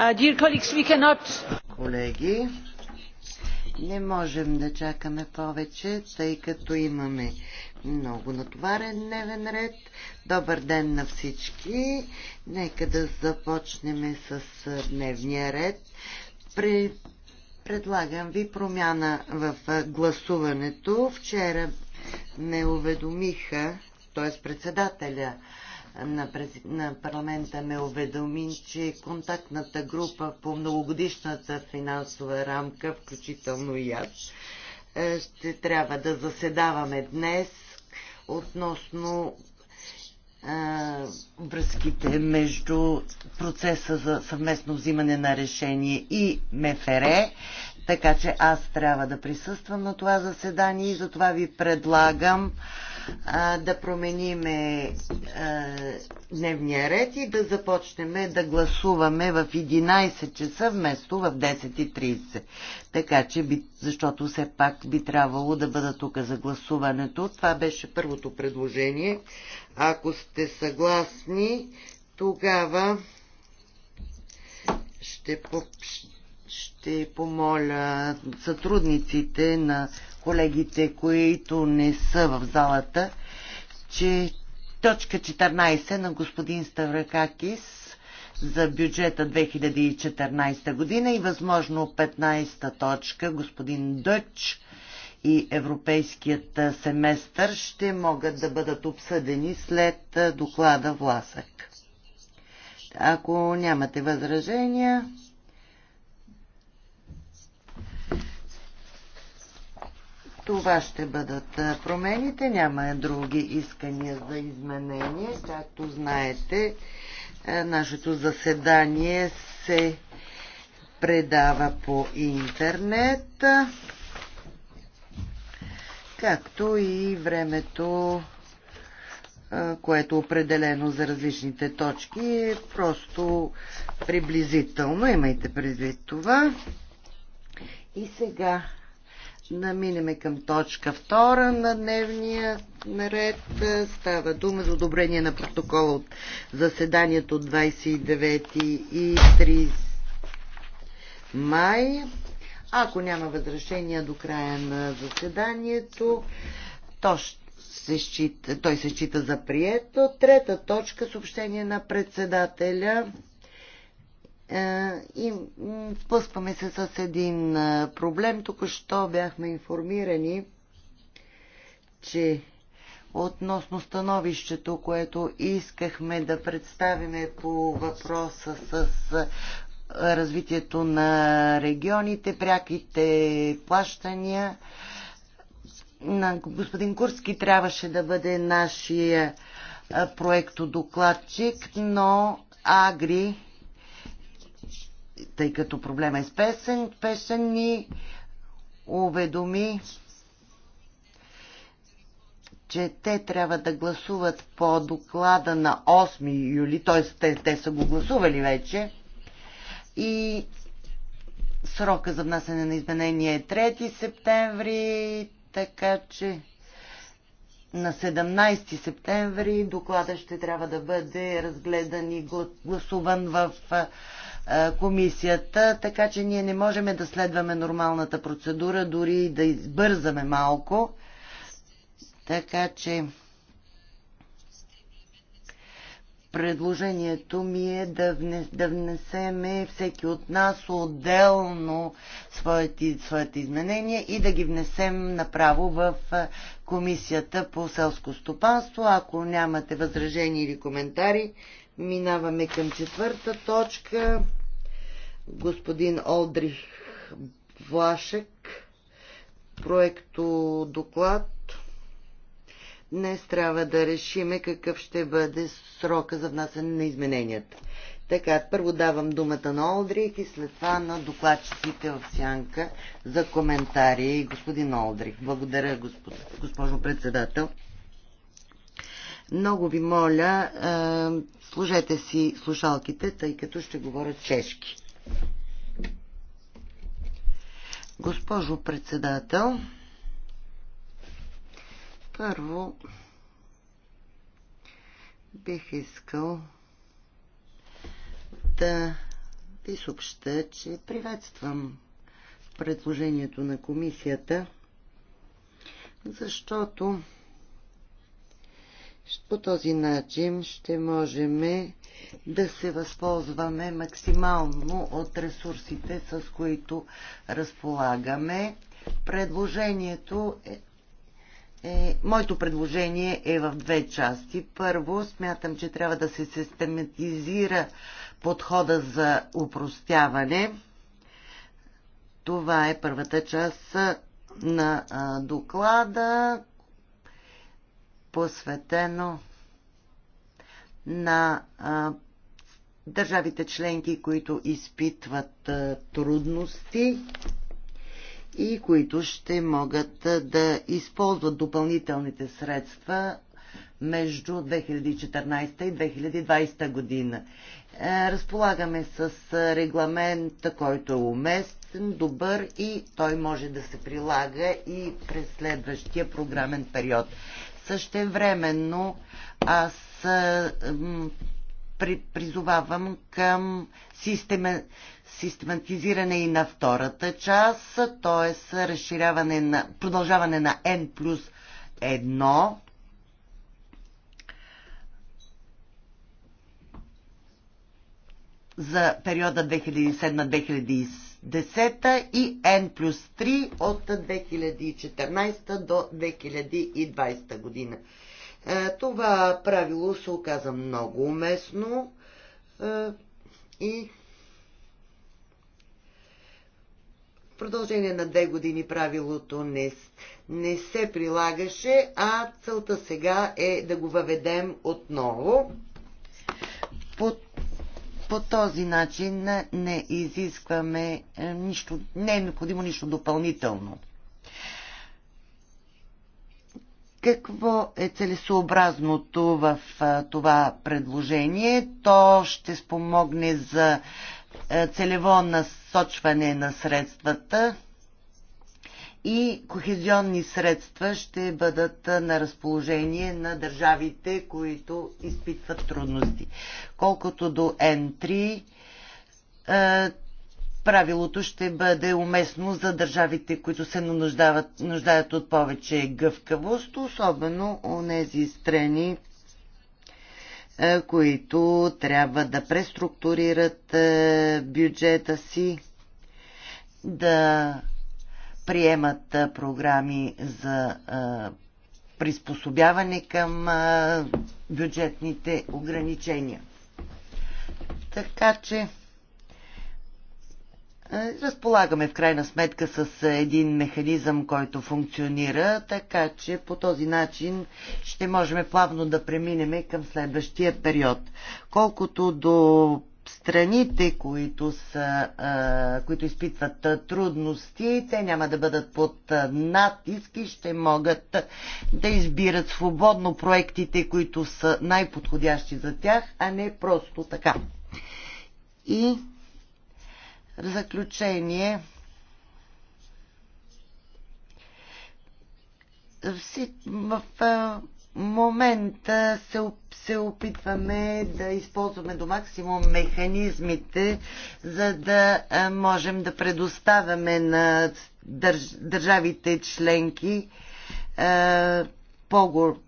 Uh, Колеги, не можем да чакаме повече, тъй като имаме много натоварен дневен ред. Добър ден на всички. Нека да започнем с дневния ред. При... Предлагам ви промяна в гласуването. Вчера ме уведомиха, т.е. председателя на, през... на парламента ме уведоми, че контактната група по многогодишната финансова рамка, включително и аз, е, ще трябва да заседаваме днес относно е, връзките между процеса за съвместно взимане на решение и МФР. Така че аз трябва да присъствам на това заседание и затова ви предлагам а, да променим а, дневния ред и да започнем да гласуваме в 11 часа вместо в 10.30. Така че, би, защото все пак би трябвало да бъда тук за гласуването. Това беше първото предложение. Ако сте съгласни, тогава ще, ще ще помоля сътрудниците на колегите, които не са в залата, че точка 14 на господин Ставракакис за бюджета 2014 година и възможно 15-та точка господин Дъч и Европейският семестър ще могат да бъдат обсъдени след доклада Власък. Ако нямате възражения, Това ще бъдат промените. Няма други искания за изменение. Както знаете, нашето заседание се предава по интернет, както и времето, което е определено за различните точки, е просто приблизително. Имайте предвид това. И сега да минеме към точка втора на дневния наред. Става дума за одобрение на протокола от заседанието от 29 и 30 май. Ако няма възражения до края на заседанието, то ще се счита, той се счита за прието. Трета точка съобщение на председателя е, и спускаме се с един е, проблем. Тук що бяхме информирани, че относно становището, което искахме да представиме по въпроса с е, развитието на регионите, пряките плащания, на господин Курски трябваше да бъде нашия проектодокладчик, но Агри тъй като проблема е спесен, песен ни уведоми, че те трябва да гласуват по доклада на 8 юли, т.е. Те, те са го гласували вече, и срока за внасяне на изменение е 3 септември, така че на 17 септември доклада ще трябва да бъде разгледан и гласуван в е, комисията, така че ние не можем да следваме нормалната процедура, дори да избързаме малко. Така че предложението ми е да, внес, да внесеме всеки от нас отделно своите, своите изменения и да ги внесем направо в е, Комисията по селско стопанство. Ако нямате възражения или коментари, минаваме към четвърта точка господин Олдрих Влашек, проекто доклад. Днес трябва да решиме какъв ще бъде срока за внасяне на измененията. Така, първо давам думата на Олдрих и след това на докладчиците в сянка за коментари. Господин Олдрих, благодаря, госпожо председател. Много ви моля, е, служете си слушалките, тъй като ще говоря чешки. Госпожо председател, първо бих искал да ви съобща, че приветствам предложението на комисията, защото по този начин ще можем да се възползваме максимално от ресурсите, с които разполагаме. Предложението е е, моето предложение е в две части. Първо, смятам, че трябва да се систематизира подхода за упростяване. Това е първата част на а, доклада, посветено на а, държавите членки, които изпитват а, трудности и които ще могат а, да използват допълнителните средства между 2014 и 2020 година. Е, разполагаме с регламент, който е уместен, добър и той може да се прилага и през следващия програмен период. Същевременно аз при, призовавам към системе, систематизиране и на втората част, т.е. разширяване на, продължаване на N плюс 1. за периода 2007 2007 10 и N плюс 3 от 2014 до 2020 година. Е, това правило се оказа много уместно е, и в продължение на две години правилото не, не се прилагаше, а целта сега е да го въведем отново. По този начин не изискваме е, нищо, не е необходимо нищо допълнително. Какво е целесообразното в е, това предложение? То ще спомогне за е, целево насочване на средствата и кохезионни средства ще бъдат на разположение на държавите, които изпитват трудности. Колкото до N3, е, правилото ще бъде уместно за държавите, които се нуждават, нуждаят от повече гъвкавост, особено у нези страни, е, които трябва да преструктурират е, бюджета си, да приемат програми за приспособяване към бюджетните ограничения. Така че разполагаме в крайна сметка с един механизъм, който функционира, така че по този начин ще можем плавно да преминем към следващия период. Колкото до страните, които, са, които изпитват трудности, те няма да бъдат под натиск и ще могат да избират свободно проектите, които са най-подходящи за тях, а не просто така. И в заключение, в, в, момента се, се опитваме да използваме до максимум механизмите, за да можем да предоставяме на държ, държавите членки е,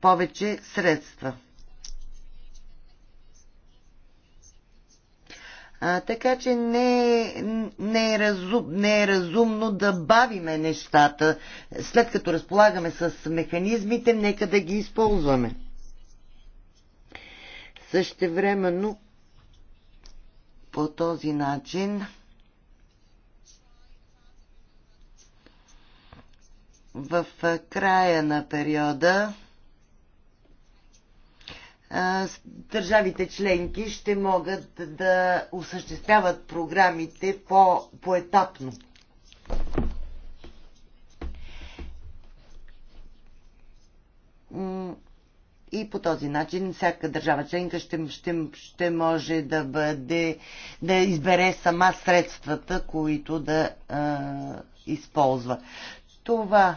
повече средства. А, така че не, не, е разум, не е разумно да бавиме нещата. След като разполагаме с механизмите, нека да ги използваме. Същевременно по този начин в края на периода държавите членки ще могат да осъществяват програмите по, поетапно. И по този начин всяка държава членка ще, ще, ще може да бъде да избере сама средствата, които да а, използва. Това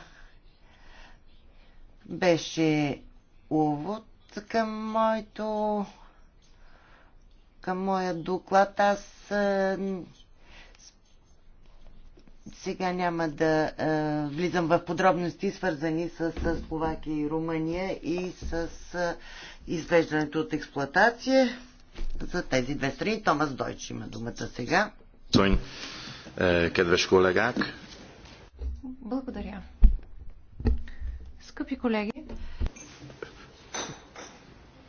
беше увод към моето към моя доклад аз сега няма да а, влизам в подробности, свързани с, с Словакия и Румъния и с а, извеждането от експлоатация за тези две страни. Томас Дойч има думата сега. Цойн, е, кедвеш колегак. Благодаря. Скъпи колеги,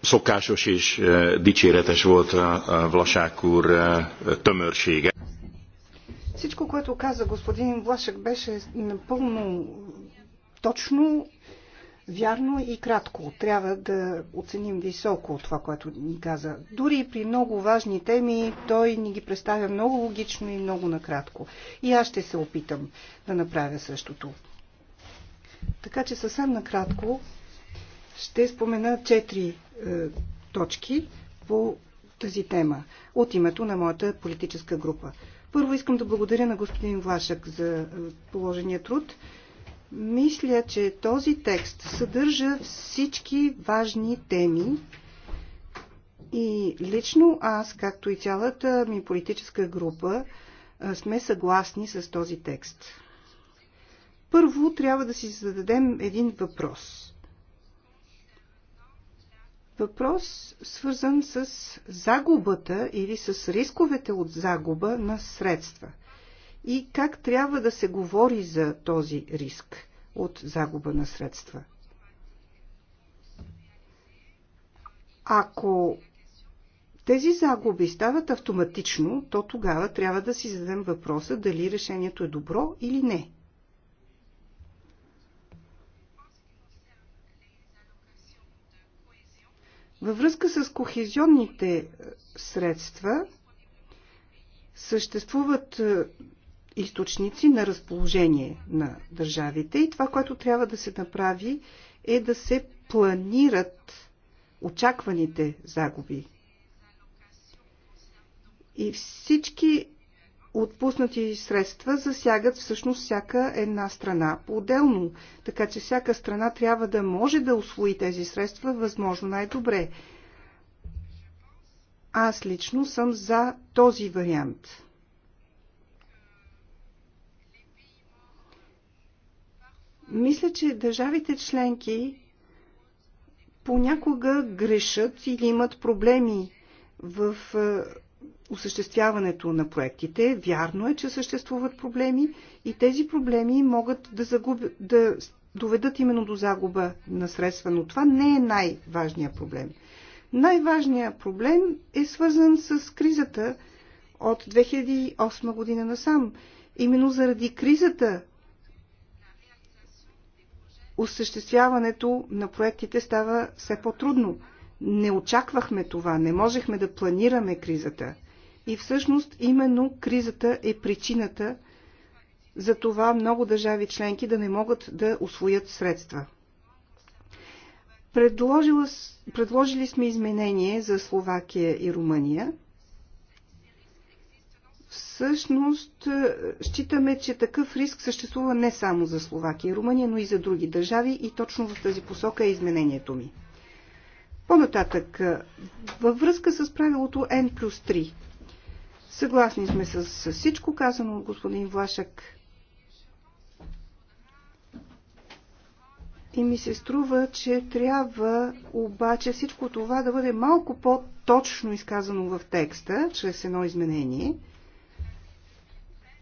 szokásos és eh, dicséretes volt a Vlasák úr eh, tömörsége. Всичко, което каза господин Влашек, беше напълно точно, вярно и кратко. Трябва да оценим високо това, което ни каза. Дори при много важни теми той ни ги представя много логично и много накратко. И аз ще се опитам да направя същото. Така че съвсем накратко ще спомена четири е, точки по тази тема от името на моята политическа група. Първо искам да благодаря на господин Влашък за е, положения труд. Мисля, че този текст съдържа всички важни теми и лично аз, както и цялата ми политическа група, е, сме съгласни с този текст. Първо трябва да си зададем един въпрос. Въпрос свързан с загубата или с рисковете от загуба на средства. И как трябва да се говори за този риск от загуба на средства? Ако тези загуби стават автоматично, то тогава трябва да си зададем въпроса дали решението е добро или не – Във връзка с кохезионните е, средства съществуват е, източници на разположение на държавите и това, което трябва да се направи е да се планират очакваните загуби. И всички отпуснати средства засягат всъщност всяка една страна по-отделно. Така че всяка страна трябва да може да освои тези средства възможно най-добре. Аз лично съм за този вариант. Мисля, че държавите членки понякога грешат или имат проблеми в е, осъществяването на проектите. Вярно е, че съществуват проблеми и тези проблеми могат да, загуби, да доведат именно до загуба на средства, но това не е най-важният проблем. Най-важният проблем е свързан с кризата от 2008 година насам. Именно заради кризата осъществяването на проектите става все по-трудно. Не очаквахме това, не можехме да планираме кризата. И всъщност именно кризата е причината за това много държави членки да не могат да освоят средства. Предложила, предложили сме изменение за Словакия и Румъния. Всъщност, е, считаме, че такъв риск съществува не само за Словакия и Румъния, но и за други държави и точно в тази посока е изменението ми. По-нататък, е, във връзка с правилото N плюс 3, Съгласни сме с, с всичко казано от господин Влашък. И ми се струва, че трябва обаче всичко това да бъде малко по-точно изказано в текста, чрез едно изменение,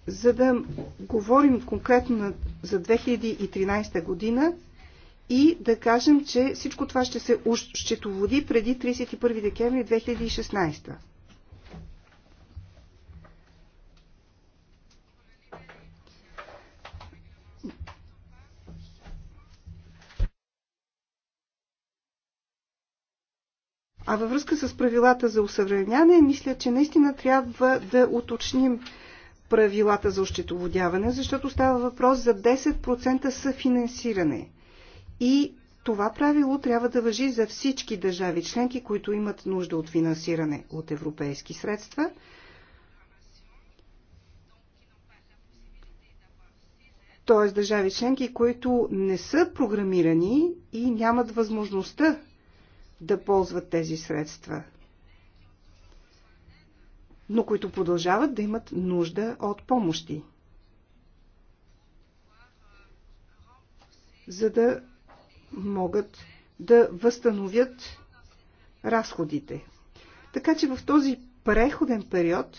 за да говорим конкретно за 2013 година и да кажем, че всичко това ще се счетоводи преди 31 декември 2016. А във връзка с правилата за усъвременяване, мисля, че наистина трябва да уточним правилата за ощетоводяване, защото става въпрос за 10% съфинансиране. И това правило трябва да въжи за всички държави членки, които имат нужда от финансиране от европейски средства. Т.е. държави членки, които не са програмирани и нямат възможността да ползват тези средства, но които продължават да имат нужда от помощи, за да могат да възстановят разходите. Така че в този преходен период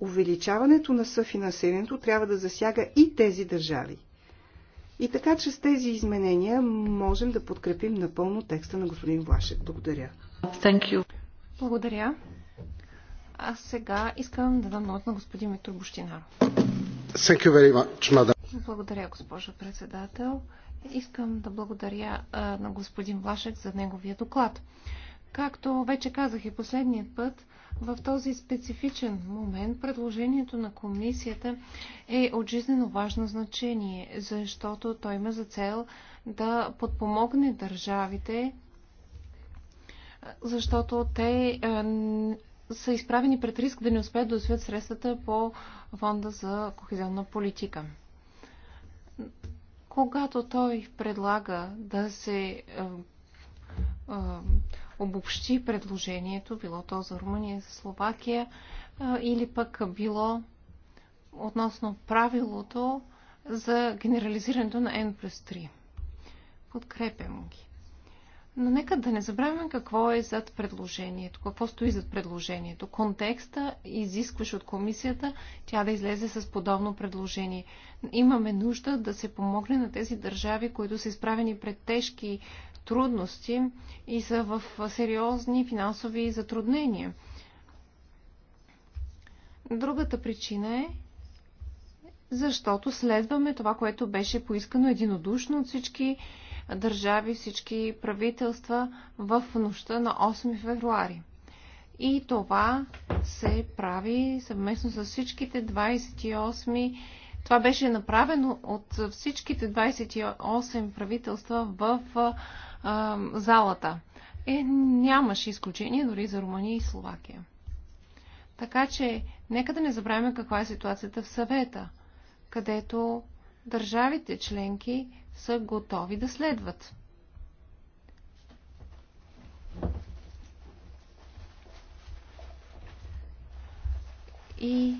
увеличаването на съфинансирането трябва да засяга и тези държави. И така, че с тези изменения можем да подкрепим напълно текста на господин Влашек. Благодаря. Thank you. Благодаря. А сега искам да дам нот на господин Виктор Бущинар. Thank you very much, madam. Благодаря, госпожо председател. Искам да благодаря а, на господин Влашек за неговия доклад. Както вече казах и последният път, в този специфичен момент предложението на комисията е от жизнено важно значение, защото той има за цел да подпомогне държавите, защото те е, са изправени пред риск да не успеят да освят средствата по фонда за кохезионна политика. Когато той предлага да се е, е, обобщи предложението, било то за Румъния, за Словакия, или пък било относно правилото за генерализирането на N плюс 3. Подкрепям ги. Но нека да не забравяме какво е зад предложението, какво стои зад предложението. Контекста изискваш от комисията тя да излезе с подобно предложение. Имаме нужда да се помогне на тези държави, които са изправени пред тежки трудности и са в сериозни финансови затруднения. Другата причина е, защото следваме това, което беше поискано единодушно от всички държави, всички правителства в нощта на 8 февруари. И това се прави съвместно с всичките 28. Това беше направено от всичките 28 правителства в а, залата. Е, нямаше изключение дори за Румъния и Словакия. Така че, нека да не забравяме каква е ситуацията в съвета, където държавите членки са готови да следват. И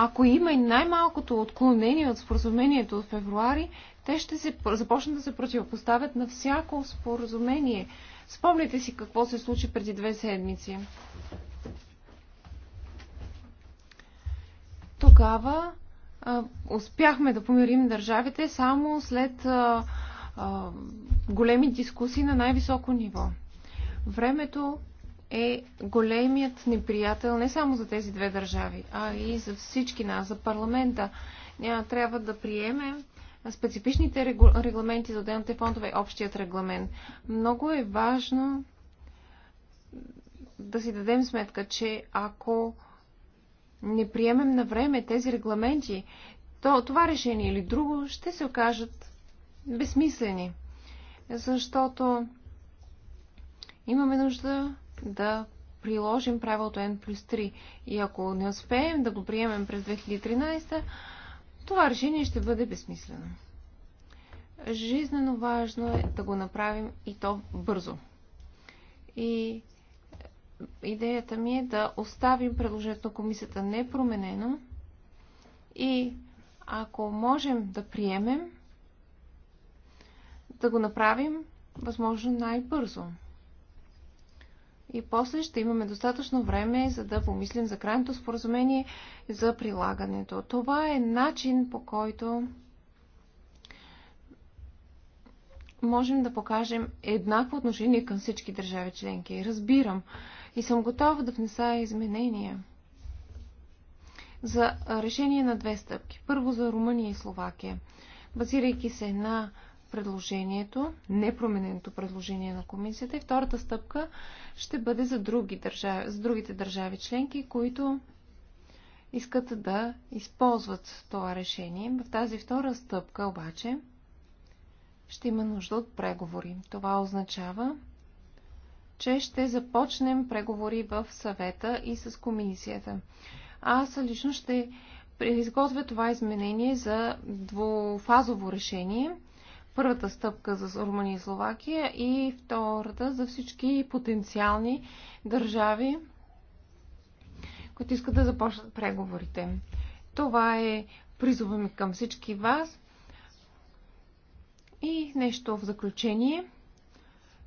ако има и най-малкото отклонение от споразумението от февруари, те ще се, започнат да се противопоставят на всяко споразумение. Спомните си какво се случи преди две седмици. Тогава а, успяхме да помирим държавите само след а, а, големи дискусии на най-високо ниво. Времето е големият неприятел не само за тези две държави, а и за всички нас, за парламента. Няма трябва да приемем специфичните регламенти за отделните фондове, общият регламент. Много е важно да си дадем сметка, че ако не приемем на време тези регламенти, то това решение или друго ще се окажат безсмислени. Защото имаме нужда да приложим правилото N плюс 3. И ако не успеем да го приемем през 2013, това решение ще бъде безсмислено. Жизнено важно е да го направим и то бързо. И е, идеята ми е да оставим предложението на комисията непроменено и ако можем да приемем, да го направим възможно най-бързо и после ще имаме достатъчно време, за да помислим за крайното споразумение за прилагането. Това е начин по който можем да покажем еднакво отношение към всички държави членки. Разбирам и съм готова да внеса изменения за решение на две стъпки. Първо за Румъния и Словакия. Базирайки се на предложението, непромененото предложение на комисията и втората стъпка ще бъде за, други държави, за другите държави членки, които искат да използват това решение. В тази втора стъпка обаче ще има нужда от преговори. Това означава, че ще започнем преговори в съвета и с комисията. Аз лично ще изготвя това изменение за двуфазово решение – първата стъпка за Румъния и Словакия и втората за всички потенциални държави, които искат да започнат преговорите. Това е призова ми към всички вас. И нещо в заключение.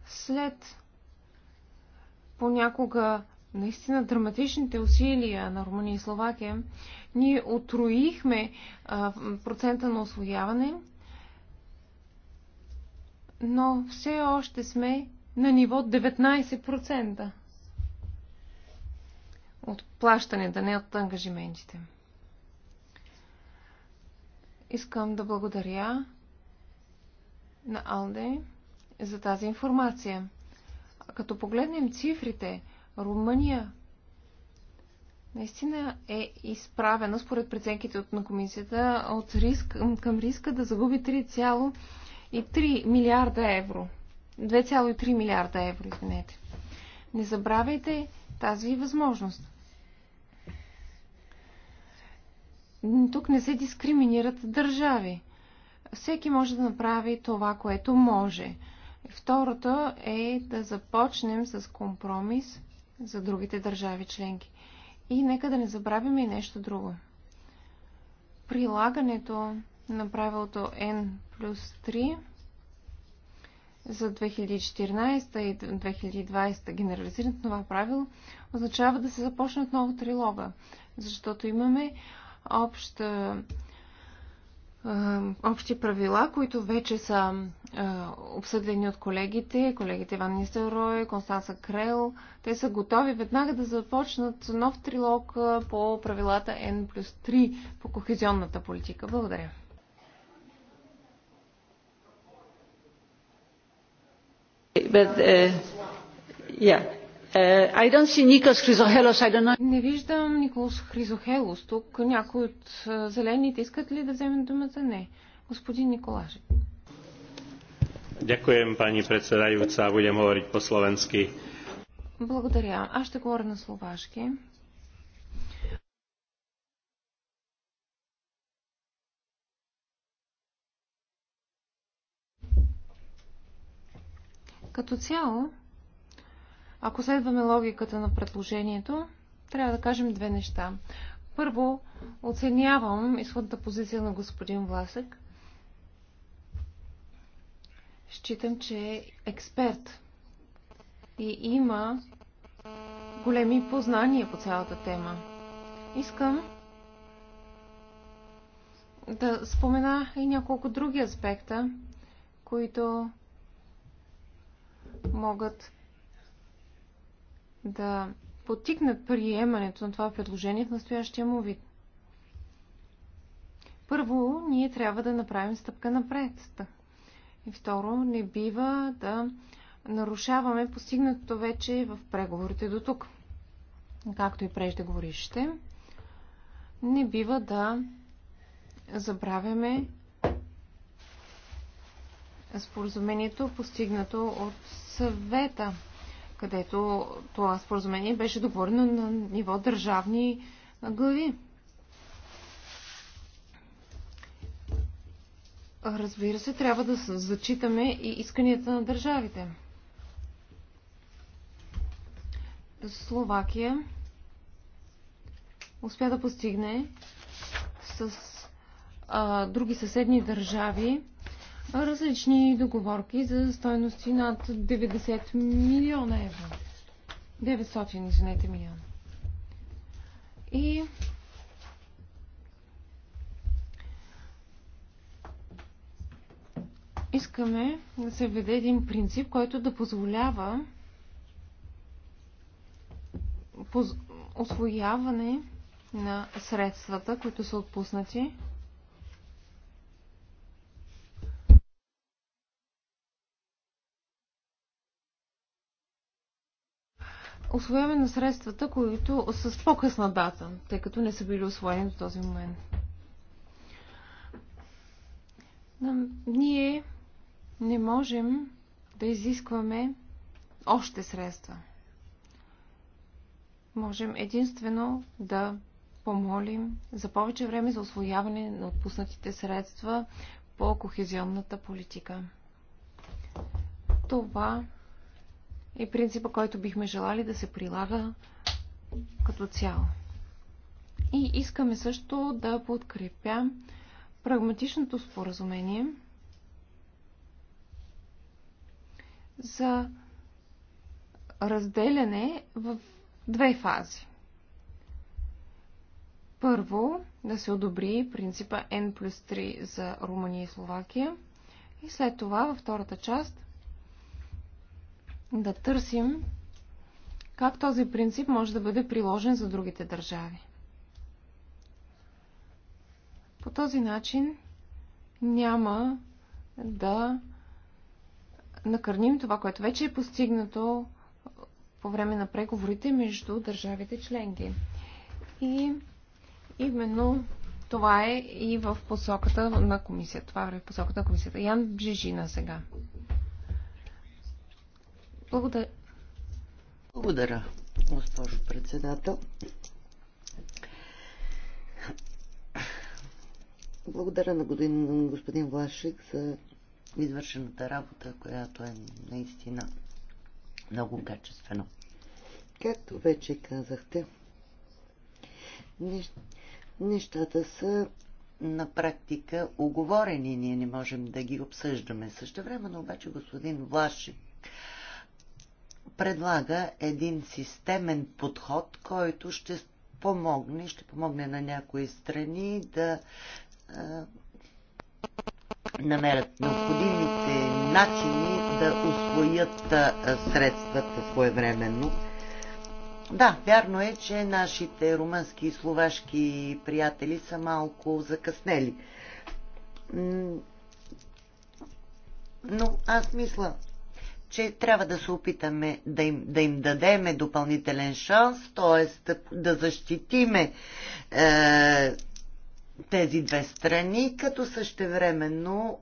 След понякога наистина драматичните усилия на Румъния и Словакия, ние отроихме процента на освояване – но все още сме на ниво 19% от плащане, да не от ангажиментите. Искам да благодаря на Алде за тази информация. като погледнем цифрите, Румъния наистина е изправена, според преценките на комисията, от риск, към риска да загуби 2,3 милиарда евро. 2,3 милиарда евро, извинете. Не забравяйте тази възможност. Тук не се дискриминират държави. Всеки може да направи това, което може. Второто е да започнем с компромис за другите държави членки. И нека да не забравим и нещо друго. Прилагането на правилото N плюс 3 за 2014 и 2020 генерализирането това правило означава да се започне отново трилога, защото имаме обща, общи правила, които вече са обсъдени от колегите, колегите Иван Нистерой, Констанца Крел. Те са готови веднага да започнат нов трилог по правилата N плюс 3 по кохезионната политика. Благодаря. Uh, uh, Не виждам Николас Хризохелос тук. Някой от зелените искат ли да вземе думата? Не. Господин Николаш. Ďakujem, pani predsedajúca. Budem hovoriť po slovensky. Благодаря. Аз ще говоря на словашки. Като цяло, ако следваме логиката на предложението, трябва да кажем две неща. Първо, оценявам изходната позиция на господин Власък. Считам, че е експерт и има големи познания по цялата тема. Искам да спомена и няколко други аспекта, които могат да потикнат приемането на това предложение в настоящия му вид. Първо, ние трябва да направим стъпка напред. И второ, не бива да нарушаваме постигнатото вече в преговорите до тук. Както и прежде говорище, не бива да забравяме споразумението, постигнато от съвета, където това споразумение беше договорено на ниво държавни глави. Разбира се, трябва да зачитаме и исканията на държавите. Словакия успя да постигне с а, други съседни държави различни договорки за стойности над 90 милиона евро. 900, извинете, милиона. И искаме да се введе един принцип, който да позволява освояване на средствата, които са отпуснати освояване на средствата, които са с по-късна дата, тъй като не са били освоени до този момент. Ние не можем да изискваме още средства. Можем единствено да помолим за повече време за освояване на отпуснатите средства по кохезионната политика. Това е принципа, който бихме желали да се прилага като цяло. И искаме също да подкрепя прагматичното споразумение за разделяне в две фази. Първо, да се одобри принципа N плюс 3 за Румъния и Словакия. И след това, във втората част, да търсим как този принцип може да бъде приложен за другите държави. По този начин няма да накърним това, което вече е постигнато по време на преговорите между държавите членки. И именно това е и в посоката на комисията. Това е в посоката на комисията. Ян Бжижина сега. Благодаря. Благодаря, госпожо председател. Благодаря на господин Влашик за извършената работа, която е наистина много качествена. Както вече казахте, нещата са на практика оговорени. Ние не можем да ги обсъждаме. Също време, но обаче господин Влашик предлага един системен подход, който ще помогне, ще помогне на някои страни да намерят необходимите начини да освоят средствата своевременно. Да, вярно е, че нашите румънски и словашки приятели са малко закъснели. Но аз мисля, че трябва да се опитаме да им, да им дадеме допълнителен шанс, т.е. да защитиме е, тези две страни, като същевременно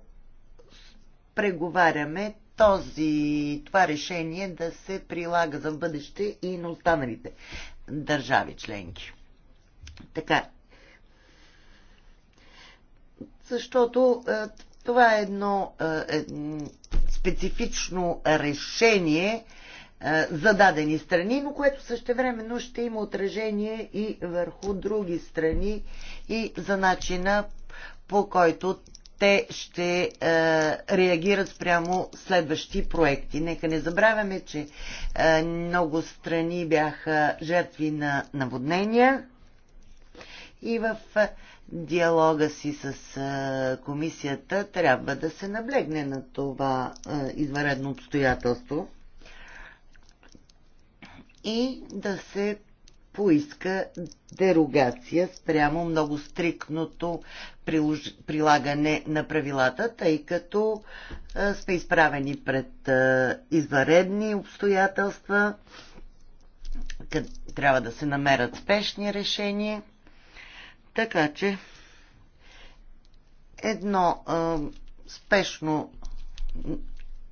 преговаряме този, това решение да се прилага за бъдеще и на останалите държави членки. Така. Защото е, това е едно, е, специфично решение е, за дадени страни, но което същевременно ще има отражение и върху други страни и за начина по който те ще е, реагират прямо следващи проекти. Нека не забравяме, че е, много страни бяха жертви на наводнения и в диалога си с комисията трябва да се наблегне на това извънредно обстоятелство и да се поиска дерогация спрямо много стрикното прилагане на правилата, тъй като сме изправени пред изваредни обстоятелства, трябва да се намерят спешни решения – така че едно а, спешно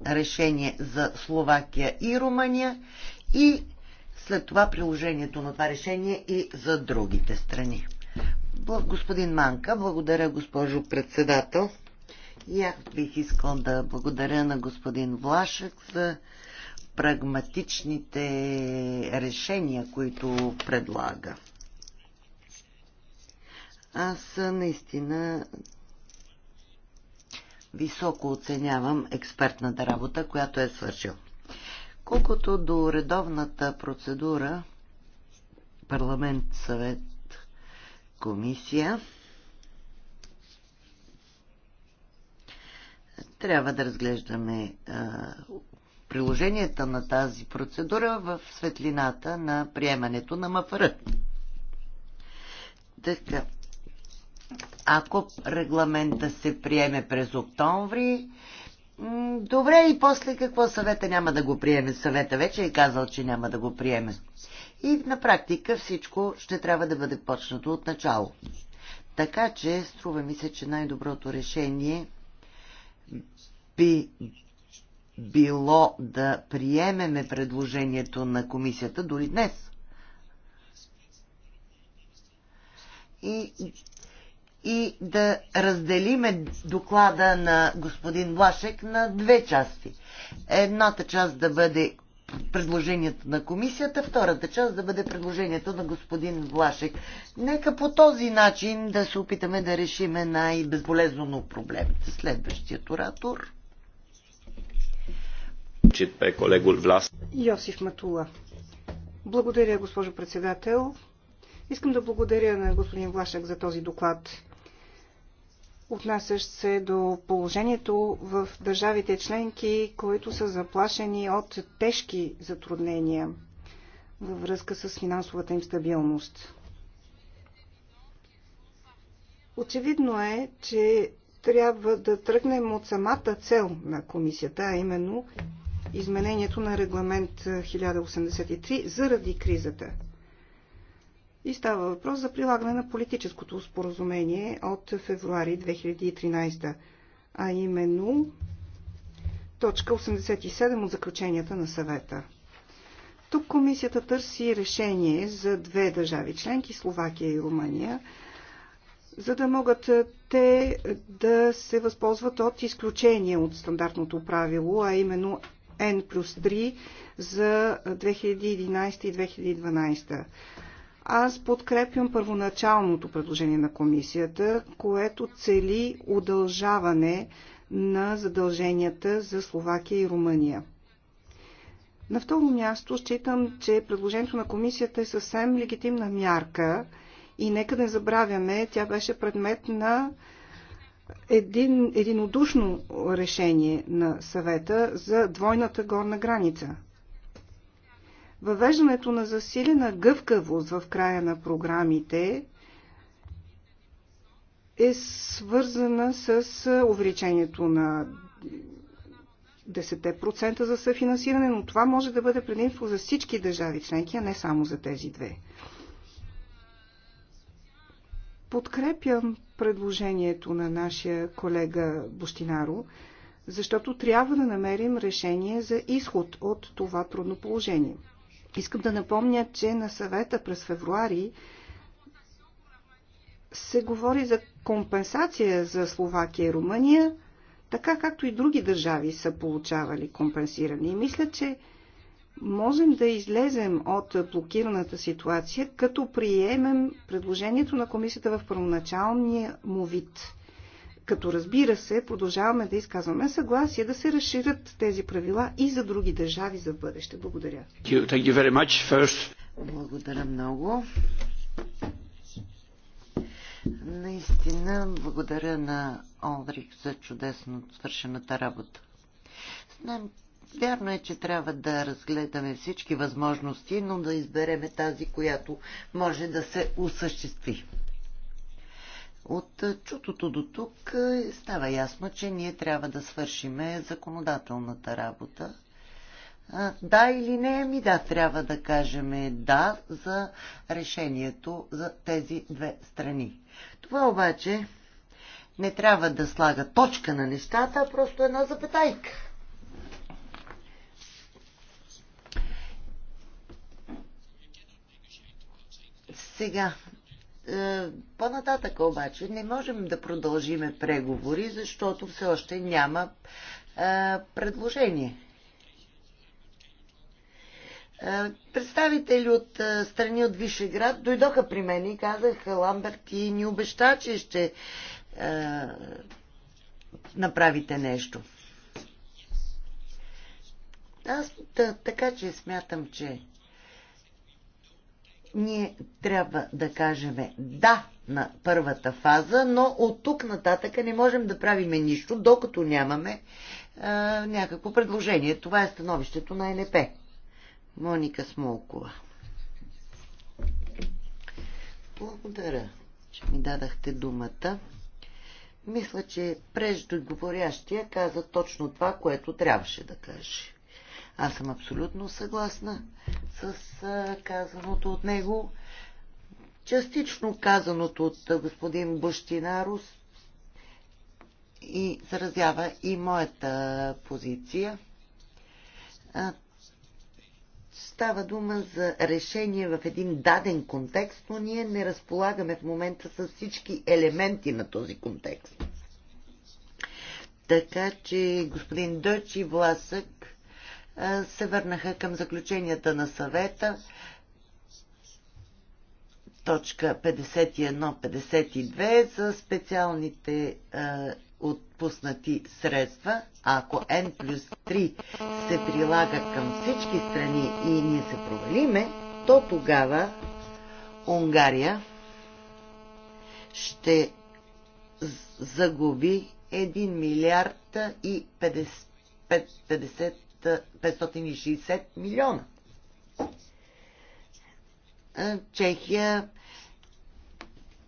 решение за Словакия и Румъния и след това приложението на това решение и за другите страни. Господин Манка, благодаря госпожо председател. И аз бих искал да благодаря на господин Влашек за прагматичните решения, които предлага. Аз наистина високо оценявам експертната работа, която е свършил. Колкото до редовната процедура, парламент, съвет, комисия, трябва да разглеждаме а, приложенията на тази процедура в светлината на приемането на МФР. Така, ако регламента се приеме през октомври, добре и после какво съвета няма да го приеме? Съвета вече е казал, че няма да го приеме. И на практика всичко ще трябва да бъде почнато от начало. Така че струва ми се, че най-доброто решение би било да приемеме предложението на комисията дори днес. И и да разделиме доклада на господин Влашек на две части. Едната част да бъде предложението на комисията, втората част да бъде предложението на господин Влашек. Нека по този начин да се опитаме да решиме най-безболезнено проблемите. Следващият оратор. Йосиф Матула. Благодаря, госпожо председател. Искам да благодаря на господин Влашек за този доклад, отнасящ се до положението в държавите членки, които са заплашени от тежки затруднения във връзка с финансовата им стабилност. Очевидно е, че трябва да тръгнем от самата цел на комисията, а именно изменението на регламент 1083 заради кризата – и става въпрос за прилагане на политическото споразумение от февруари 2013, а именно точка 87 от заключенията на съвета. Тук комисията търси решение за две държави членки, Словакия и Румъния, за да могат те да се възползват от изключение от стандартното правило, а именно N плюс 3 за 2011 и 2012. Аз подкрепям първоначалното предложение на комисията, което цели удължаване на задълженията за Словакия и Румъния. На второ място считам, че предложението на комисията е съвсем легитимна мярка и нека не забравяме, тя беше предмет на един, единодушно решение на съвета за двойната горна граница – Въвеждането на засилена гъвкавост в края на програмите е свързана с увеличението на 10% за съфинансиране, но това може да бъде предимство за всички държави членки, а не само за тези две. Подкрепям предложението на нашия колега Бощинаро, защото трябва да намерим решение за изход от това трудно положение. Искам да напомня, че на съвета през февруари се говори за компенсация за Словакия и Румъния, така както и други държави са получавали компенсиране. И мисля, че можем да излезем от блокираната ситуация, като приемем предложението на комисията в първоначалния му вид като разбира се, продължаваме да изказваме съгласие да се разширят тези правила и за други държави за бъдеще. Благодаря. Thank you very much. First... Благодаря много. Наистина, благодаря на Олдрих за чудесно свършената работа. Знаем, вярно е, че трябва да разгледаме всички възможности, но да избереме тази, която може да се осъществи. От чутото до тук е, става ясно, че ние трябва да свършиме законодателната работа. Да или не, ми да, трябва да кажем да за решението за тези две страни. Това обаче не трябва да слага точка на нещата, а просто една запетайка. Сега, е, по-нататък обаче не можем да продължиме преговори, защото все още няма е, предложение. Е, представители от страни от Вишеград дойдоха при мен и казаха, Ламберт, и ни обеща, че ще направите нещо. Аз така че смятам, че ние трябва да кажем да на първата фаза, но от тук нататък не можем да правим нищо, докато нямаме е, някакво предложение. Това е становището на НП. Моника Смолкова. Благодаря, че ми дадахте думата. Мисля, че преждоговорящия каза точно това, което трябваше да каже. Аз съм абсолютно съгласна с казаното от него. Частично казаното от господин Бащинарус и заразява и моята позиция. Става дума за решение в един даден контекст, но ние не разполагаме в момента с всички елементи на този контекст. Така че господин Дъч и Власък се върнаха към заключенията на съвета точка 51-52 за специалните е, отпуснати средства. Ако N плюс 3 се прилага към всички страни и ние се провалиме, то тогава Унгария ще загуби 1 милиард и 50, 50 560 милиона. Чехия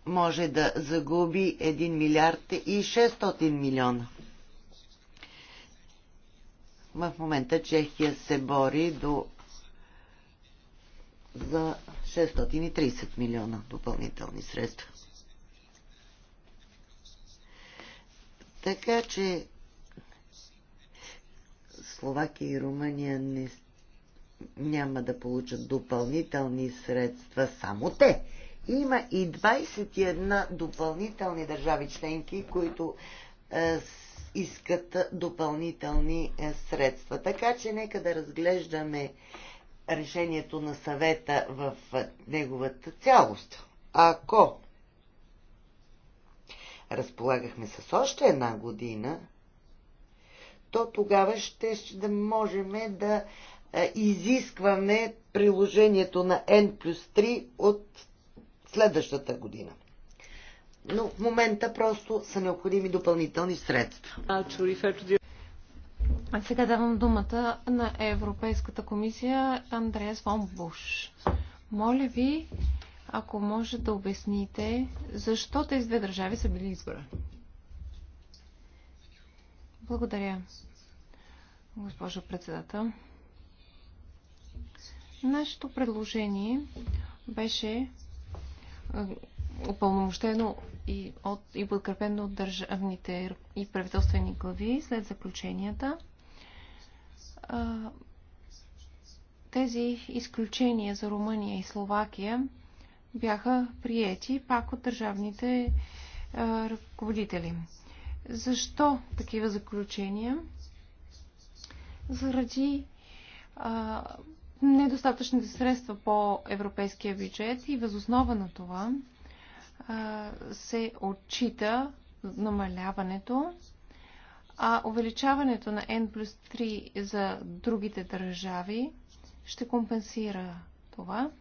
може да загуби 1 милиард и 600 милиона. В момента Чехия се бори до за 630 милиона допълнителни средства. Така че Словакия и Румъния не, няма да получат допълнителни средства само те. Има и 21 допълнителни държави членки, които е, искат допълнителни е, средства. Така че нека да разглеждаме решението на съвета в е, неговата цялост. Ако разполагахме с още една година, то тогава ще, ще да можем да е, изискваме приложението на N плюс 3 от следващата година. Но в момента просто са необходими допълнителни средства. А сега давам думата на Европейската комисия Андреас Вон Буш. Моля ви, ако може да обясните, защо тези две държави са били избрани. Благодаря, госпожо председател. Нашето предложение беше е, упълномощено и, от, и подкрепено от държавните и правителствени глави след заключенията. Тези изключения за Румъния и Словакия бяха приети пак от държавните е, ръководители. Защо такива заключения? Заради а, недостатъчните средства по европейския бюджет и възоснова на това а, се отчита намаляването, а увеличаването на N плюс 3 за другите държави ще компенсира това.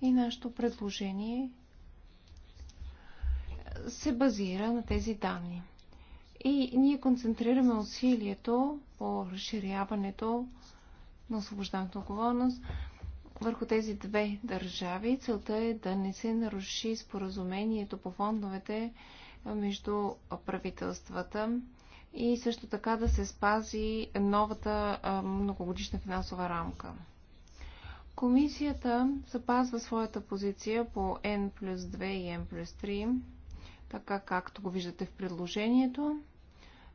И нашето предложение се базира на тези данни. И ние концентрираме усилието по разширяването на освобождаването отговорност върху тези две държави. Целта е да не се наруши споразумението по фондовете между правителствата и също така да се спази новата многогодишна финансова рамка. Комисията запазва своята позиция по N плюс 2 и N плюс 3, така както го виждате в предложението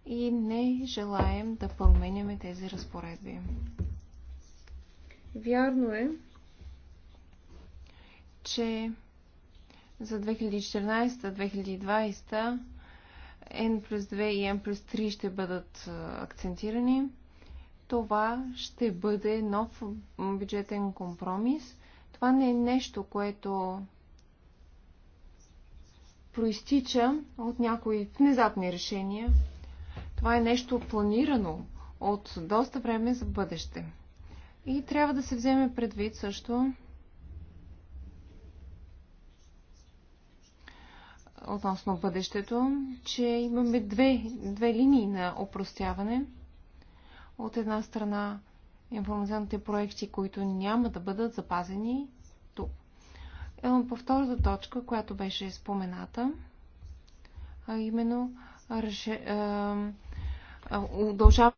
и не желаем да променяме тези разпоредби. Вярно е, че за 2014-2020 N плюс 2 и N плюс 3 ще бъдат акцентирани. Това ще бъде нов бюджетен компромис. Това не е нещо, което проистича от някои внезапни решения това е нещо планирано от доста време за бъдеще. И трябва да се вземе предвид също относно бъдещето, че имаме две, две линии на опростяване. От една страна информационните проекти, които няма да бъдат запазени тук. Е, по втората точка, която беше спомената, а именно реше, удължаване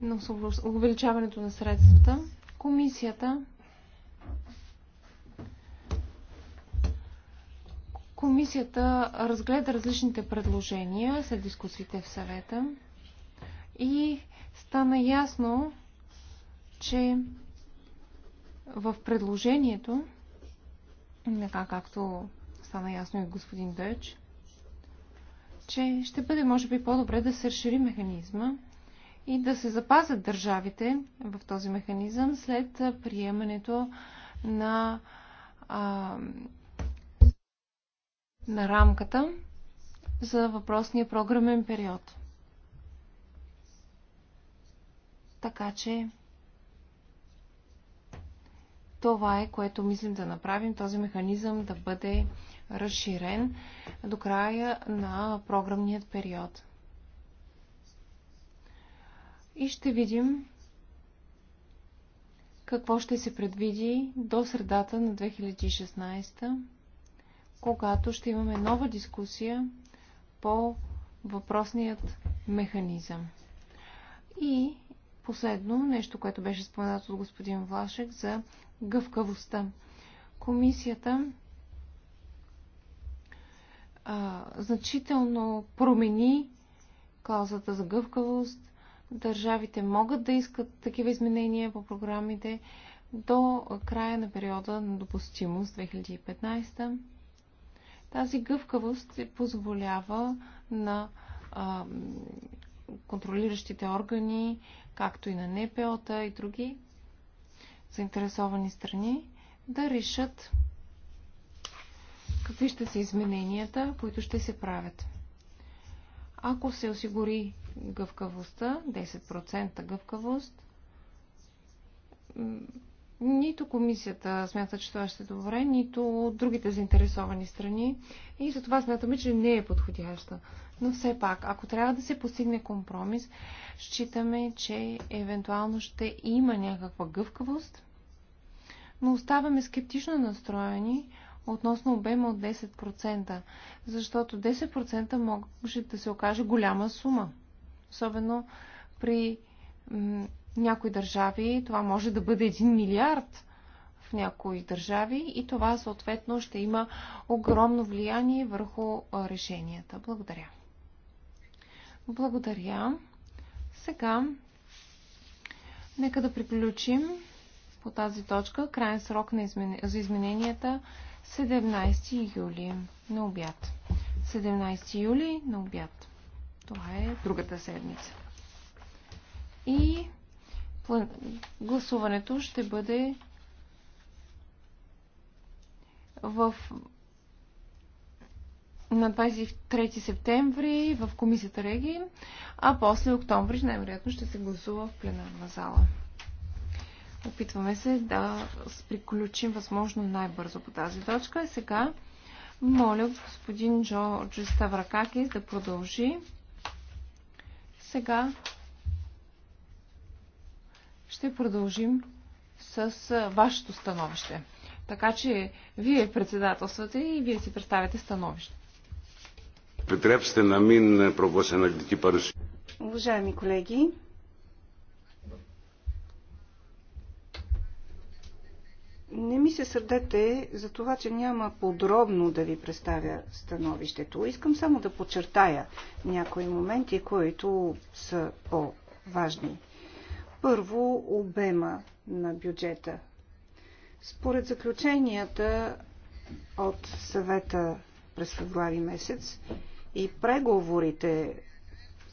на увеличаването на средствата. Комисията Комисията разгледа различните предложения след дискусиите в съвета и стана ясно, че в предложението, така както стана ясно и господин Дъч, че ще бъде, може би, по-добре да се разшири механизма и да се запазят държавите в този механизъм след приемането на, а, на рамката за въпросния програмен период. Така че това е, което мислим да направим, този механизъм да бъде разширен до края на програмният период. И ще видим какво ще се предвиди до средата на 2016, когато ще имаме нова дискусия по въпросният механизъм. И последно, нещо, което беше споменато от господин Влашек за гъвкавостта. Комисията а, значително промени клаузата за гъвкавост. Държавите могат да искат такива изменения по програмите до края на периода на допустимост 2015. Тази гъвкавост се позволява на а, контролиращите органи, както и на НПО-та и други заинтересовани страни, да решат какви ще са измененията, които ще се правят. Ако се осигури гъвкавостта, 10% гъвкавост, нито комисията смята, че това ще е добре, нито другите заинтересовани страни. И за това смятаме, че не е подходяща. Но все пак, ако трябва да се постигне компромис, считаме, че евентуално ще има някаква гъвкавост, но оставаме скептично настроени относно обема от 10%, защото 10% може да се окаже голяма сума. Особено при някои държави това може да бъде 1 милиард в някои държави и това съответно ще има огромно влияние върху решенията. Благодаря. Благодаря. Сега нека да приключим по тази точка. Крайен срок на измен... за измененията 17 юли на обяд. 17 юли на обяд. Това е другата седмица. И гласуването ще бъде в на 23 септември в комисията Реги, а после октомври най-вероятно ще се гласува в пленарна зала. Опитваме се да приключим възможно най-бързо по тази точка. сега моля господин Джорджи Ставракакис да продължи. Сега ще продължим с вашето становище. Така че вие председателствате и вие си представяте становище. Επιτρέψτε να μην προβώ σε Уважаеми колеги, Не ми се сърдете за това, че няма подробно да ви представя становището. Искам само да подчертая някои моменти, които са по-важни. Първо, обема на бюджета. Според заключенията от съвета през февруари месец и преговорите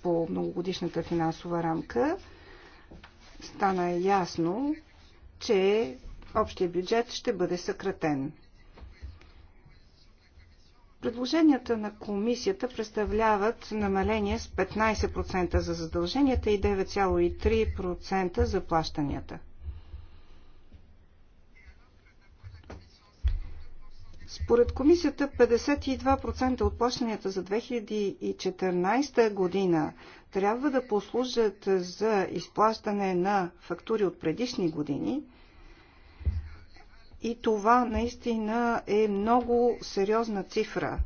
по многогодишната финансова рамка, стана ясно, че общия бюджет ще бъде съкратен. Предложенията на комисията представляват намаление с 15% за задълженията и 9,3% за плащанията. Според комисията 52% от плащанията за 2014 година трябва да послужат за изплащане на фактури от предишни години – и това наистина е много сериозна цифра.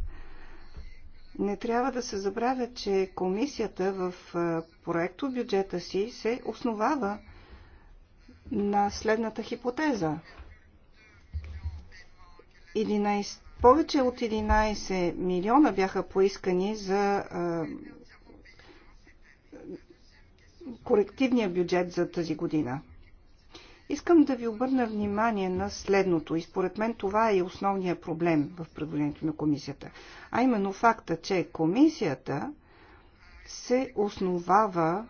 Не трябва да се забравя, че комисията в проекто бюджета си се основава на следната хипотеза. 11, повече от 11 милиона бяха поискани за а, корективния бюджет за тази година. Искам да ви обърна внимание на следното и според мен това е и основният проблем в предложението на комисията, а именно факта, че комисията се основава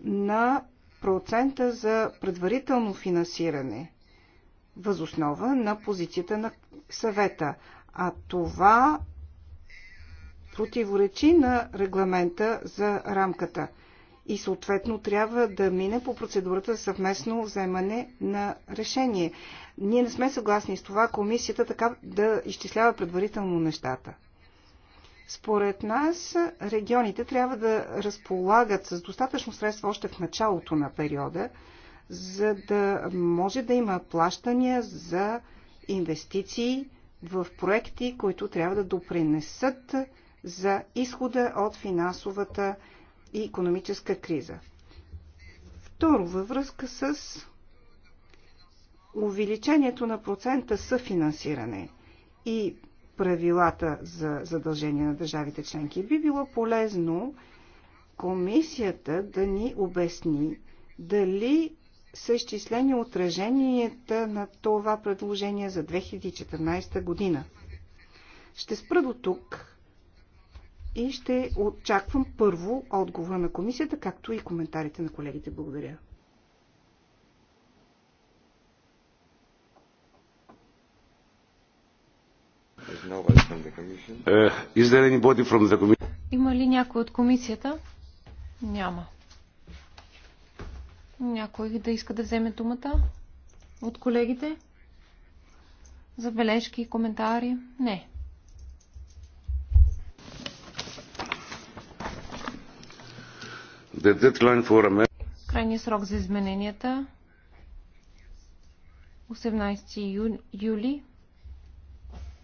на процента за предварително финансиране възоснова на позицията на съвета. А това противоречи на регламента за рамката – и съответно трябва да мине по процедурата за съвместно вземане на решение. Ние не сме съгласни с това комисията така да изчислява предварително нещата. Според нас регионите трябва да разполагат с достатъчно средства още в началото на периода, за да може да има плащания за инвестиции в проекти, които трябва да допринесат за изхода от финансовата и економическа криза. Второ, във връзка с увеличението на процента съфинансиране и правилата за задължение на държавите членки. Би било полезно комисията да ни обясни дали са изчислени отраженията на това предложение за 2014 година. Ще спра до тук, и ще очаквам първо отговора на комисията, както и коментарите на колегите. Благодаря. Е, Има ли някой от комисията? Няма. Някой да иска да вземе думата от колегите? Забележки, коментари? Не. Крайният срок за измененията 18 юли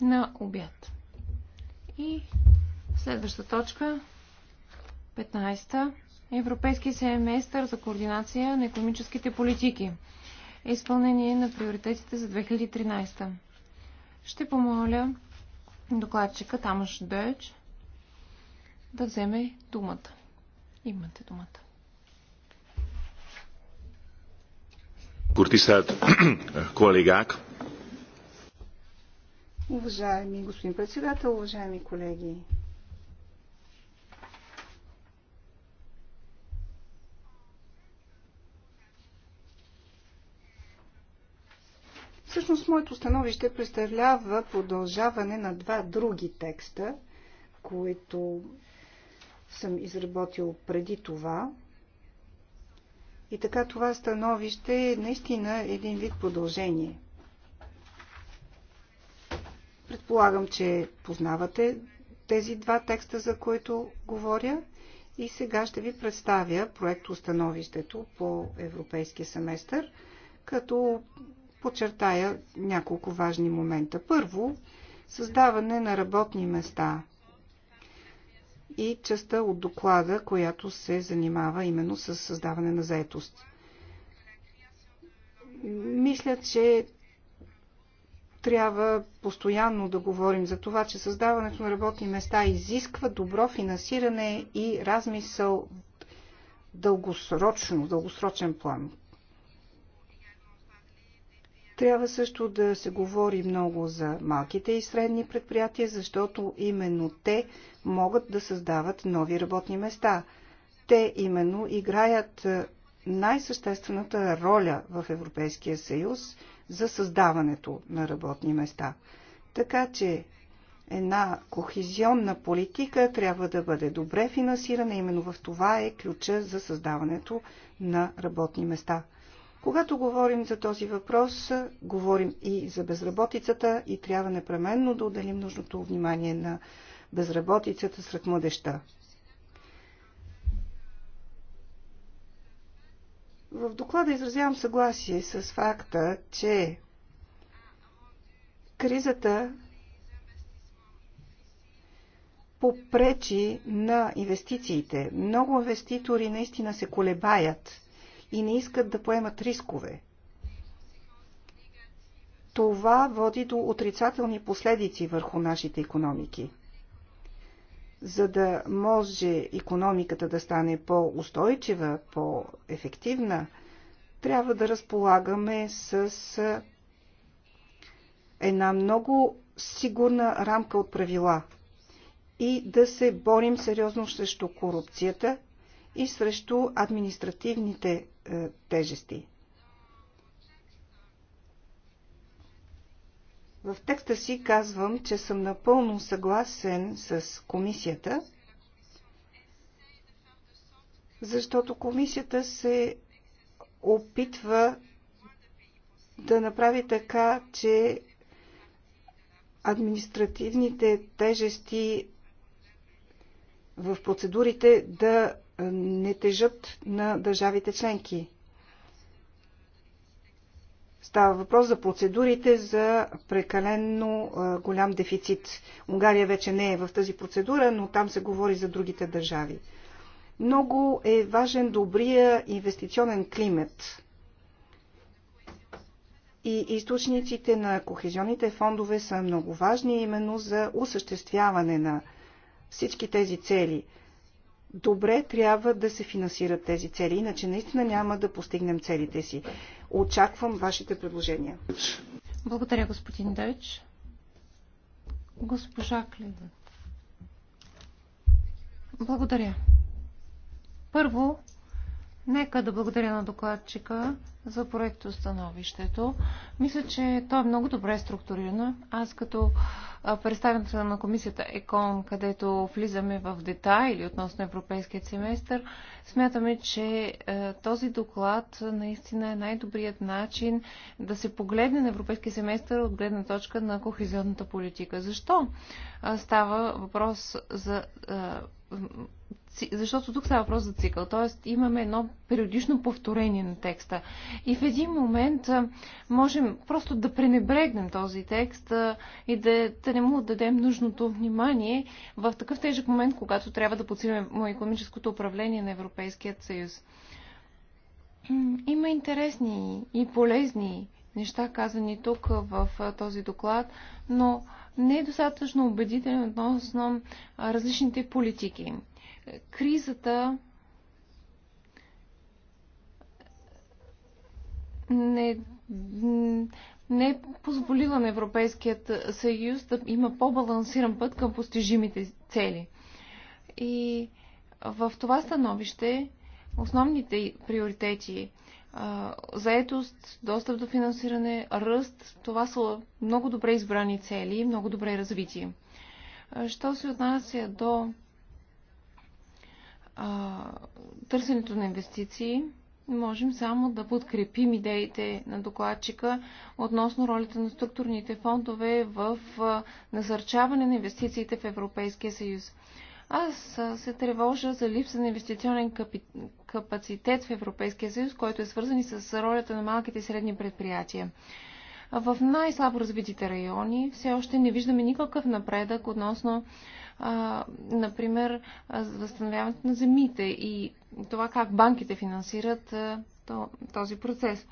на обяд. И следваща точка 15. Европейски семестър за координация на економическите политики. Изпълнение на приоритетите за 2013. Ще помоля докладчика Тамаш Дъч да вземе думата. Имате думата. Куртисът колегак. Уважаеми господин председател, уважаеми колеги, Всъщност моето становище представлява продължаване на два други текста, които съм изработил преди това. И така това становище е наистина един вид продължение. Предполагам, че познавате тези два текста, за които говоря. И сега ще ви представя проект проектостановището по европейския семестър, като подчертая няколко важни момента. Първо, създаване на работни места и частта от доклада, която се занимава именно с създаване на заетост. Мисля, че трябва постоянно да говорим за това, че създаването на работни места изисква добро финансиране и размисъл дългосрочно, дългосрочен план. Трябва също да се говори много за малките и средни предприятия, защото именно те могат да създават нови работни места. Те именно играят е, най-съществената роля в Европейския съюз за създаването на работни места. Така че една кохезионна политика трябва да бъде добре финансирана. Именно в това е ключа за създаването на работни места. Когато говорим за този въпрос, говорим и за безработицата и трябва непременно да отделим нужното внимание на безработицата сред младеща. В доклада изразявам съгласие с факта, че кризата попречи на инвестициите. Много инвеститори наистина се колебаят – и не искат да поемат рискове. Това води до отрицателни последици върху нашите економики. За да може економиката да стане по-устойчива, по-ефективна, трябва да разполагаме с една много сигурна рамка от правила и да се борим сериозно срещу корупцията и срещу административните е, тежести. В текста си казвам, че съм напълно съгласен с комисията, защото комисията се опитва да направи така, че административните тежести в процедурите да не тежат на държавите членки. Става въпрос за процедурите за прекалено голям дефицит. Унгария вече не е в тази процедура, но там се говори за другите държави. Много е важен добрия инвестиционен климат. И източниците на кохезионните фондове са много важни именно за осъществяване на всички тези цели – добре трябва да се финансират тези цели, иначе наистина няма да постигнем целите си. Очаквам вашите предложения. Благодаря, господин Дъвич. Госпожа Кледа. Благодаря. Първо, нека да благодаря на докладчика за проектостановището. Мисля, че то е много добре структурирано. Аз като представител на комисията ЕКОН, където влизаме в детайли относно европейският семестър, смятаме, че този доклад наистина е най-добрият начин да се погледне на европейския семестър от гледна точка на кохезионната политика. Защо става въпрос за защото тук става въпрос за цикъл, т.е. имаме едно периодично повторение на текста. И в един момент можем просто да пренебрегнем този текст и да, да не му отдадем нужното внимание в такъв тежък момент, когато трябва да подсилим економическото управление на Европейският съюз. Има интересни и полезни неща казани тук в този доклад, но не е достатъчно убедителен относно различните политики. Кризата не, не е позволила на Европейският съюз да има по-балансиран път към постижимите цели. И в това становище основните приоритети заетост, достъп до финансиране, ръст, това са много добре избрани цели, и много добре развитие. Що се отнася до а, търсенето на инвестиции, можем само да подкрепим идеите на докладчика относно ролята на структурните фондове в насърчаване на инвестициите в Европейския съюз. Аз се тревожа за липса на инвестиционен капи... капацитет в Европейския съюз, който е свързан и с ролята на малките и средни предприятия. В най-слабо развитите райони все още не виждаме никакъв напредък относно а, например, възстановяването на земите и това как банките финансират а, този процес.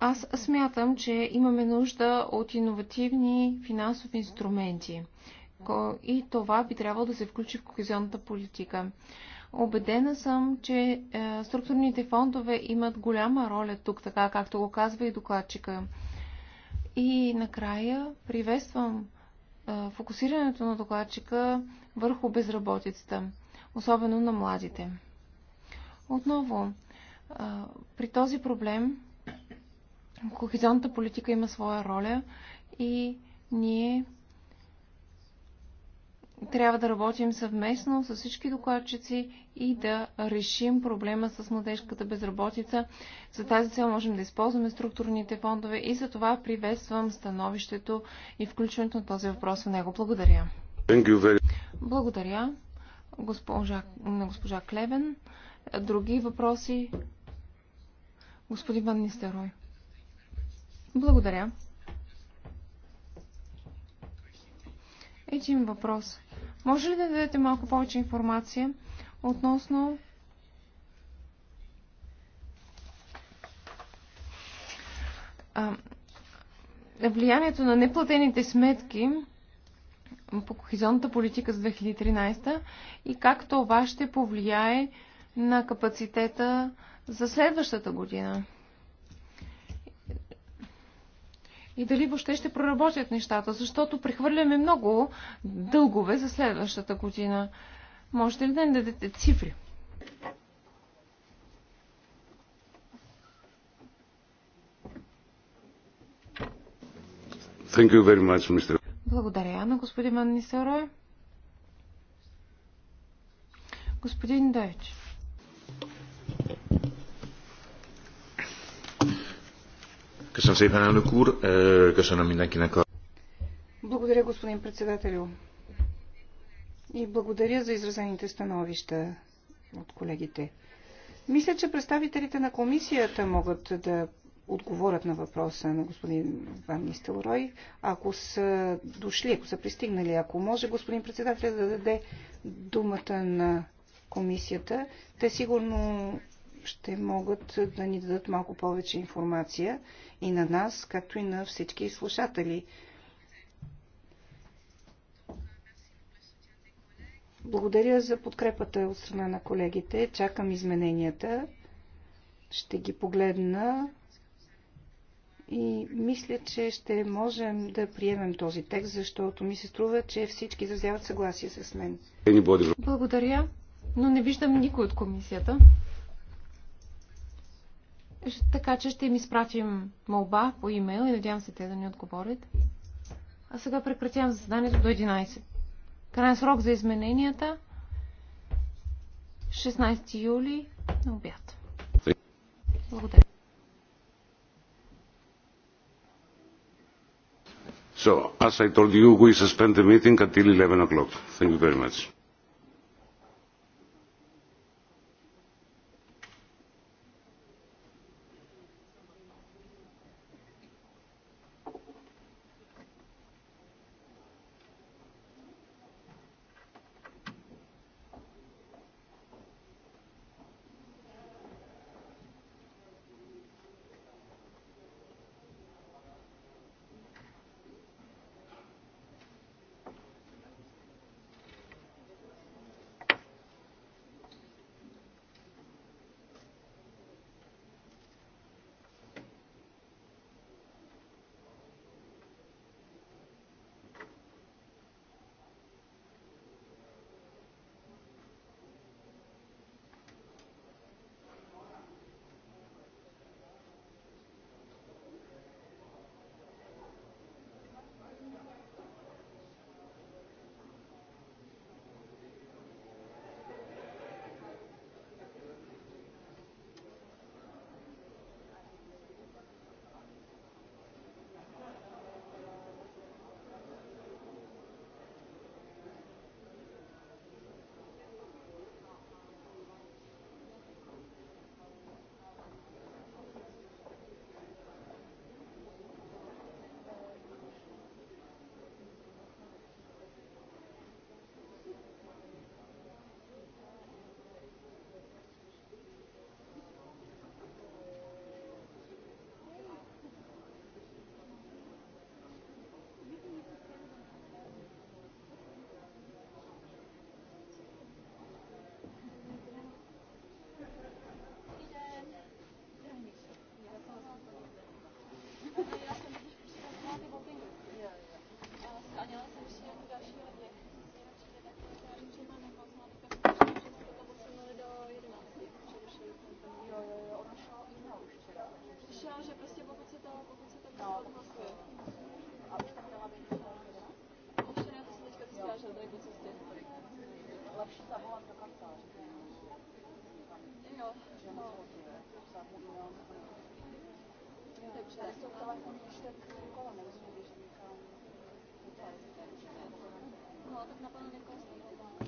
Аз смятам, че имаме нужда от иновативни финансови инструменти и това би трябвало да се включи в кохезионната политика. Обедена съм, че е, структурните фондове имат голяма роля тук, така както го казва и докладчика. И накрая приветствам фокусирането на докладчика върху безработицата, особено на младите. Отново, при този проблем кохезионната политика има своя роля и ние трябва да работим съвместно с всички докладчици и да решим проблема с младежката безработица. За тази цел можем да използваме структурните фондове и за това приветствам становището и включването на този въпрос в него. Благодаря. Благодаря госпожа, на госпожа Клевен. Други въпроси? Господин Ван Нистерой. Благодаря. Един въпрос. Може ли да дадете малко повече информация относно а, влиянието на неплатените сметки по кохизионната политика с 2013 и как това ще повлияе на капацитета за следващата година. и дали въобще ще проработят нещата, защото прехвърляме много дългове за следващата година. Можете ли да ни дадете цифри? Thank you very much, Mr. Благодаря на господин Манисарой. Господин Дайч. Köszönöm szépen, elnök úr. Köszönöm mindenkinek a... Благодаря, господин председателю. И благодаря за изразените становища от колегите. Мисля, че представителите на комисията могат да отговорят на въпроса на господин Ван Нистелрой, ако са дошли, ако са пристигнали. Ако може господин председател да даде думата на комисията, те сигурно ще могат да ни дадат малко повече информация и на нас, както и на всички слушатели. Благодаря за подкрепата от страна на колегите. Чакам измененията. Ще ги погледна и мисля, че ще можем да приемем този текст, защото ми се струва, че всички изразяват съгласие с мен. Благодаря, но не виждам никой от комисията. Така че ще им изпратим молба по имейл и надявам се те да ни отговорят. А сега прекратявам заседанието до 11. Крайен срок за измененията 16 юли на обяд. Благодаря. So, as I told you, we suspend the meeting until 11 o'clock. Thank you very much. No, tak na pewno nie kosztuje.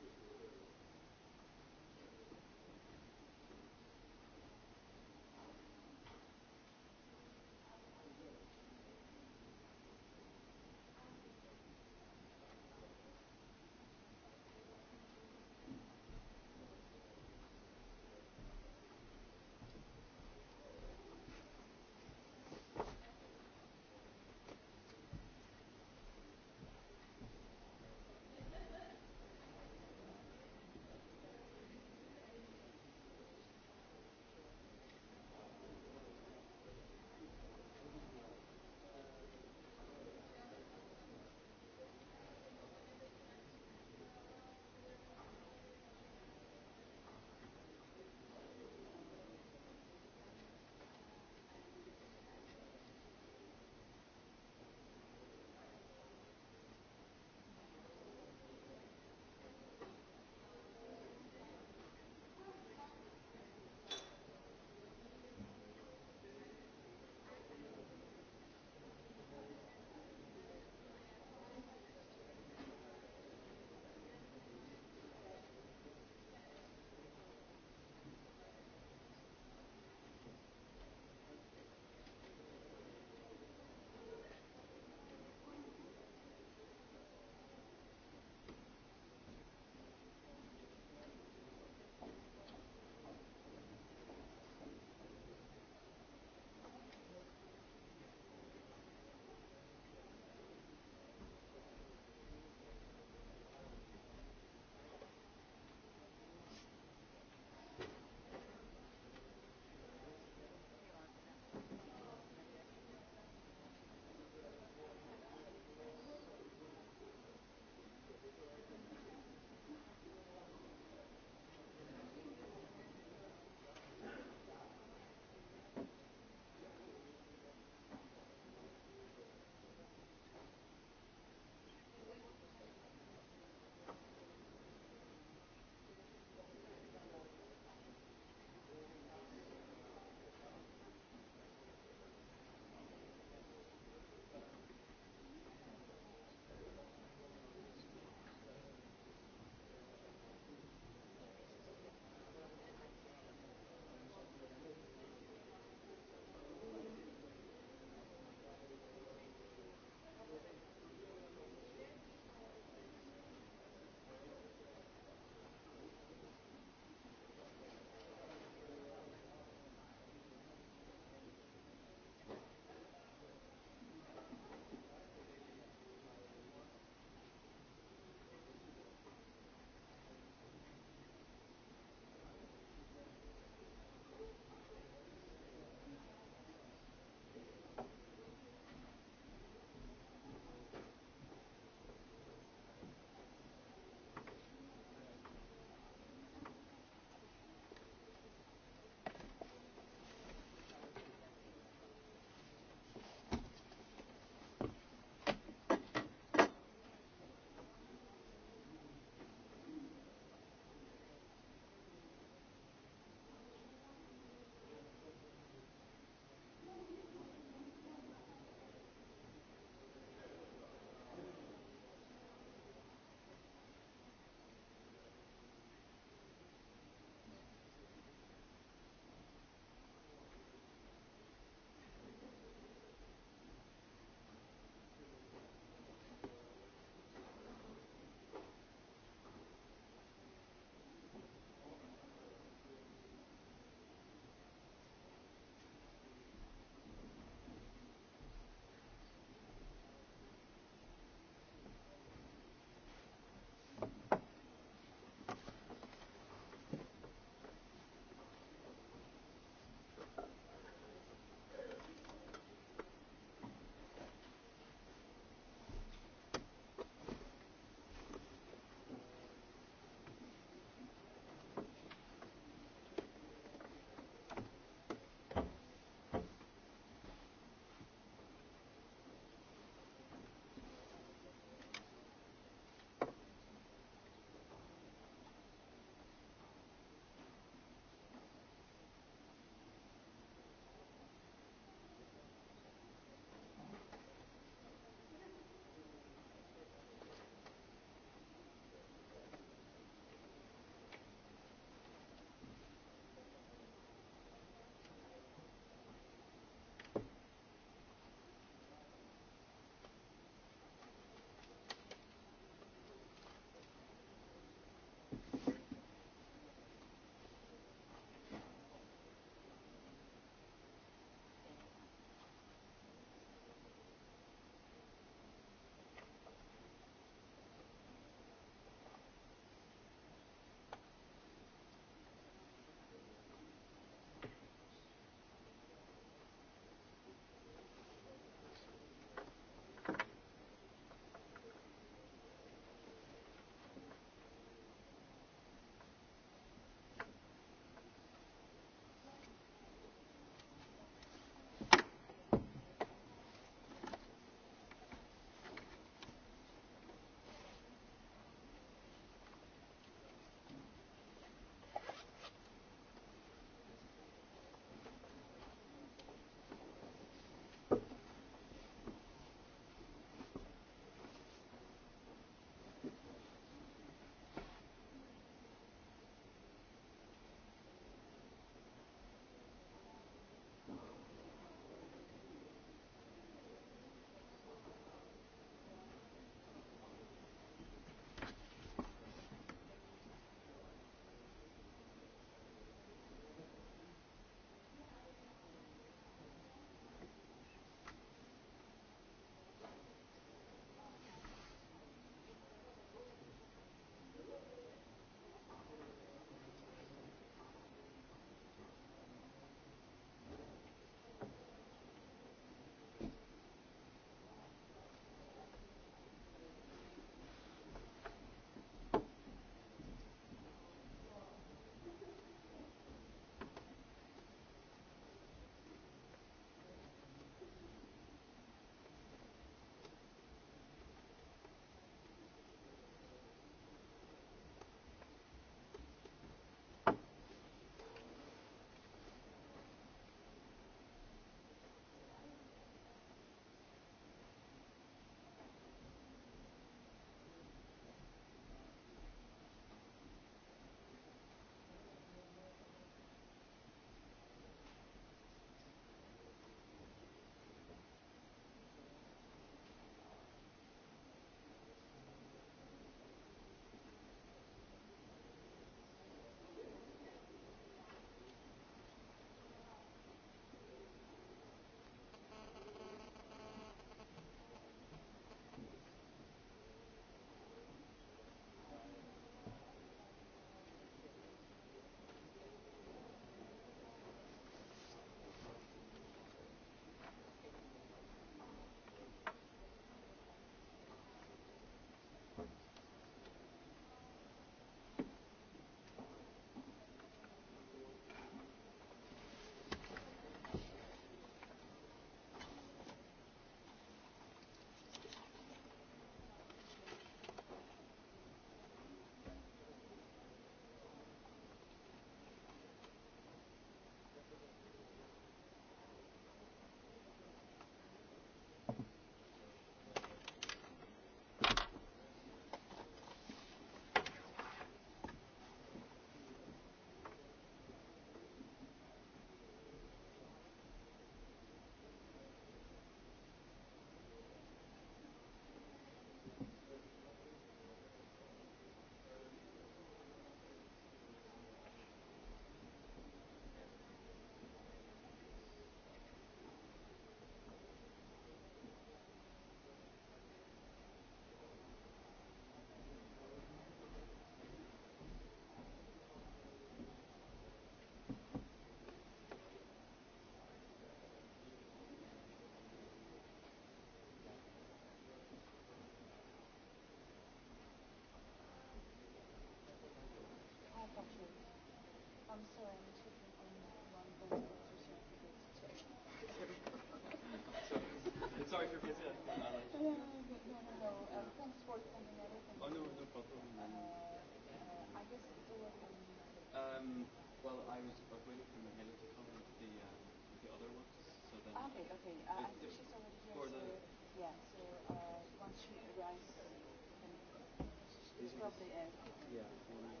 Well, I was waiting for Mihaela to come with the, uh, with the other ones. So then okay, okay. Uh, I think she's already here. For so, the yeah, so uh, once she arrives, it's probably uh, Yeah, one,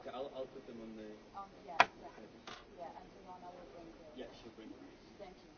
Okay, I'll, I'll put them on the. Um, yeah, yeah. Yeah, and the one I will bring. Yeah, she'll bring. Thank you.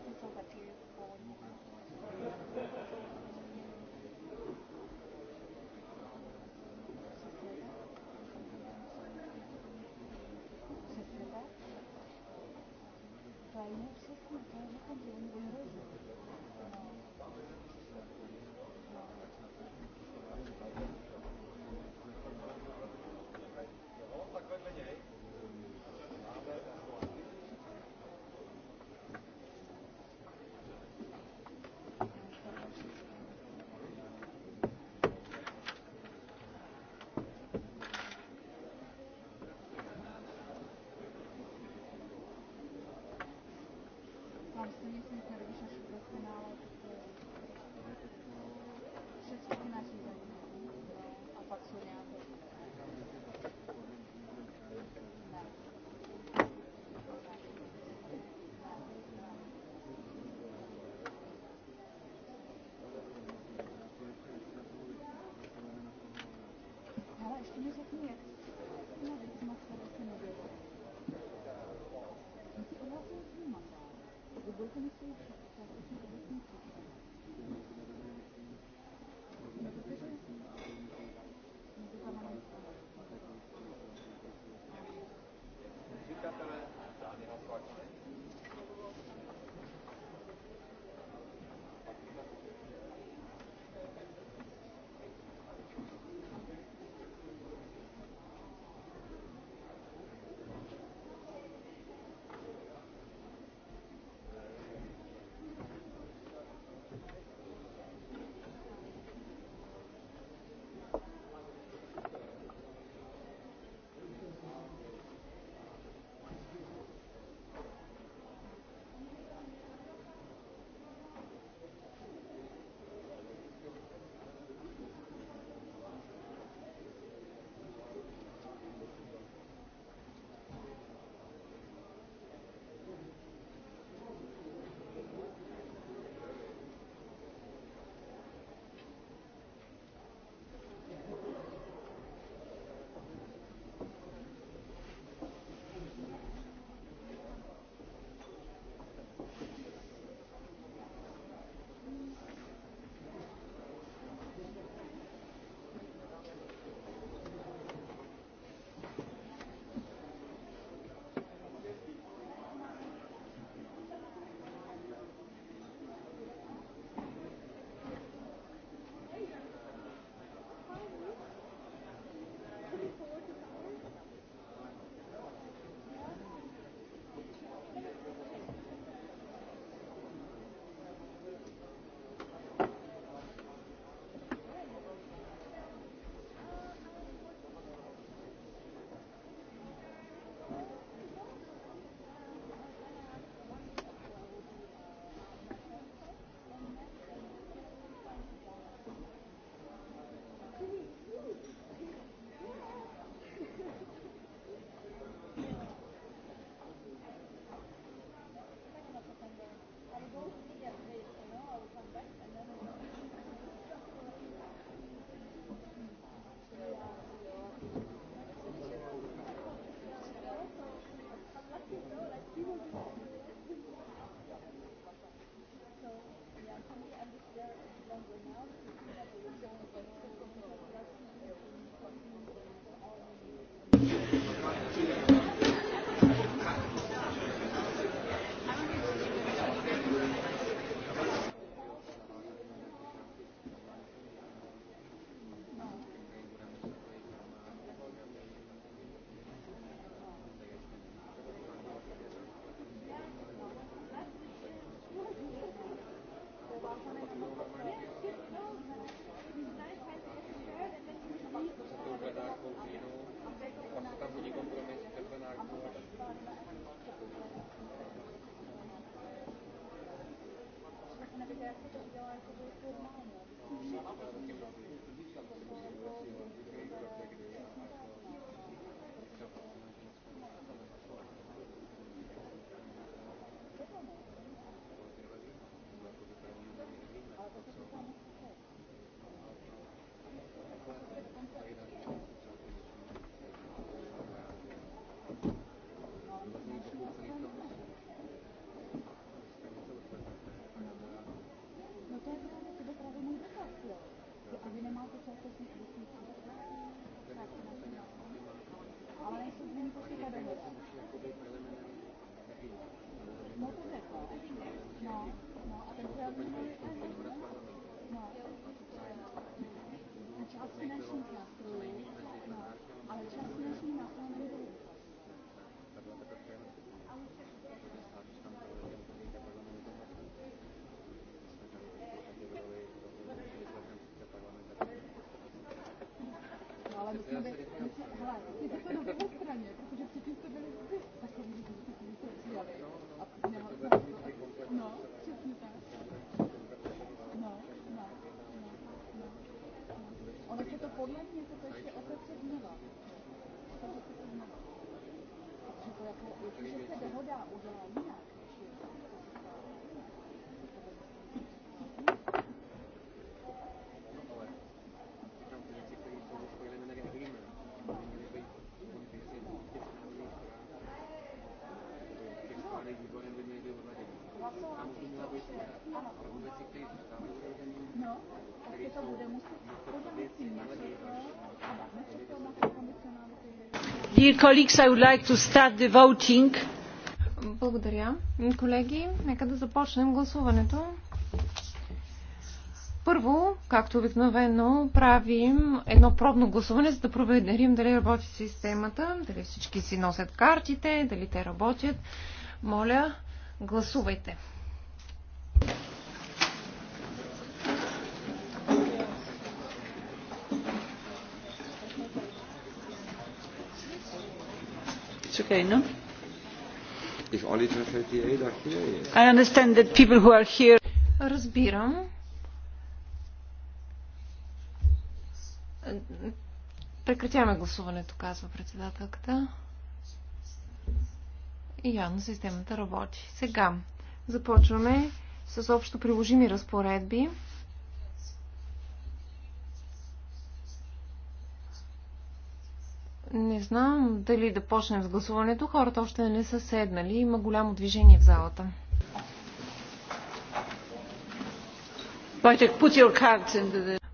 office over to phone Thank you. Gracias. Благодаря. Колеги, нека да започнем гласуването. Първо, както обикновено, правим едно пробно гласуване, за да проверим дали работи системата, дали всички си носят картите, дали те работят. Моля, гласувайте. Разбирам. Прекратяваме гласуването, казва председателката. И явно системата работи. Сега започваме с общо приложими разпоредби. Не знам дали да почнем с гласуването. Хората още не са седнали. Има голямо движение в залата.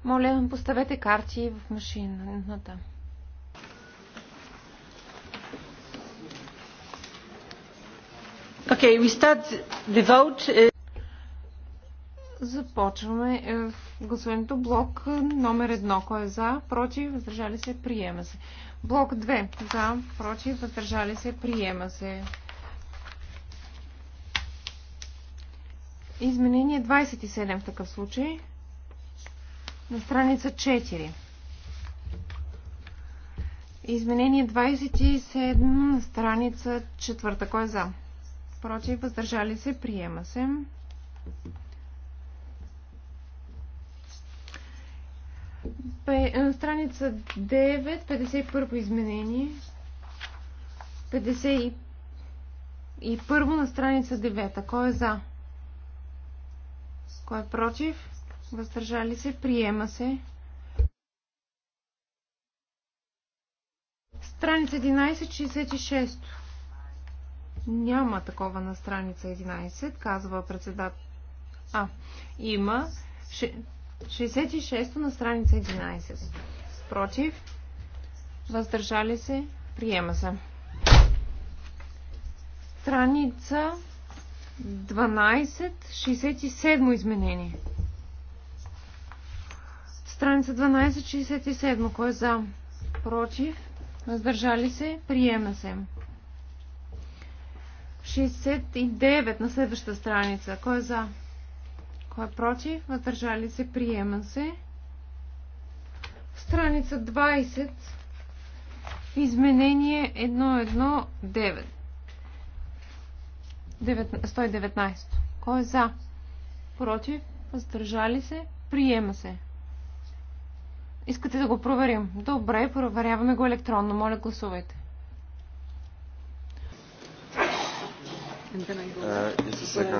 Моля, поставете карти в машината. Okay, we start the vote. Започваме е, в гласуването блок номер едно. Кой е за, против, въздържали се, приема се. Блок 2. За, против, въздържали се, приема се. Изменение 27 в такъв случай. На страница 4. Изменение 27 на страница 4. Кой е за? Против, въздържали се, приема се. Е, страница 9, 51 изменение. 51 на страница 9. Кой е за? Кой е против? Въздържали се? Приема се. Страница 11, 66. Няма такова на страница 11, казва председател. А, има. 66 на страница 11. Против. Въздържали се. Приема се. Страница 12. 67 изменение. Страница 12. 67. Кой е за? Против. Въздържали се. Приема се. 69 на следващата страница. Кой е за? Кой е против? Въздържали се. Приема се. Страница 20. Изменение 119. 119. Кой е за? Против? Въздържали се? Приема се. Искате да го проверим? Добре, проверяваме го електронно. Моля, гласувайте. Uh,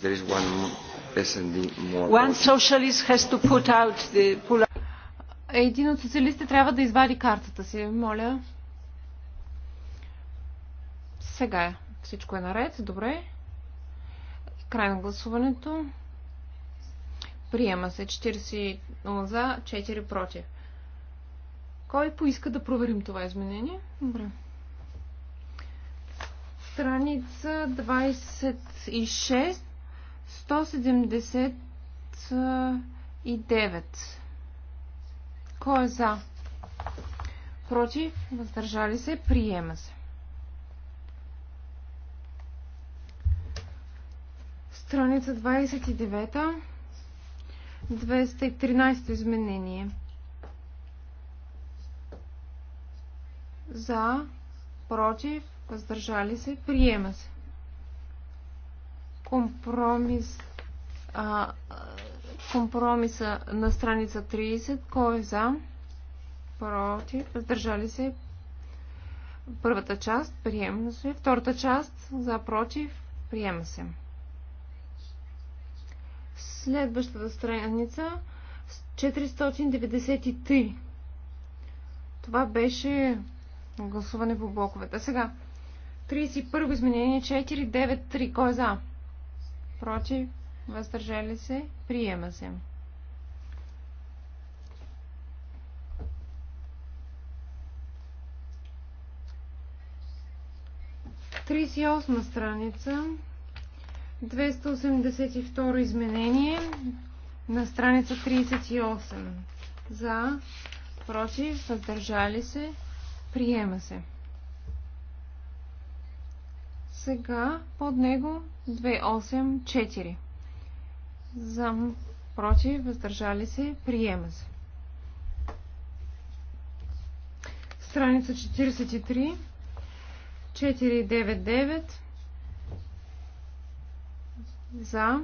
There is one SND more. One socialist has to put out the pull Един от социалистите трябва да извади картата си, моля. Сега е. всичко е наред, добре. Край на гласуването. Приема се 40 за, 4 против. Кой поиска да проверим това изменение? Добре. Страница 26 179. Кой е за? Против? Въздържали се? Приема се. Страница 29. 213 изменение. За, против, въздържали се, приема се компромис, а, компромиса на страница 30. Кой е за? Против. Въздържали се. Първата част. Приема се. Втората част. За. Против. Приема се. Следващата страница. 493. Това беше гласуване по блоковете. Сега. 31 изменение 493. Кой е за? против, въздържали се, приема се. Тридесет осма страница, 282 изменение на страница 38. За, против, въздържали се, приема се. Сега под него 284. За против, въздържали се, приема се. Страница 43, 499, за,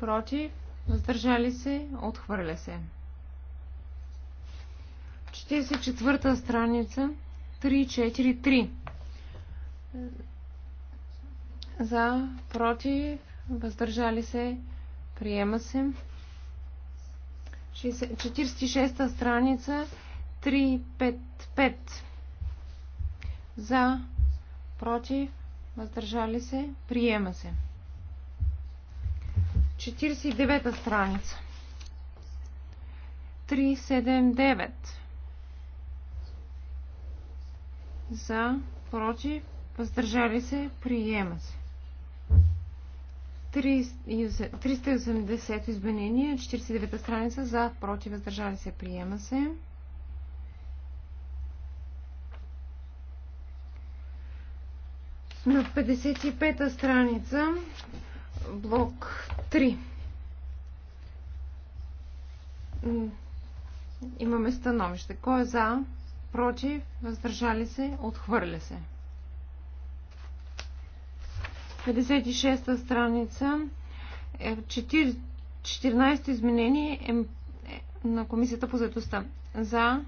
против, въздържали се, отхвърля се. 44 страница, 343, за, против, въздържали се, приема се. 46-та страница 355 за, против, въздържали се, приема се. 49-та страница 379 за, против, въздържали се, приема се. 380 изменения, 49-та страница за против въздържали се, приема се. На 55-та страница блок 3 имаме становище. Кой е за, против, въздържали се, отхвърля се. 56-та страница, 14-то е, изменение е, е на Комисията по заедостта. За,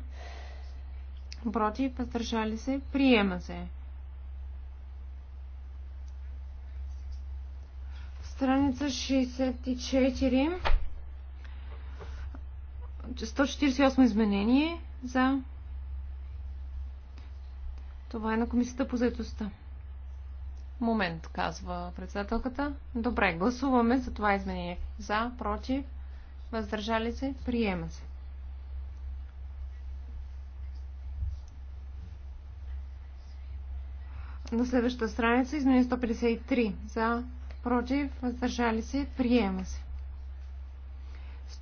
против, въздържали се, приема се. Страница 64, 148 изменение за. Това е на Комисията по заедостта. Момент, казва председателката. Добре, гласуваме за това изменение. За, против, въздържали се, приема се. На следващата страница изменение 153. За, против, въздържали се, приема се.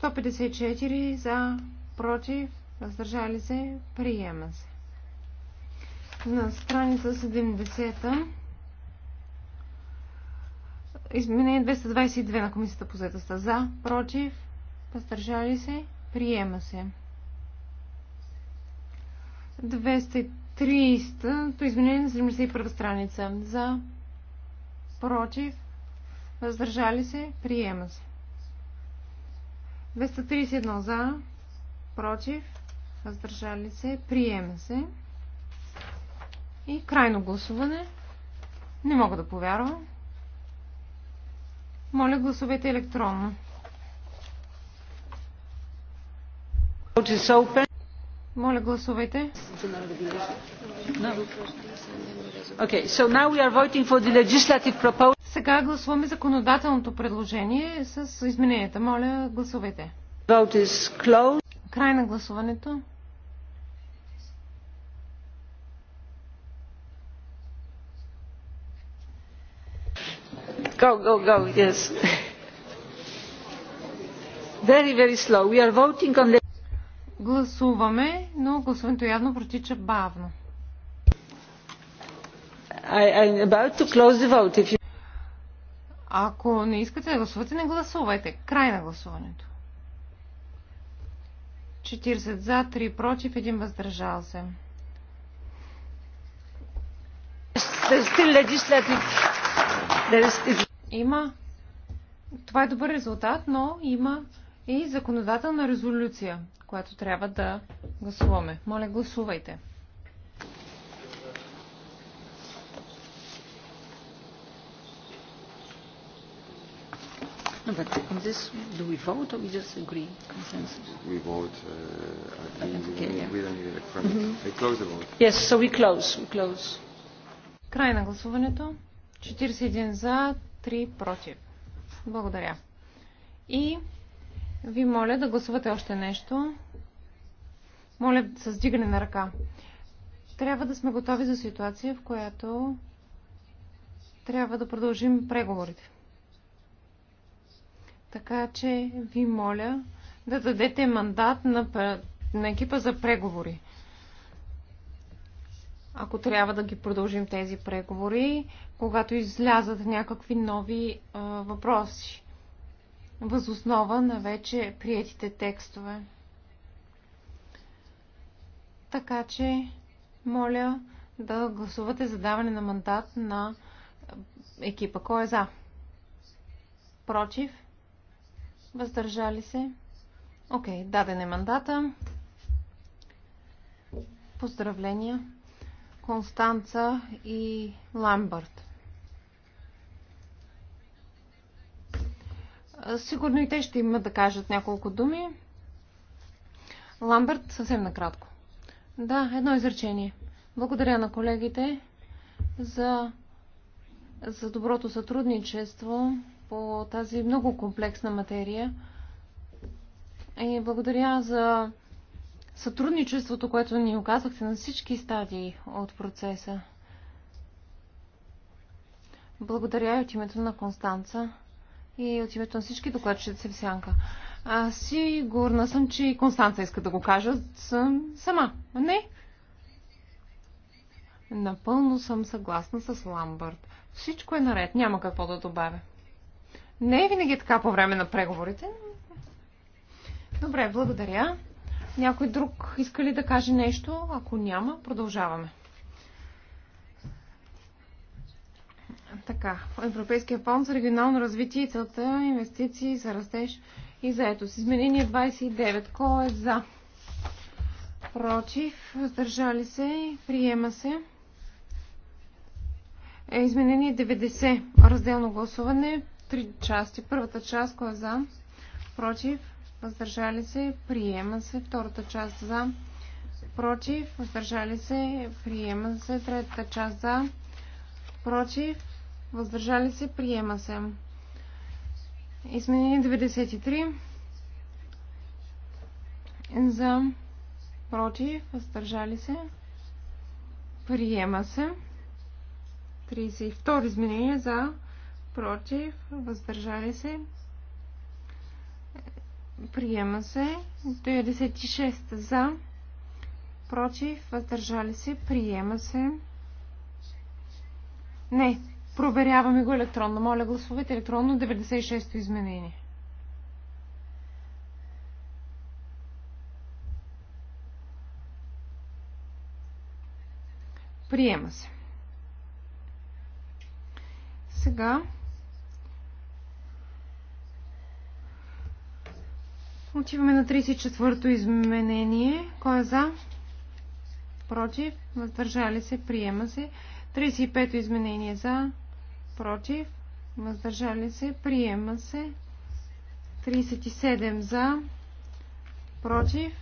154 за, против, въздържали се, приема се. На страница 70 Изменение 222 на комисията по заедостта. За, против, въздържали се, приема се. 230, то изменение на 71 страница. За, против, въздържали се, приема се. 231 за, против, въздържали се, приема се. И крайно гласуване. Не мога да повярвам. Моля, гласувайте електронно. Моля, гласувайте. Okay, so now we are voting for the legislative proposal. Сега гласуваме законодателното предложение с измененията. Моля, гласувайте. Vote is closed. Край на гласуването. Go, go, go, yes. Very, very slow. We are voting on the... Гласуваме, но гласуването явно протича бавно. I, I'm about to close the vote. If you... Ако не искате да гласувате, не гласувайте. Край на гласуването. 40 за, 3 против, 1 въздържал се. There's still legislative... There is има. Това е добър резултат, но има и законодателна резолюция, която трябва да гласуваме. Моля, гласувайте. No, but on this, do we vote or we just agree consensus? We vote. Uh, I think okay, we, yeah. we don't need electronic. Mm-hmm. I close the vote. Yes, so we close. We close. Край на гласуването. 41 за, 3 против. Благодаря. И ви моля да гласувате още нещо. Моля с дигане на ръка. Трябва да сме готови за ситуация, в която трябва да продължим преговорите. Така че ви моля да дадете мандат на, на екипа за преговори ако трябва да ги продължим тези преговори, когато излязат някакви нови а, въпроси, възоснова на вече приетите текстове. Така че, моля да гласувате за даване на мандат на екипа. Кой е за? Против? Въздържали се? Окей, даден е мандата. Поздравления! Констанца и Ламбърт. Сигурно и те ще имат да кажат няколко думи. Ламбърт, съвсем накратко. Да, едно изречение. Благодаря на колегите за, за доброто сътрудничество по тази много комплексна материя. И благодаря за сътрудничеството, което ни оказахте на всички стадии от процеса. Благодаря и от името на Констанца и от името на всички докладчици в Сянка. А, сигурна съм, че и Констанца иска да го кажа съм сама. Не? Напълно съм съгласна с Ламбърт. Всичко е наред, няма какво да добавя. Не е винаги така по време на преговорите. Добре, благодаря. Някой друг иска ли да каже нещо? Ако няма, продължаваме. Така, Европейския фонд за регионално развитие и целта е инвестиции за растеж и заетост. Изменение 29. Кой е за? Против? Въздържали се? Приема се. Е, изменение 90. Разделно гласуване. Три части. Първата част. Кой е за? Против? въздържали се, приема се. Втората част за, против, въздържали се, приема се. Третата част за, против, въздържали се, приема се. Изменение 93 за, против, въздържали се, приема се. 32 изменение за, против, въздържали се, Приема се. 96 за. Против. Въздържали се. Приема се. Не. Проверяваме го електронно. Моля, гласувайте електронно 96-то изменение. Приема се. Сега Отиваме на 34-то изменение. Кой е за? Против. Въздържали се. Приема се. 35-то изменение за. Против. Въздържали се. Приема се. 37 за. Против.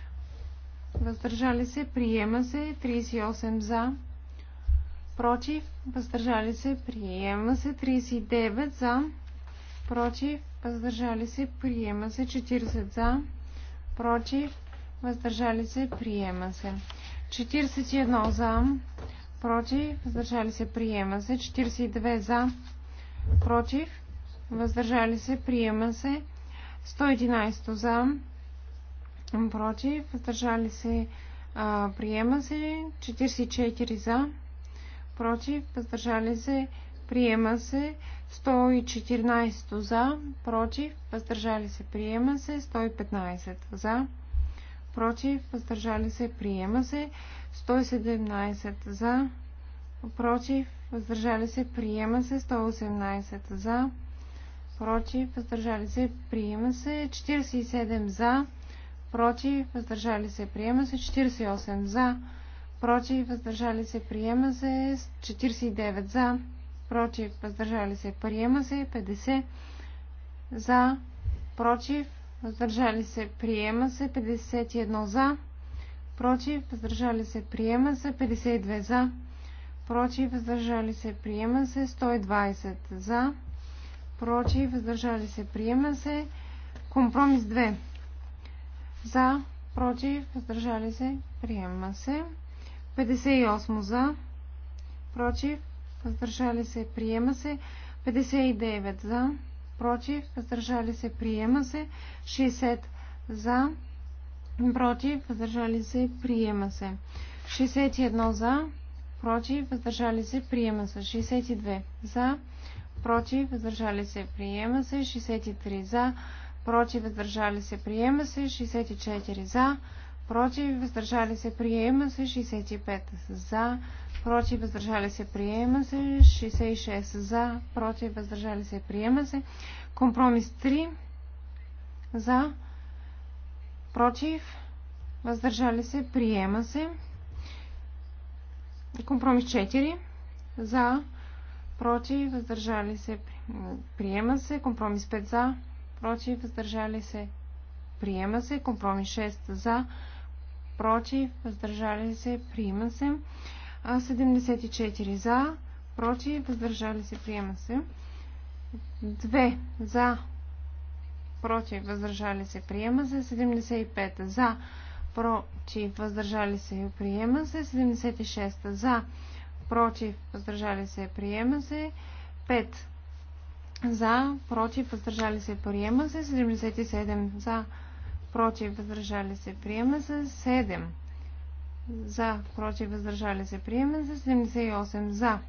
Въздържали се. Приема се. 38 за. Против. Въздържали се. Приема се. 39 за. Против въздържали се, приема се. 40 за, против, въздържали се, приема се. 41 за, против, въздържали се, приема се. 42 за, против, въздържали се, приема се. 111 за, против, въздържали се, приема се. 44 за, против, въздържали се, приема се. 114 за, против, въздържали се, приема се. 115 за, против, въздържали се, приема се. 117 за, против, въздържали се, приема се. 118 за, против, въздържали се, приема се. 47 за, против, въздържали се, приема се. 48 за, против, въздържали се, приема се. 49 за, против, въздържали се, приема се. 50 за, против, въздържали се, приема се. 51 за, против, въздържали се, приема се. 52 за, против, въздържали се, приема се. 120 за, против, въздържали се, приема се. Компромис 2 за, против, въздържали се, приема се. 58 за, против, въздържали се, приема се. 59 за, против, въздържали се, приема се. 60 за, против, въздържали се, приема се. 61 за, против, въздържали се, приема се. 62 за, против, въздържали се, приема се. 63 за, против, въздържали се, приема се. 64 за, против, въздържали се, приема се. 65 за, против, въздържали се, приема се. 66 за, против, въздържали се, приема се. Компромис 3 за, против, въздържали се, приема се. Компромис 4 за, против, въздържали се, приема се. Компромис 5 за, против, въздържали се, приема се. Компромис 6 за, против, въздържали се, приема се. 74 за, против, въздържали се, приема се. 2 за, против, въздържали се, приема се. 75 за, против, въздържали се, приема се. 76 за, против, въздържали се, приема се. 5 за, против, въздържали се, приема се. 77 за, против, въздържали се, приема се. 7 за, против, въздържали се, приема се. 78 за,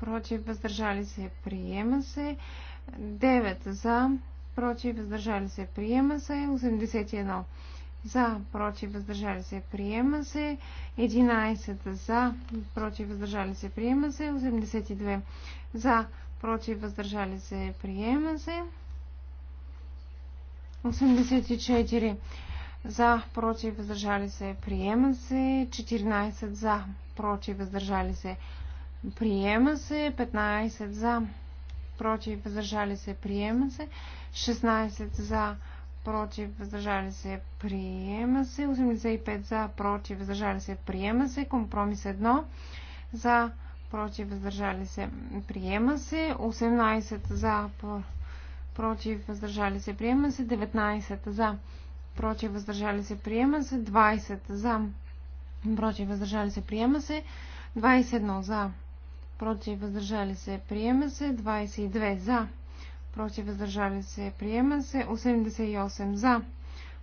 против, въздържали се, приема се. 9 за, против, въздържали се, приема се. 81 за, против, въздържали се, приема се. 11 за, против, въздържали се, приема се. 82 за, против, въздържали се, приема се. 84 за, против, въздържали се, приема се. 14 за, против, въздържали се, приема се. 15 за, против, въздържали се, приема се. 16 за, против, въздържали се, приема се. 85 за, против, въздържали се, приема се. Компромис 1 за, против, въздържали се, приема се. 18 за, против, въздържали се, приема се. 19 за, против, против въздържали се приема се 20 за против въздържали се приема се 21 за против въздържали се приема се 22 за против въздържали се приема се 88 за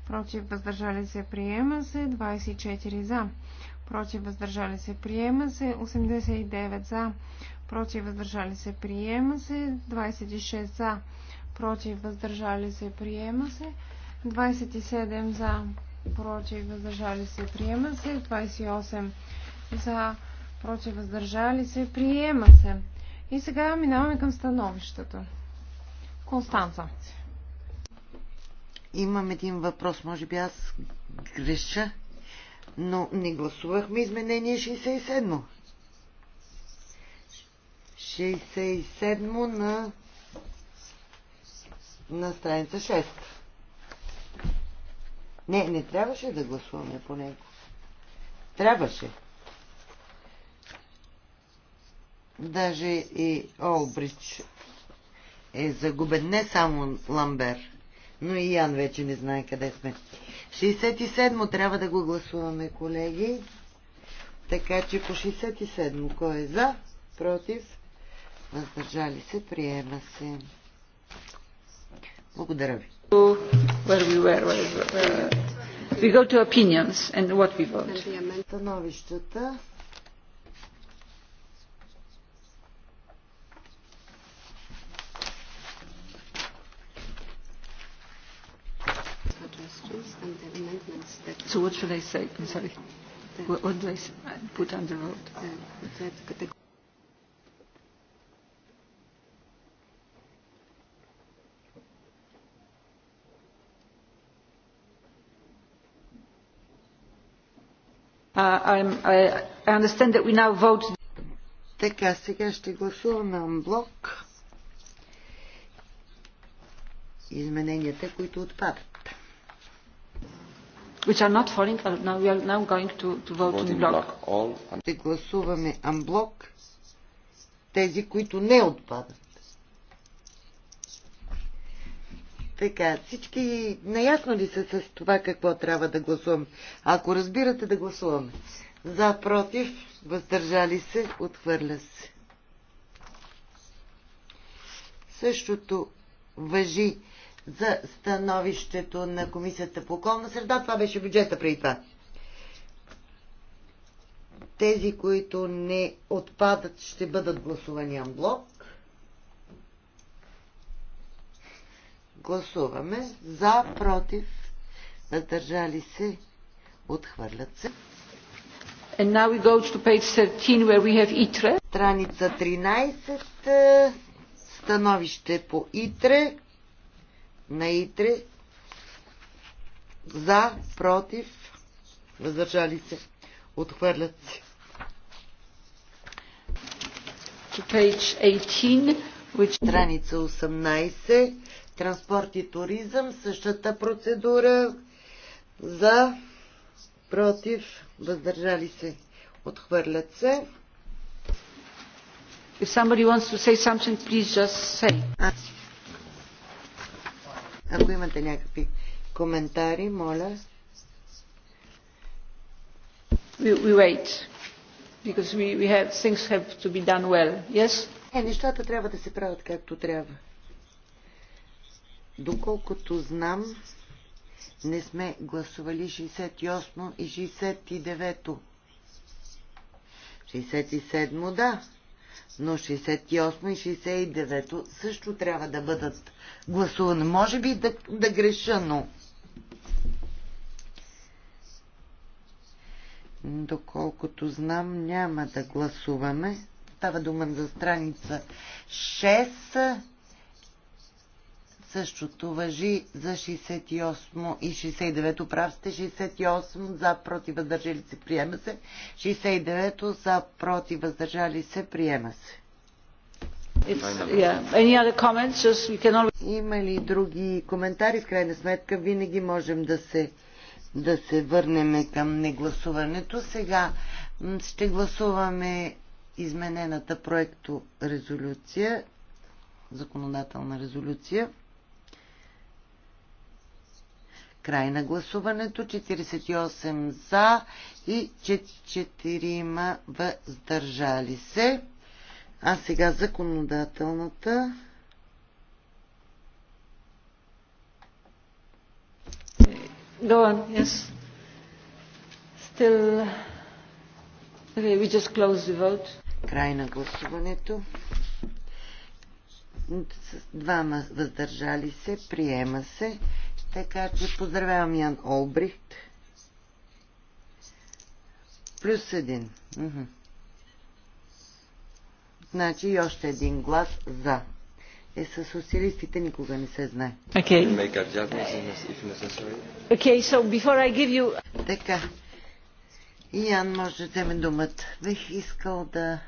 против въздържали се приема се 24 за против въздържали се приема се 89 за против въздържали се приема се 26 за против въздържали се приема се 27 за, против, въздържали се, приема се. 28 за, против, въздържали се, приема се. И сега минаваме към становището. Констанца. Имам един въпрос, може би аз греша, но не гласувахме изменение 67. 67 на на страница 6. Не, не трябваше да гласуваме по него. Трябваше. Даже и Олбрич е загубен. Не само Ламбер, но и Ян вече не знае къде сме. 67-мо трябва да го гласуваме, колеги. Така че по 67-мо кой е за, против, въздържали се, приема се. Благодаря ви. Становищата. So what should I say? I'm sorry. What do I put on the road? Uh, сега ще гласуваме блок. измененията, които отпадат. Ще гласуваме анблок тези, които не отпадат. Така, всички наясно ли са с това какво трябва да гласуваме? Ако разбирате да гласуваме. За, против, въздържали се, отхвърля се. Същото въжи за становището на Комисията по околна среда. Това беше бюджета преди това. Тези, които не отпадат, ще бъдат гласувани анблок. Гласуваме за, против, въздържали се, отхвърлят се. And now we go to page 13 where we have ITRE. Страница 13, е, становище по ИТРЕ, на ИТРЕ, за, против, въздържали се, отхвърлят се. To page 18, which... Страница 18, транспорт и туризъм. Същата процедура за, против, въздържали се, отхвърлят се. If somebody wants to say something, please just say. А, ако имате някакви коментари, моля. We, we wait because we, we have, things have to be done well. Yes? Е, нещата трябва да се правят както трябва. Доколкото знам, не сме гласували 68 и 69. то 67 да, но 68 и 69 то също трябва да бъдат гласувани. Може би да, да греша, но... Доколкото знам, няма да гласуваме. Става дума за страница 6 Същото въжи за 68 и 69 прав сте. 68 за против въздържали се приема се. 69 за против въздържали се приема се. Yeah. Има ли други коментари? В крайна сметка винаги можем да се, да се върнем към негласуването. Сега ще гласуваме изменената проекто резолюция, законодателна резолюция. Край на гласуването. 48 за и 4 въздържали се. А сега законодателната. Go on, yes. Still... Okay, we just close the vote. Край на гласуването. двама въздържали се, приема се. Така че поздравявам Ян Олбрихт. Плюс един. Уху. Значи и още един глас за. Е, с социалистите никога не се знае. Okay. Okay, so before I give you... Така. Ян може да вземе думата. Бих искал да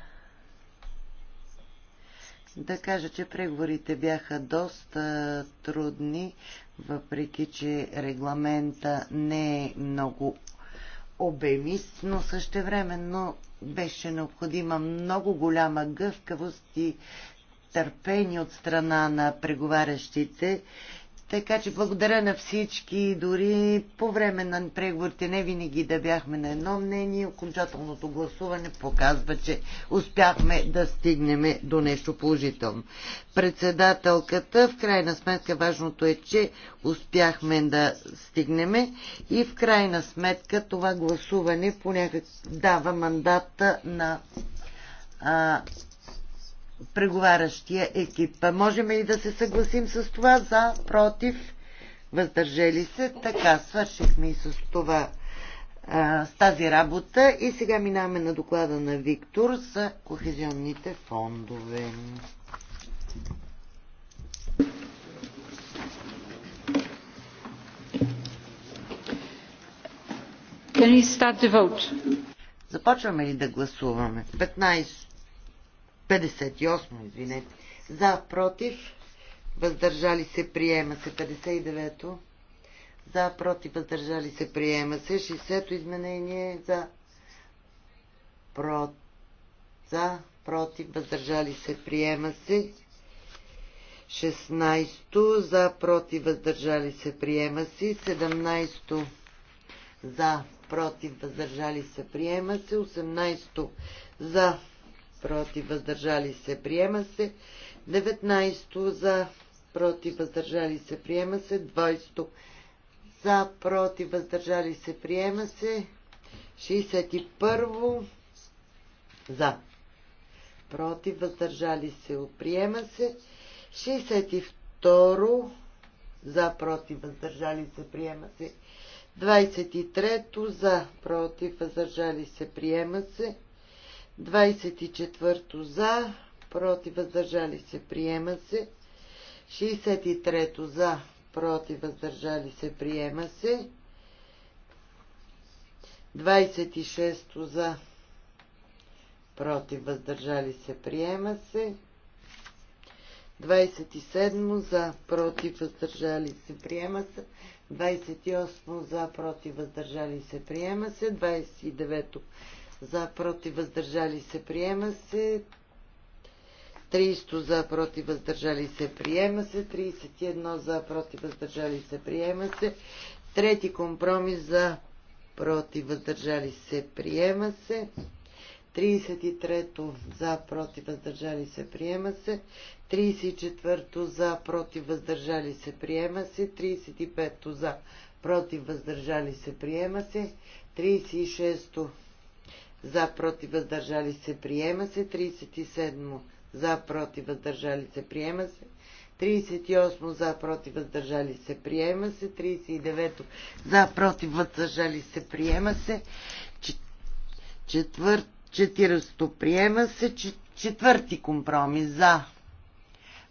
да кажа, че преговорите бяха доста трудни, въпреки че регламента не е много обемист, но също времено беше необходима много голяма гъвкавост и търпение от страна на преговарящите така че благодаря на всички, дори по време на преговорите не винаги да бяхме на едно мнение. Окончателното гласуване показва, че успяхме да стигнем до нещо положително. Председателката, в крайна сметка важното е, че успяхме да стигнем и в крайна сметка това гласуване понякак дава мандата на а, преговарящия екип. Можем ли да се съгласим с това? За, против, въздържали се. Така, свършихме и с това с тази работа и сега минаваме на доклада на Виктор за кохезионните фондове. Can start the vote? Започваме ли да гласуваме? 15 58, извинете. За, против, въздържали се, приема се. 59-то. За, против, въздържали се, приема се. 60-то изменение. За, за, против, въздържали се, приема се. 16-то. За, против, въздържали се, приема се. 17-то. За, против, въздържали се, приема се. 18-то. За, против, въздържали се, приема се. 19 за, против, въздържали се, приема се. 20 за, против, въздържали се, приема се. 61 за, против, въздържали се, приема се. 62 за, против, въздържали се, приема се. 23 за, против, въздържали се, приема се. 24 за, против, въздържали се, приема се. 63 за, против, въздържали се, приема се. 26 за, против, въздържали се, приема се. 27 за, против, въздържали се, приема се. 28 за, против, въздържали се, приема се. 29 за против въздържали се приема се 30 за против въздържали се приема се 31 за против въздържали се приема се трети компромис за против въздържали се приема се 33 за против въздържали се приема се 34 за против въздържали се приема се 35 за против въздържали се приема се 36 за против въздържали се приема се 37 за против въздържали се приема се 38 за против въздържали се приема се 39 за против въздържали се приема се четвърт 40 приема се четвърти компромис за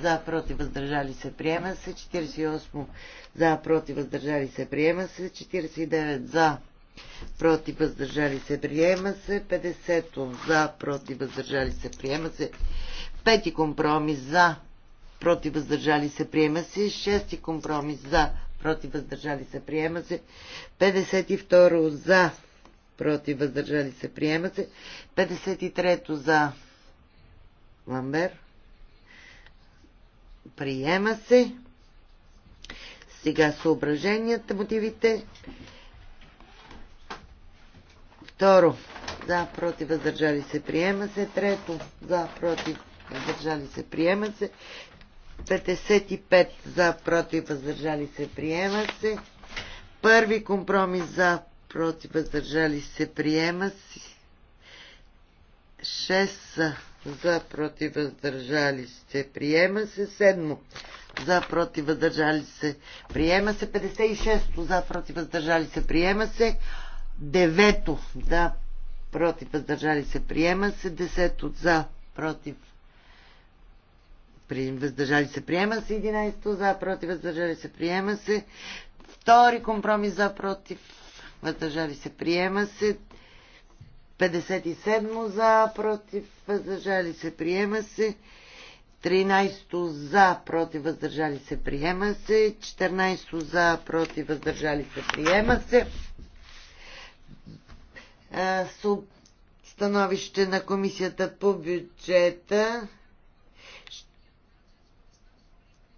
за, против, въздържали се, приема се. 48 за, против, въздържали се, приема се. 49 за, против, въздържали се, приема се. 50 за, против, въздържали се, приема се. Пети компромис за, против, въздържали се, приема се. Шести компромис за, против, въздържали се, приема се. 52 за, против, въздържали се, приема се. 53 за, Ламбер. Приема се. Сега съображенията, мотивите. Второ. За, против, въздържали се, приема се. Трето. За, против, въздържали се, приема се. 55 за, против, въздържали се, приема се. Първи компромис за, против, въздържали се, приема се. 6 за за против въздържали се, приема се седмо, за против въздържали се, приема се 56-то, за против се, приема се девето, за против въздържали се, приема се десето, за против въздържали се, приема се 11-то, за противъздържали въздържали се, приема се втори компромис, за против въздържали се, приема се 57 за, против, въздържали се, приема се. 13 за, против, въздържали се, приема се. 14 за, против, въздържали се, приема се. Становище на комисията по бюджета.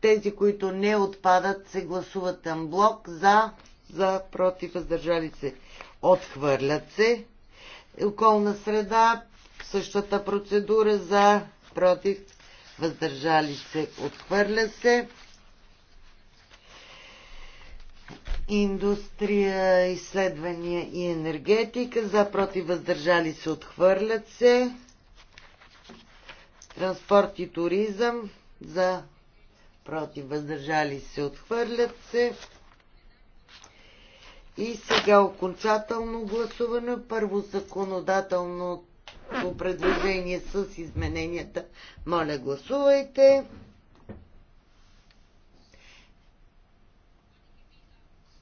Тези, които не отпадат, се гласуват блок. за, за, против, въздържали се, отхвърлят се околна среда, същата процедура за против, въздържали се, отхвърля се. Индустрия, изследвания и енергетика, за против, въздържали се, отхвърлят се. Транспорт и туризъм, за против, въздържали се, отхвърлят се. И сега окончателно гласуване. Първо законодателно по предложение с измененията. Моля, гласувайте.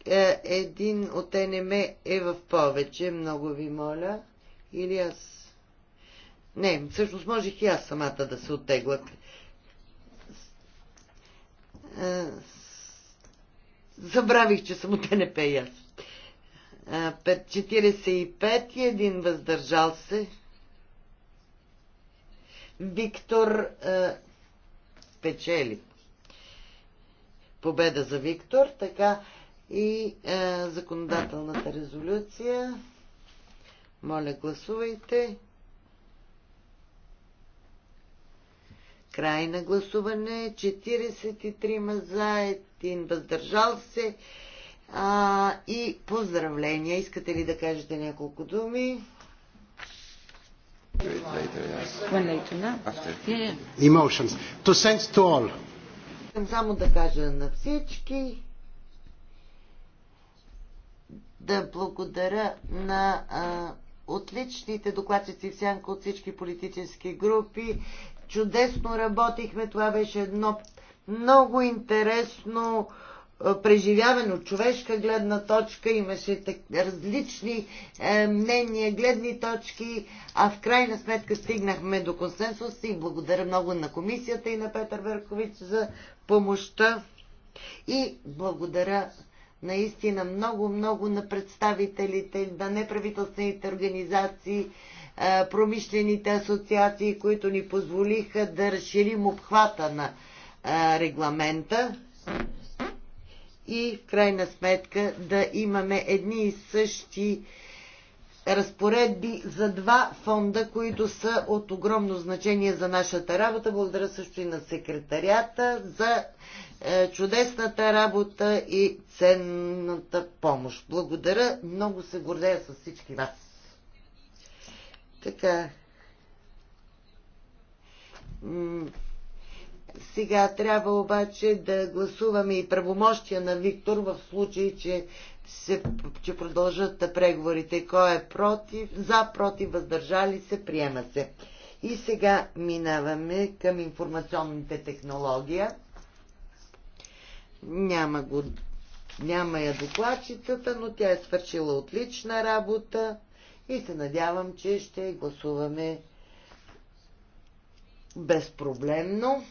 Е, един от НМ е в повече, много ви моля. Или аз... Не, всъщност можех и аз самата да се оттегла. Е, забравих, че съм от НП и аз. 45 и един въздържал се. Виктор е, спечели. Победа за Виктор, така и е, законодателната резолюция. Моля, гласувайте. Край на гласуване. 43 за, един въздържал се. А, и поздравления. Искате ли да кажете няколко думи? Emotions. To send to all. Искам само да кажа на всички да благодаря на а, отличните докладчици в сянка от всички политически групи. Чудесно работихме. Това беше едно много интересно а, е, преживяван от човешка гледна точка, имаше различни е, мнения, гледни точки, а в крайна сметка стигнахме до консенсус и благодаря много на комисията и на Петър Веркович за помощта и благодаря наистина много-много на представителите на неправителствените организации, е, промишлените асоциации, които ни позволиха да разширим обхвата на регламента и в крайна сметка да имаме едни и същи разпоредби за два фонда, които са от огромно значение за нашата работа. Благодаря също и на секретарията за е, чудесната работа и ценната помощ. Благодаря, много се гордея с всички вас. Така. Сега трябва обаче да гласуваме и правомощия на Виктор в случай, че, се, че продължат преговорите. Кой е против? За, против, въздържали се, приема се. И сега минаваме към информационните технологии. Няма, го, няма я докладчицата, но тя е свършила отлична работа и се надявам, че ще гласуваме безпроблемно.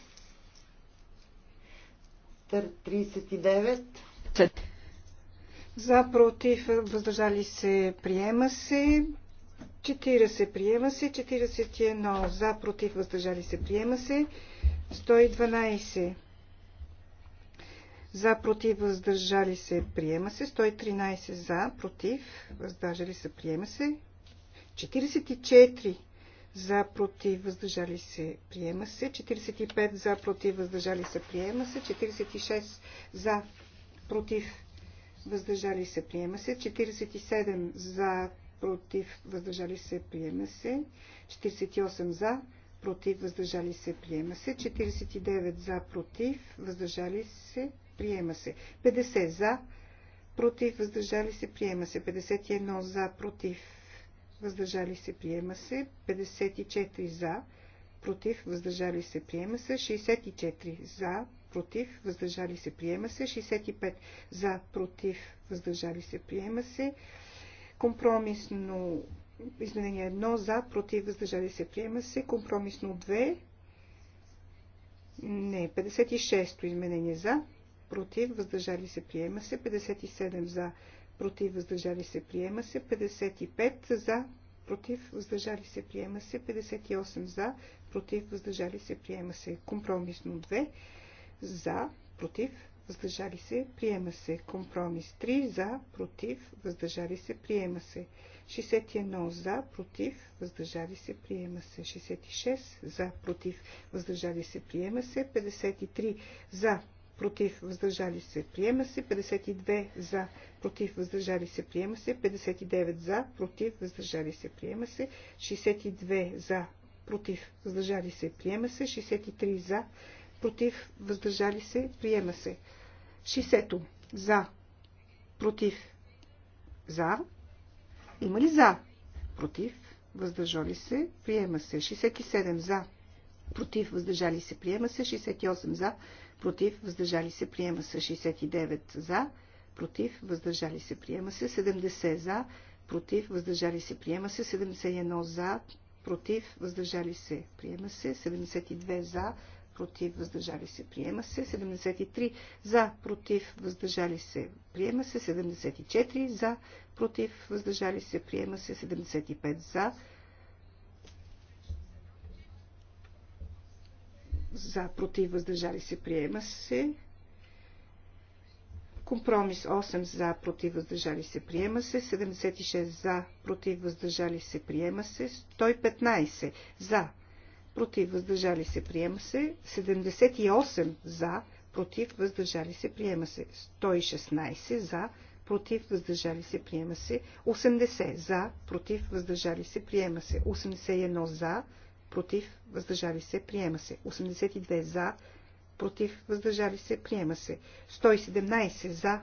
39. За, против, въздържали се, приема се. 40 приема се, 41 за, против, въздържали се, приема се, 112 за, против, въздържали се, приема се, 113 за, против, въздържали се, приема се, 44 за против въздържали се приема се, 45 за против въздържали се приема се, 46 за против въздържали се приема се, 47 за против въздържали се приема се, 48 за против въздържали се приема се, 49 за против въздържали се приема се, 50 за против въздържали се приема се, 51 за против въздържали се, приема се. 54 за, против, въздържали се, приема се. 64 за, против, въздържали се, приема се. 65 за, против, въздържали се, приема се. Компромисно изменение 1 за, против, въздържали се, приема се. Компромисно 2 не, 56-то изменение за, против, въздържали се, приема се, 57 за, против, въздържали се, приема се. 55 за, против, въздържали се, приема се. 58 за, против, въздържали се, приема се. Компромисно 2 за, против, въздържали се, приема се. Компромис 3 за, против, въздържали се, приема се. 61 за, против, въздържали се, приема се. 66 за, против, въздържали се, приема се. 53 за, против, въздържали се, приема се. 52 за, против, въздържали се, приема се. 59 за, против, въздържали се, приема се. 62 за, против, въздържали се, приема се. 63 за, против, въздържали се, приема се. 60 за, против, за. Има ли за? Против, въздържали се, приема се. 67 за, против, въздържали се, приема се. 68 за, против, въздържали се, приема се 69 за, против, въздържали се, приема се 70 за, против, въздържали се, приема се 71 за, против, въздържали се, приема се 72 за, против, въздържали се, приема се 73 за, против, въздържали се, приема се 74 за, против, въздържали се, приема се 75 за, за, против, въздържали се, приема се. Компромис 8 за, против, въздържали се, приема се. 76 за, против, въздържали се, приема се. 115 за, против, въздържали се, приема се. 78 за, против, въздържали се, приема се. 116 за, против, въздържали се, приема се. 80 за, против, въздържали се, приема се. 81 за, против, въздържали се, приема се. 82 за, против, въздържали се, приема се. 117 за,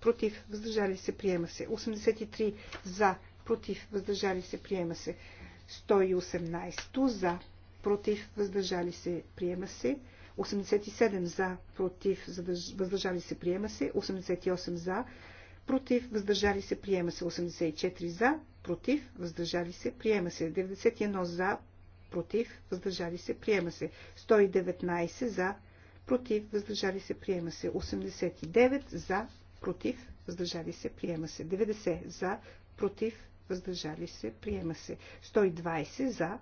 против, въздържали се, приема се. 83 за, против, въздържали се, приема се. 118 за, против, въздържали се, приема се. 87 за, против, въздържали се, приема се. 88 за, против, въздържали се, приема се. 84 за, против, въздържали се, приема се. 91 за, против, въздържали се, приема се. 119 за, против, въздържали се, приема се. 89 за, против, въздържали се, приема се. 90 за, против, въздържали се, приема се. 120 за,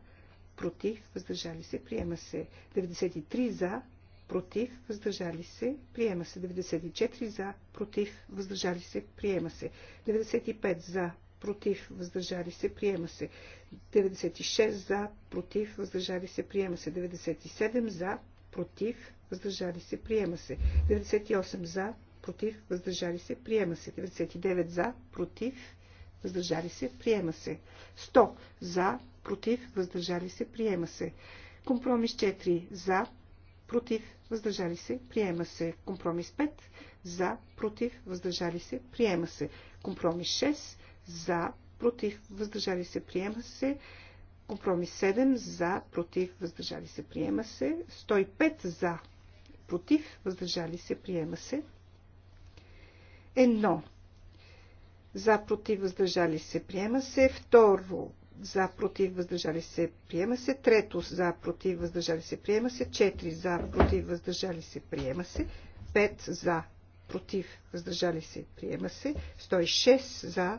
против, въздържали се, приема се. 93 за, против, въздържали се, приема се. 94 за, против, въздържали се, приема се. 95 за, против, въздържали се, приема се. 96 за, против, въздържали се, приема се. 97 за, против, въздържали се, приема се. 98 за, против, въздържали се, приема се. 99 за, против, въздържали се, приема се. 100 за, против, въздържали се, приема се. Компромис 4 за, против, въздържали се, приема се. Компромис 5 за, против, въздържали се, приема се. Компромис 6 за, против, въздържали се, приема се. Компромис 7 за, против, въздържали се, приема се. 105 за, против, въздържали се, приема се. Едно. За, против, въздържали се, приема се. Второ. За, против, въздържали се, приема се. Трето. За, против, въздържали се, приема се. Четири. За, против, въздържали се, приема се. Пет. За, против, въздържали се, приема се. 106 за,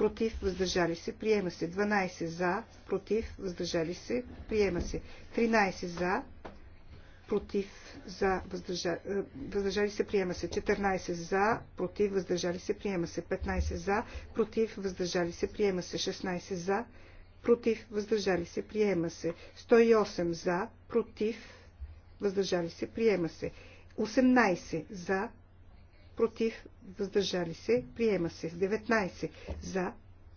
против, въздържали се, приема се. 12 за, против, въздържали се, приема се. 13 за, против, за, въздържа, е, въздържали се, приема се. 14 за, против, въздържали се, приема се. 15 за, против, въздържали се, приема се. 16 за, против, въздържали се, приема се. 108 за, против, въздържали се, приема се. 18 за, против, въздържали се, приема се. 19 за,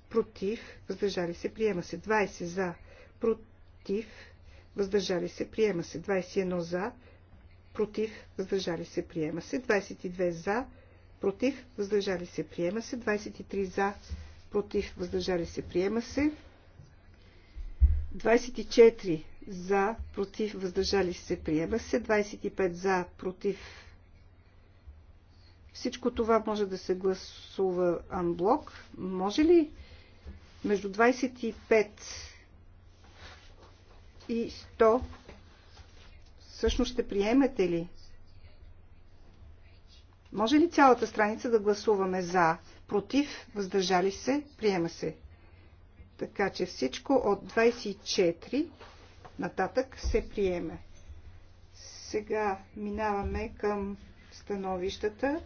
против, въздържали се, приема се. 20 за, против, въздържали се, приема се. 21 за, против, въздържали се, приема се. 22 за, против, въздържали се, приема се. 23 за, против, въздържали се, приема се. 24 за, против, въздържали се, приема се. 25 за, против, всичко това може да се гласува анблок. Може ли между 25 и 100 всъщност ще приемете ли? Може ли цялата страница да гласуваме за, против, въздържали се, приема се? Така че всичко от 24 нататък се приеме. Сега минаваме към становищата.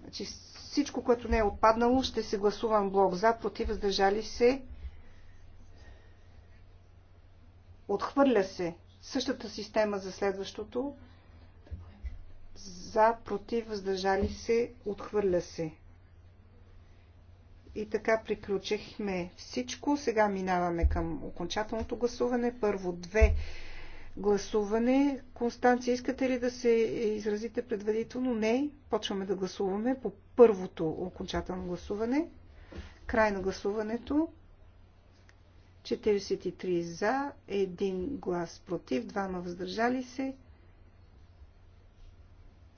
Значи всичко, което не е отпаднало, ще се гласувам блок за, против, въздържали се. Отхвърля се същата система за следващото. За, против, въздържали се, отхвърля се. И така приключихме всичко. Сега минаваме към окончателното гласуване. Първо две гласуване. Констанция, искате ли да се изразите предварително? Не. Почваме да гласуваме по първото окончателно гласуване. Край на гласуването. 43 за, 1 глас против, 2 въздържали се.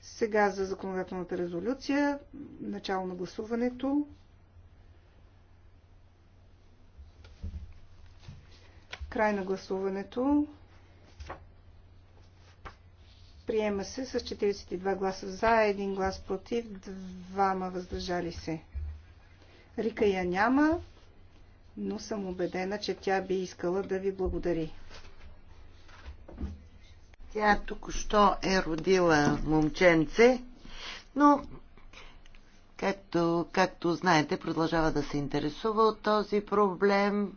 Сега за законодателната резолюция. Начало на гласуването. Край на гласуването. Приема се с 42 гласа за, 1 глас против, 2 въздържали се. Рика я няма, но съм убедена, че тя би искала да ви благодари. Тя току-що е родила момченце, но както, както знаете, продължава да се интересува от този проблем.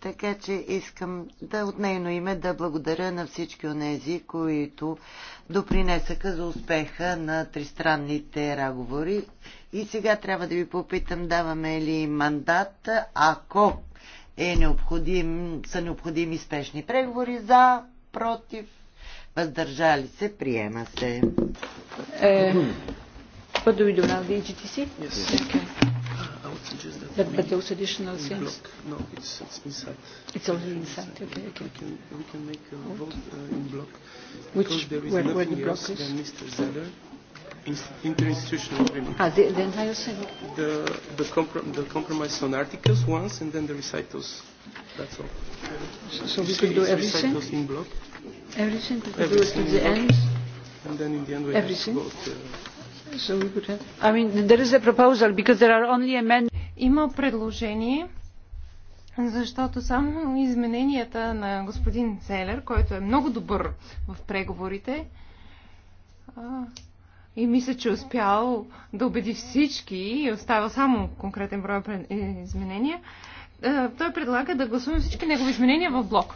Така че искам да от нейно име да благодаря на всички онези, които допринесаха за успеха на тристранните разговори. И сега трябва да ви попитам, даваме ли мандат, ако е необходим, са необходими спешни преговори за, против, въздържали се, приема се. Е, what do we do Yes. Okay that but, those additional things? Block. No, it's, it's inside. It's already inside. Okay, okay. We can, we can make a what? vote uh, in block. Which, because there is where, where the block else is? than Mr. Zeller. Interinstitutional agreement. Ah, the, the entire thing? The, the, comprom- the compromise on articles once and then the recitals. That's all. So, so we could do everything? in block. Everything? We can everything do it to the end? And then in the end we everything? have to vote. Uh, има предложение, защото само измененията на господин Целер, който е много добър в преговорите, и мисля, че е успял да убеди всички и остава само конкретен брой е, изменения. Той предлага да гласуваме всички негови изменения в блок.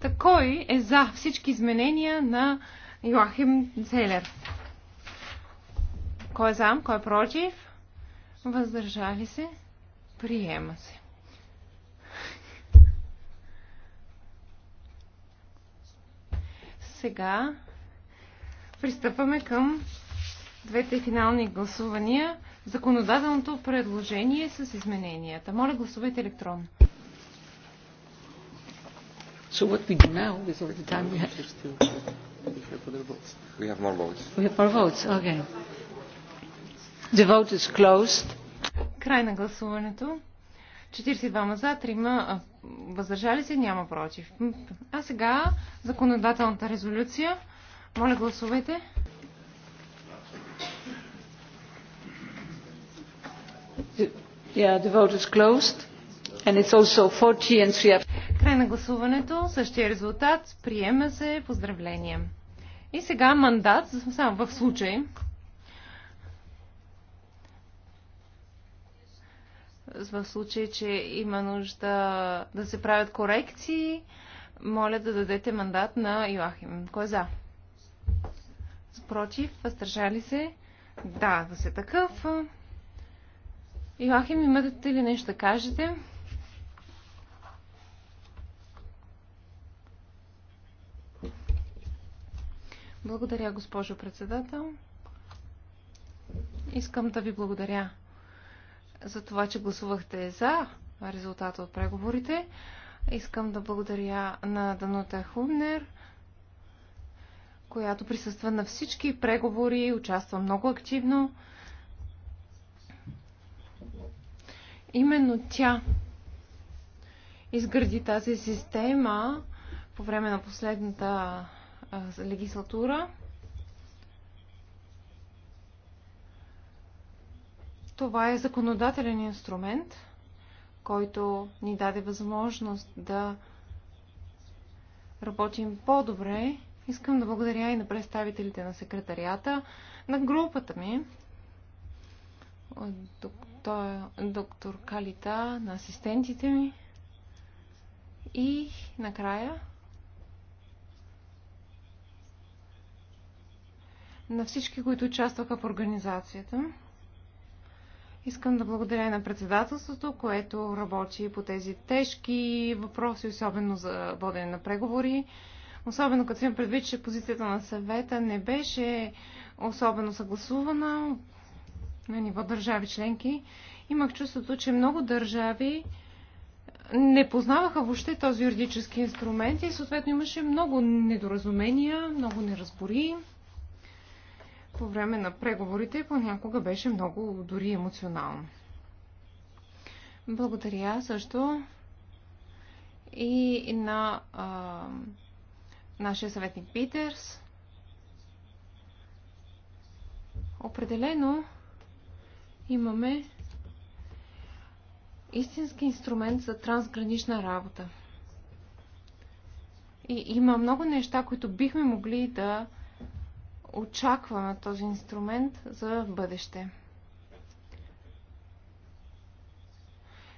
Такой е за всички изменения на Йоахим Целер. Кой е за? Кой е против? Въздържали се? Приема се. Сега пристъпваме към двете финални гласувания. Законодателното предложение с измененията. Моля, гласувайте електронно. So what we do now is all the time we have. We have more votes. We have more votes. Okay. Край на гласуването. 42 за, 3 въздържали се, няма против. А сега законодателната резолюция. Моля, гласувайте. Yeah, the vote is closed. And it's also 40 and 3 Край на гласуването, същия резултат, приема се, поздравления. И сега мандат, само в случай, в случай, че има нужда да се правят корекции, моля да дадете мандат на Йоахим. Кой е за? Против? Въздържали се? Да, да се такъв. Йоахим, имате ли нещо да кажете? Благодаря, госпожо председател. Искам да ви благодаря за това, че гласувахте за резултата от преговорите. Искам да благодаря на Данута Хубнер, която присъства на всички преговори, участва много активно. Именно тя изгради тази система по време на последната легислатура. Това е законодателен инструмент, който ни даде възможност да работим по-добре. Искам да благодаря и на представителите на секретарията, на групата ми, доктор, доктор Калита, на асистентите ми. И накрая на всички, които участваха в организацията. Искам да благодаря на председателството, което работи по тези тежки въпроси, особено за водене на преговори. Особено като имам предвид, че позицията на съвета не беше особено съгласувана на ниво държави членки. Имах чувството, че много държави не познаваха въобще този юридически инструмент и съответно имаше много недоразумения, много неразбори по време на преговорите понякога беше много дори емоционално. Благодаря също и на а, нашия съветник Питерс. Определено имаме истински инструмент за трансгранична работа. И има много неща, които бихме могли да очакваме този инструмент за бъдеще.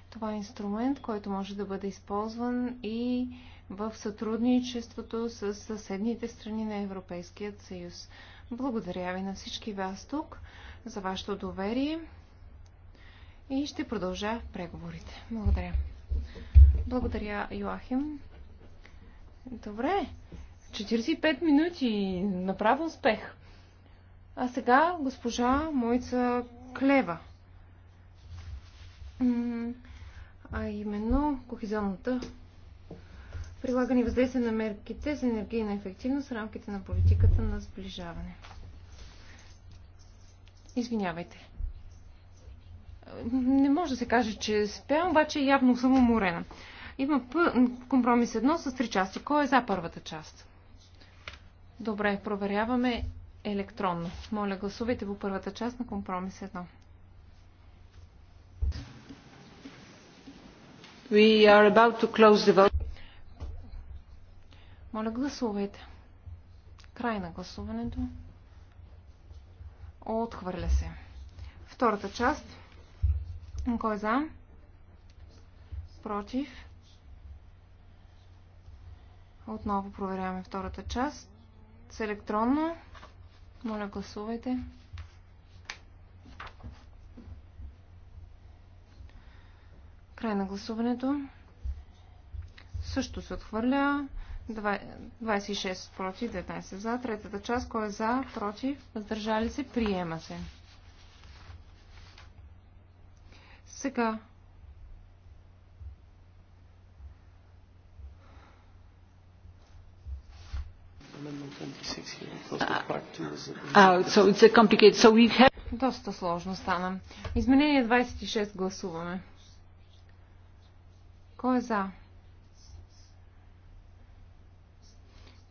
Това е инструмент, който може да бъде използван и в сътрудничеството с съседните страни на Европейският съюз. Благодаря ви на всички вас тук за вашето доверие и ще продължа преговорите. Благодаря. Благодаря, Йоахим. Добре, 45 минути. Направо успех. А сега госпожа Мойца Клева. А именно кохизионната прилагане въздействие на мерките за енергийна ефективност в рамките на политиката на сближаване. Извинявайте. Не може да се каже, че спя, обаче явно съм уморена. Има компромис едно с три части. Кой е за първата част? Добре, проверяваме електронно. Моля, гласувайте по първата част на компромис 1. We are about to close the vote. Моля, гласувайте. Край на гласуването. Отхвърля се. Втората част. Кой е за? Против. Отново проверяваме втората част с електронно. Моля, гласувайте. Край на гласуването. Също се отхвърля. 26 против, 19 за. Третата част, кой е за, против, въздържали се, приема се. Сега Uh, uh, Доста сложно стана. Изменение 26 гласуваме. Кой е за?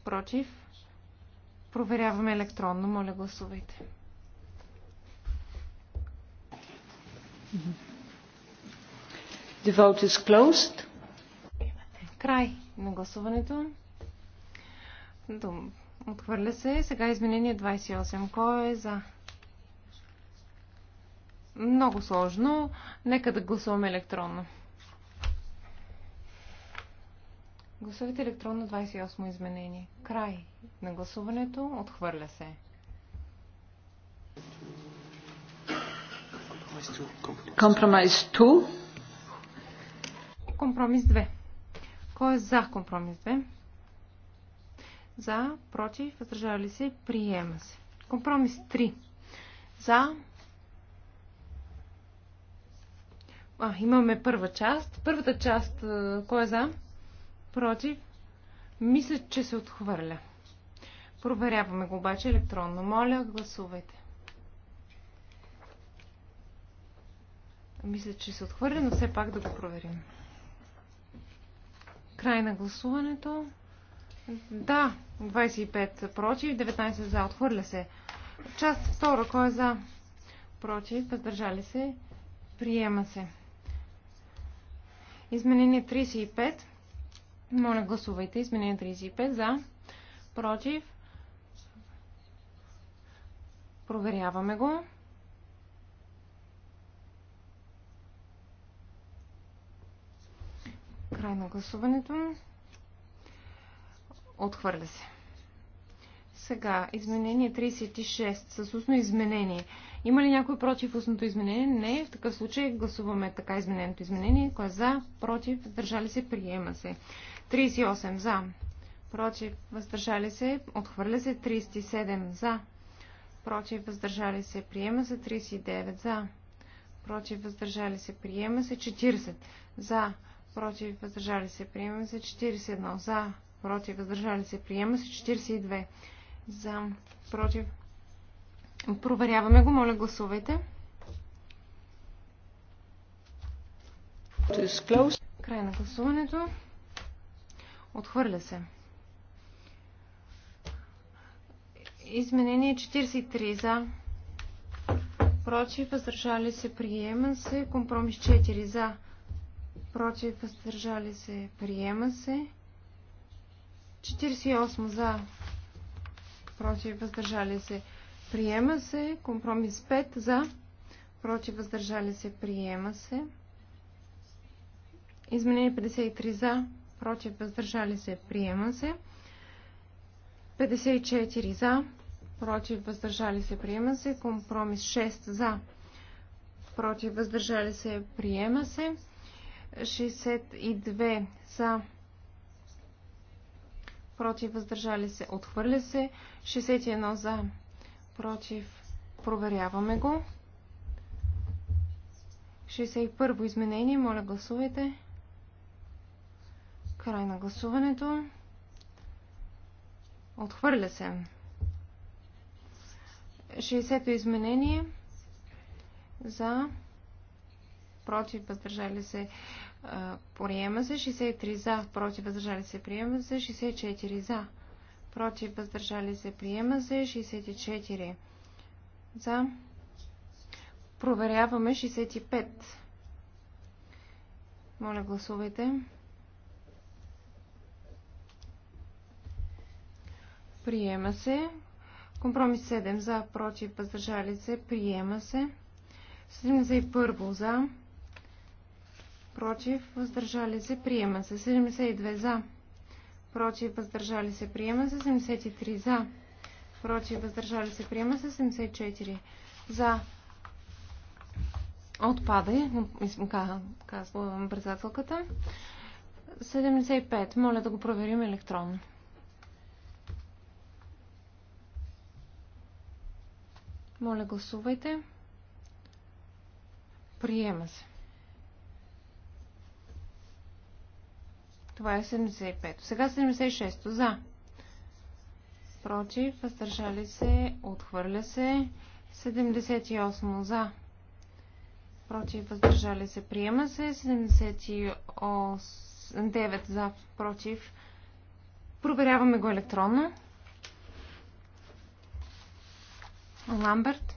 Против? Проверяваме електронно. Моля, гласувайте. The vote is closed. Край на гласуването. Дум. Отхвърля се. Сега изменение 28. Кой е за? Много сложно. Нека да гласуваме електронно. Гласувайте електронно 28 изменение. Край на гласуването. Отхвърля се. Компромис 2. Компромис 2. Кой е за компромис 2? За, против, въздържали се, приема се. Компромис 3. За. А, имаме първа част. Първата част, кой е за? Против. Мисля, че се отхвърля. Проверяваме го обаче електронно. Моля, гласувайте. Мисля, че се отхвърля, но все пак да го проверим. Край на гласуването. Да, 25 против, 19 за, отхвърля се. Част втора, кой е за? Против, въздържали се, приема се. Изменение 35. Моля, гласувайте. Изменение 35 за, против. Проверяваме го. Край на гласуването. Отхвърля се. Сега, изменение 36 с устно изменение. Има ли някой против устното изменение? Не. В такъв случай гласуваме така измененото изменение. Кой е за, против, въздържали се, приема се. 38 за, против, въздържали се, отхвърля се. 37 за, против, въздържали се, приема се. 39 за, против, въздържали се, приема се. 40 за, против, въздържали се, приема се. 41 за, против, въздържали се, приема се 42 за, против. Проверяваме го, моля гласувайте. Край на гласуването. Отхвърля се. Изменение 43 за. Против, въздържали се, приема се. Компромис 4 за. Против, въздържали се, приема се. 48 за, против, въздържали се, приема се. Компромис 5 за, против, въздържали се, приема се. Изменение 53 за, против, въздържали се, приема се. 54 за, против, въздържали се, приема се. Компромис 6 за, против, въздържали се, приема се. 62 за, против, въздържали се, отхвърля се. 61 за, против, проверяваме го. 61 изменение, моля гласувайте. Край на гласуването. Отхвърля се. 60-то изменение за против, въздържали се, Приема се 63 за, против въздържали се, приема се 64 за, против въздържали се, приема се 64 за. Проверяваме 65. Моля, гласувайте. Приема се. Компромис 7 за, против въздържали се, приема се. 71 за, против, въздържали се, приема се. 72 за, против, въздържали се, приема се. 73 за, против, въздържали се, приема се. 74 за, Отпадай, казва председателката. 75. Моля да го проверим електронно. Моля, гласувайте. Приема се. Това е 75. Сега 76 за. Против, въздържали се, отхвърля се. 78 за. Против, въздържали се, приема се. 79 за. Против. Проверяваме го електронно. Ламберт.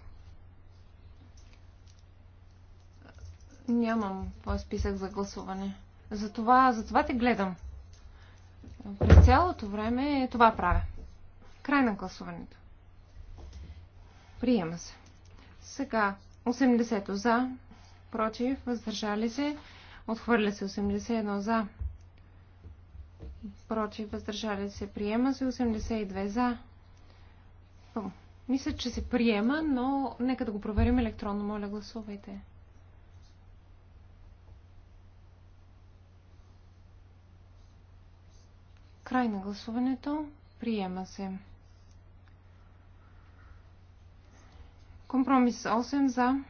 Нямам твой списък за гласуване. Затова, затова те гледам. През цялото време това правя. Край на гласуването. Приема се. Сега 80 за, против, въздържали се, отхвърля се 81 за, против, въздържали се, приема се 82 за. Мисля, че се приема, но нека да го проверим електронно. Моля, гласувайте. Край на гласуването. Приема се. Компромис 8 за.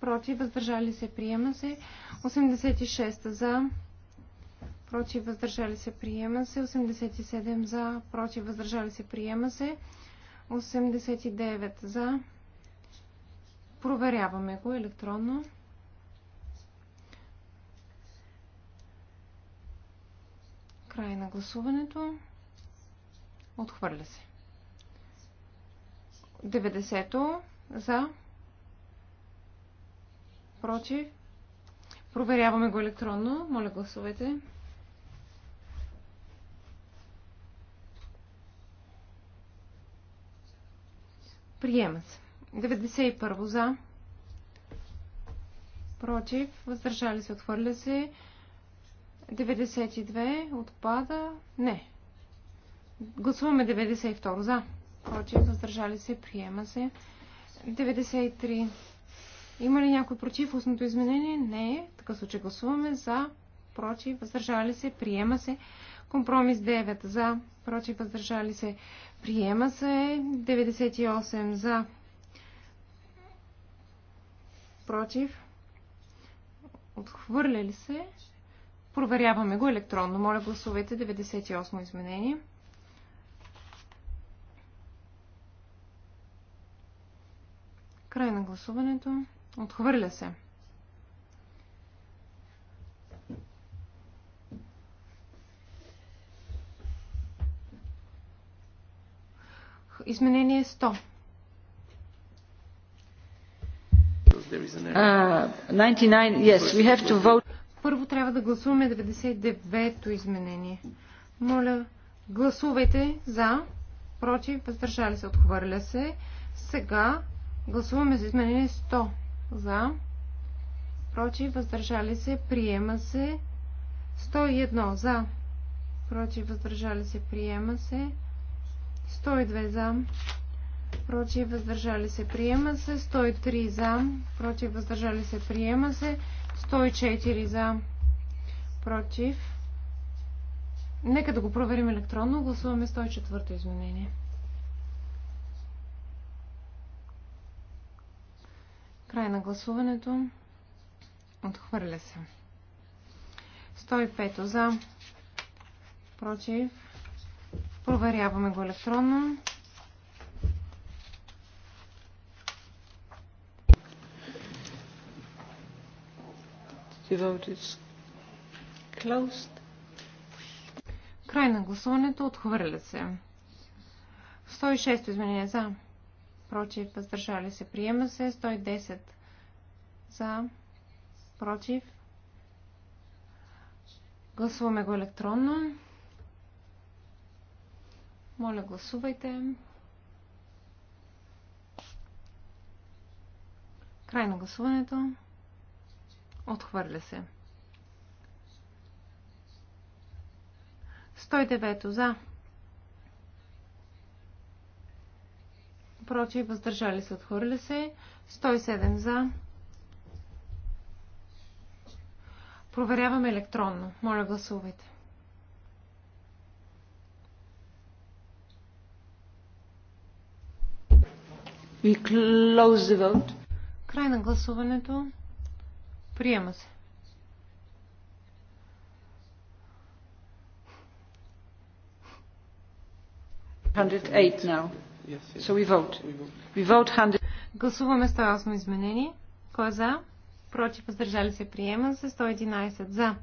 Против. Въздържали се. Приема се. 86 за. Против. Въздържали се. Приема се. 87 за. Против. Въздържали се. Приема се. 89 за. Проверяваме го електронно. Край на гласуването. Отхвърля се. 90-то за. Против. Проверяваме го електронно. Моля, гласувайте. Приема се. 91 за. Против. Въздържали се. Отхвърля се. 92 отпада. Не. Гласуваме 92 за. Против, въздържали се, приема се. 93. Има ли някой против устното изменение? Не. Така случай гласуваме за. Против, въздържали се, приема се. Компромис 9 за. Против, въздържали се, приема се. 98 за. Против. Отхвърляли се. Проверяваме го електронно. Моля, гласувайте 98 изменение. Край на гласуването. Отхвърля се. Изменение 100. 99, uh, yes, we have to vote. Първо трябва да гласуваме 99-то изменение. Моля, гласувайте за, против, въздържали се, отхвърля се. Сега гласуваме за изменение 100 за, против, въздържали се, приема се. 101 за, против, въздържали се, приема се. 102 за, против, въздържали се, приема се. 103 за, против, въздържали се, приема се. 104 за, против. Нека да го проверим електронно. Гласуваме 104 изменение. Край на гласуването. Отхвърля се. 105 за, против. Проверяваме го електронно. The vote is closed. Край на гласуването. Отхвърля се. 106 изменение за. Против. Въздържали се. Приема се. 110 за. Против. Гласуваме го електронно. Моля, гласувайте. Край на гласуването. Отхвърля се. 109 за. Против, въздържали се, отхвърля се. 107 за. Проверяваме електронно. Моля, гласувайте. We close the vote. Край на гласуването. Приема се. Гласуваме 108 изменение. Кой е за? Против, въздържали се, приема се. 111 за.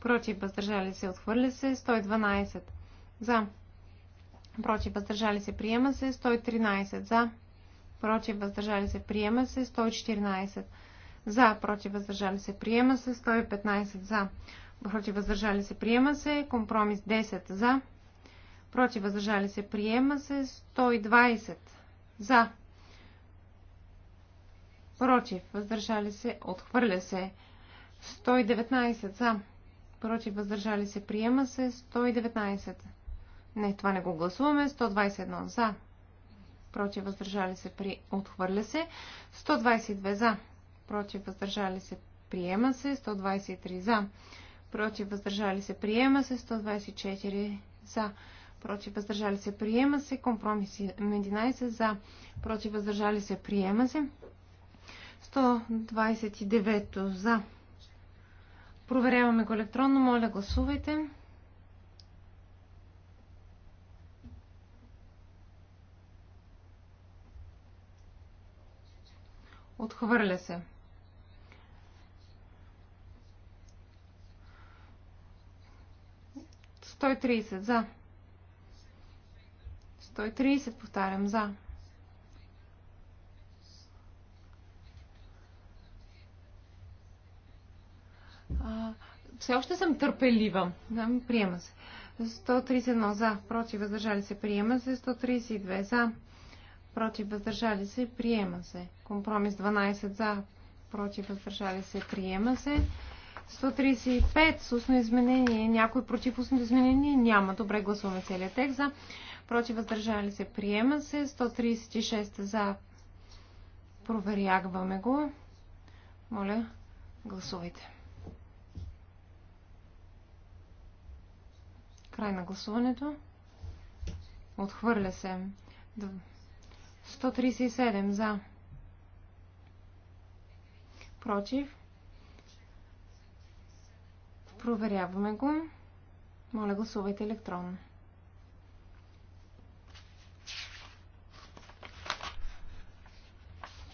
Против, въздържали се, отхвърля се. 112 за. Против, въздържали се, приема се. 113 за. Против, въздържали се, приема се. 114 за за, против, въздържали се, приема се. 115 за, против, въздържали се, приема се. Компромис 10 за, против, въздържали се, приема се. 120 за, против, въздържали се, отхвърля се. 119 за, против, въздържали се, приема се. 119. Не, това не го гласуваме. 121 за, против, въздържали се, при... отхвърля се. 122 за, против въздържали се, приема се 123 за, против въздържали се, приема се 124 за, против въздържали се, приема се компромис 11 за, против въздържали се, приема се 129 за. Проверяваме го електронно, моля гласувайте. Отхвърля се. 130 за. 130 повтарям за. А, все още съм търпелива. Да, приема се. 131 за, против въздържали се, приема се. 132 за, против въздържали се, приема се. Компромис 12 за, против въздържали се, приема се. 135 с устно изменение. Някой против устно изменение? Няма. Добре, гласуваме целият текст за. Против въздържали се, приема се. 136 за. Проверягваме го. Моля, гласувайте. Край на гласуването. Отхвърля се. 137 за. Против. Проверяваме го. Моля, гласувайте електронно.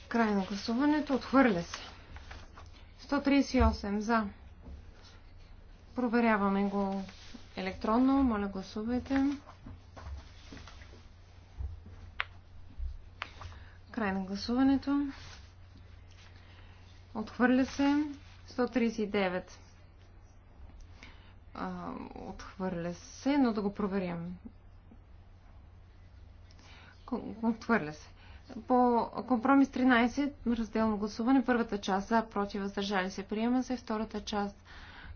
Край на гласуването. Отхвърля се. 138 за. Проверяваме го електронно. Моля, гласувайте. Край на гласуването. Отхвърля се. 139 а, отхвърля се, но да го проверим. Отхвърля се. По компромис 13, разделно гласуване, първата част за, против, въздържали се, приема се, втората част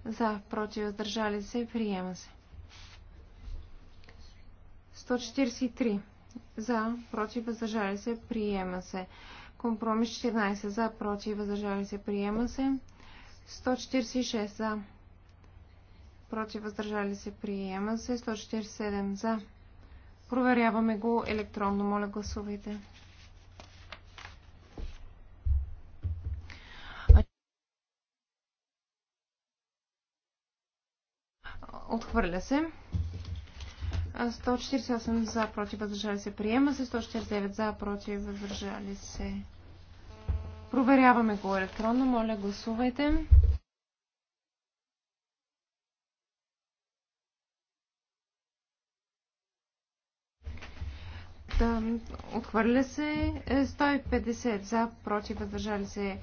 за, против, въздържали се, приема се. 143 за, против, въздържали се, приема се. Компромис 14 за, против, въздържали се, приема се. 146 за, против въздържали се приема се 147 за. Проверяваме го електронно. Моля гласувайте. Отхвърля се. 148 за против въздържали се приема се. 149 за против въздържали се. Проверяваме го електронно. Моля гласувайте. Да, отхвърля се 150 е, за, против, въздържали се,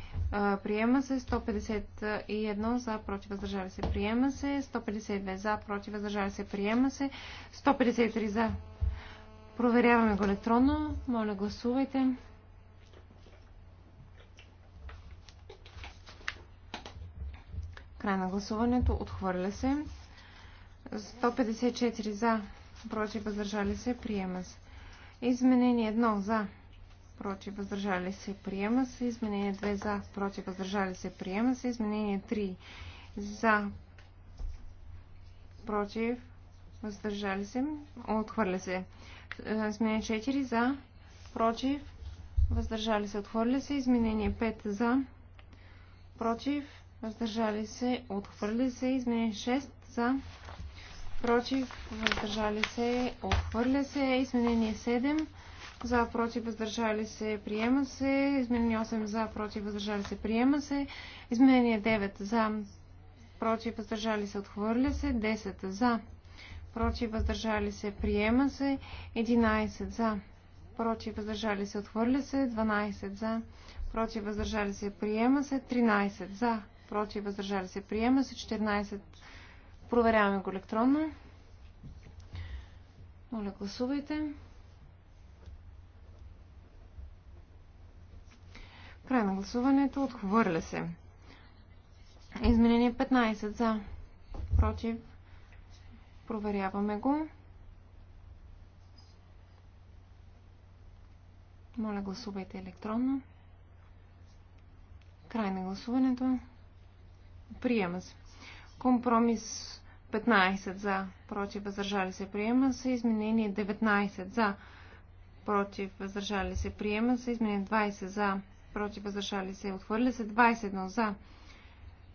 приема се 151 за, против, въздържали се, приема се 152 за, против, въздържали се, приема се 153 за. Проверяваме го електронно. Моля, гласувайте. Край на гласуването. Отхвърля се. 154 за, против, въздържали се, приема се. Изменение 1 за, против, въздържали се, приема се. Изменение 2 за, против, въздържали се, приема се. Изменение 3 за, против, въздържали се, отхвърля се. Изменение 4 за, против, въздържали се, отхвърля се. Изменение 5 за, против, въздържали се, отхвърля се. Изменение 6 за, против, против, въздържали се, отхвърля се. Изменение 7 за, против, въздържали се, приема се. Изменение 8 за, против, въздържали се, приема се. Изменение 9 за, против, въздържали се, отхвърля се. 10 за, против, въздържали се, приема се. 11 за, против, въздържали се, отхвърля се. 12 за, против, въздържали се, приема се. 13 за, против, въздържали се, приема се. 14 за, Проверяваме го електронно. Моля, гласувайте. Край на гласуването. Отхвърля се. Изменение 15 за. Против. Проверяваме го. Моля, гласувайте електронно. Край на гласуването. Приема се. Компромис 15 за, против, въздържали се, приема се. Изменение 19 за, против, въздържали се, приема се. Изменение 20 за, против, въздържали се, отхвърля се. 21 за,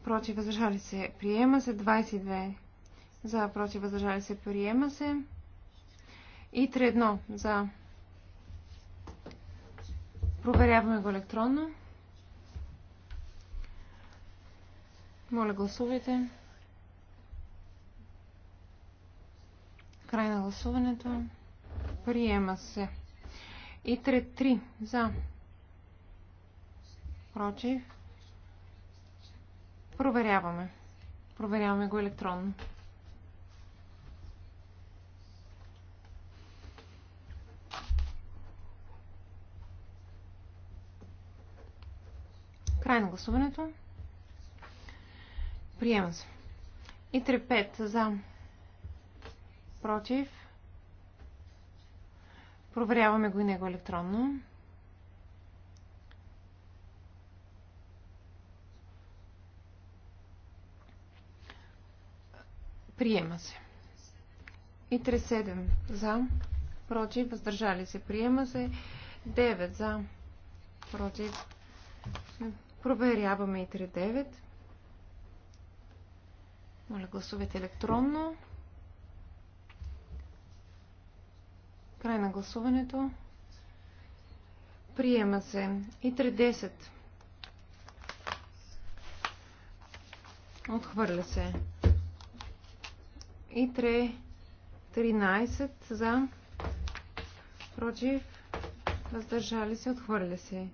против, въздържали се, приема се. 22 за, против, въздържали се, приема се. И 3-1 за. Проверяваме го електронно. Моля, гласувайте. Край на гласуването. Приема се. И 3-3 за. Против. Проверяваме. Проверяваме го електронно. Край на гласуването. Приема се. И 3-5 за. Против. Проверяваме го и него електронно. Приема се. И 37 за. Против. Въздържали се. Приема се. 9 за. Против. Проверяваме и 39. Моля, гласувайте електронно. Край на гласуването. Приема се. И 30. Отхвърля се. И 3. 13 за. Против. Въздържали се. Отхвърля се.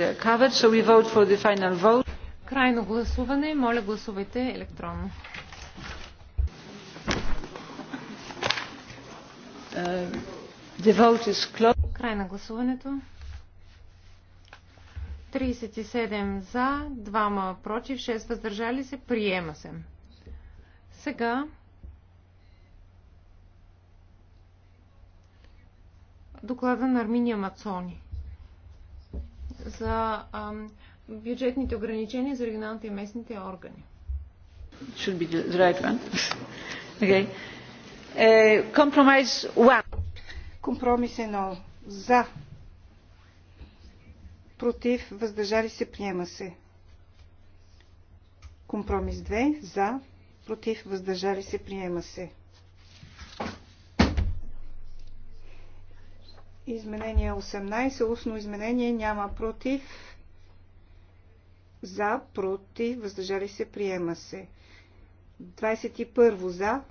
Е Крайно гласуване. Моля, гласувайте електронно. Uh, Край на гласуването. 37 за, 2 против, 6 въздържали се. Приема се. Сега доклада на Арминия Мацони за бюджетните ограничения за регионалните и местните органи. Should be the right one. Okay. Uh, compromise one. Компромис едно. За. Против. Въздържали се. Приема се. Компромис 2. За. Против. Въздържали се. Приема се. Изменение 18. Устно изменение няма против. За, против, въздържали се, приема се. 21. За,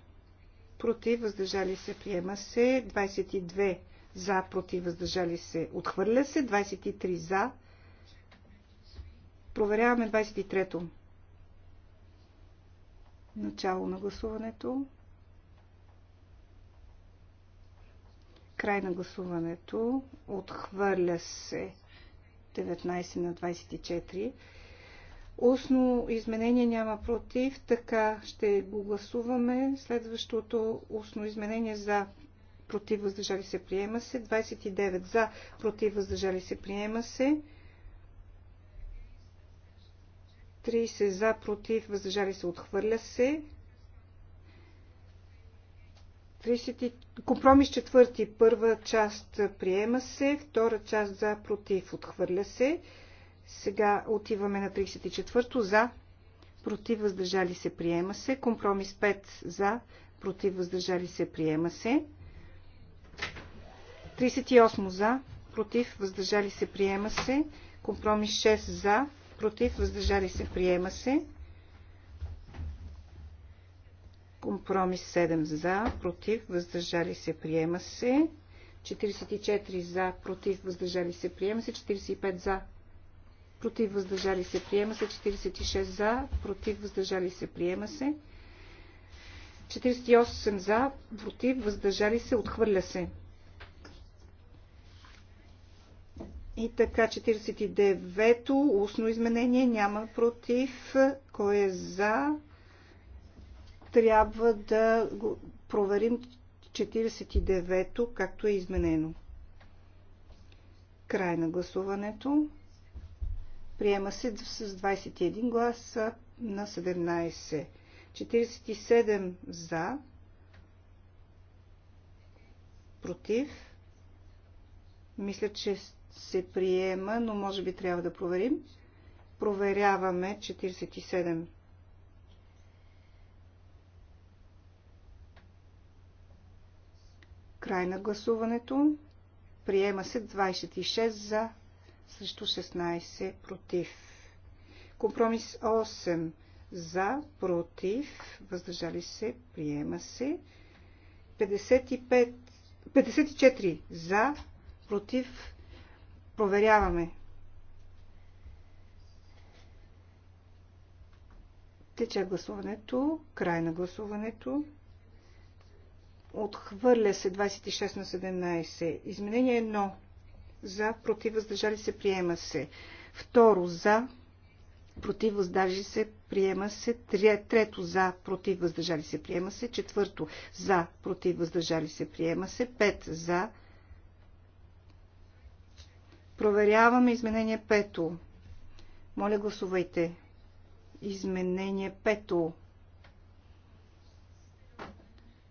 против, въздържали се, приема се. 22. За, против, въздържали се, отхвърля се. 23. За. Проверяваме 23-то. Начало на гласуването. Край на гласуването. Отхвърля се 19 на 24. Устно изменение няма против, така ще го гласуваме. Следващото устно изменение за против въздържали се приема се. 29 за против въздържали се приема се. 30 за против въздържали се отхвърля се. 30... Компромис четвърти, първа част приема се, втора част за, против, отхвърля се. Сега отиваме на 34-то за, против, въздържали се, приема се. Компромис 5 за, против, въздържали се, приема се. 38 за, против, въздържали се, приема се. Компромис 6 за, против, въздържали се, приема се. Компромис 7 за, против, въздържали се, приема се. 44 за, против, въздържали се, приема се. 45 за, против, въздържали се, приема се. 46 за, против, въздържали се, приема се. 48 за, против, въздържали се, отхвърля се. И така, 49-то устно изменение няма против. Кой е за? трябва да го проверим 49-то, както е изменено. Край на гласуването. Приема се с 21 гласа на 17. 47 за, против. Мисля, че се приема, но може би трябва да проверим. Проверяваме 47. Край на гласуването. Приема се 26 за срещу 16 против. Компромис 8 за, против, въздържали се, приема се. 55, 54 за, против, проверяваме. Тече гласуването, край на гласуването. Отхвърля се 26 на 17. Изменение 1. За, против, въздържали се, приема се. Второ, за, против, въздържали се, приема се. Трето, за, против, въздържали се, приема се. Четвърто, за, против, въздържали се, приема се. Пет, за. Проверяваме изменение пето. Моля, гласувайте. Изменение пето.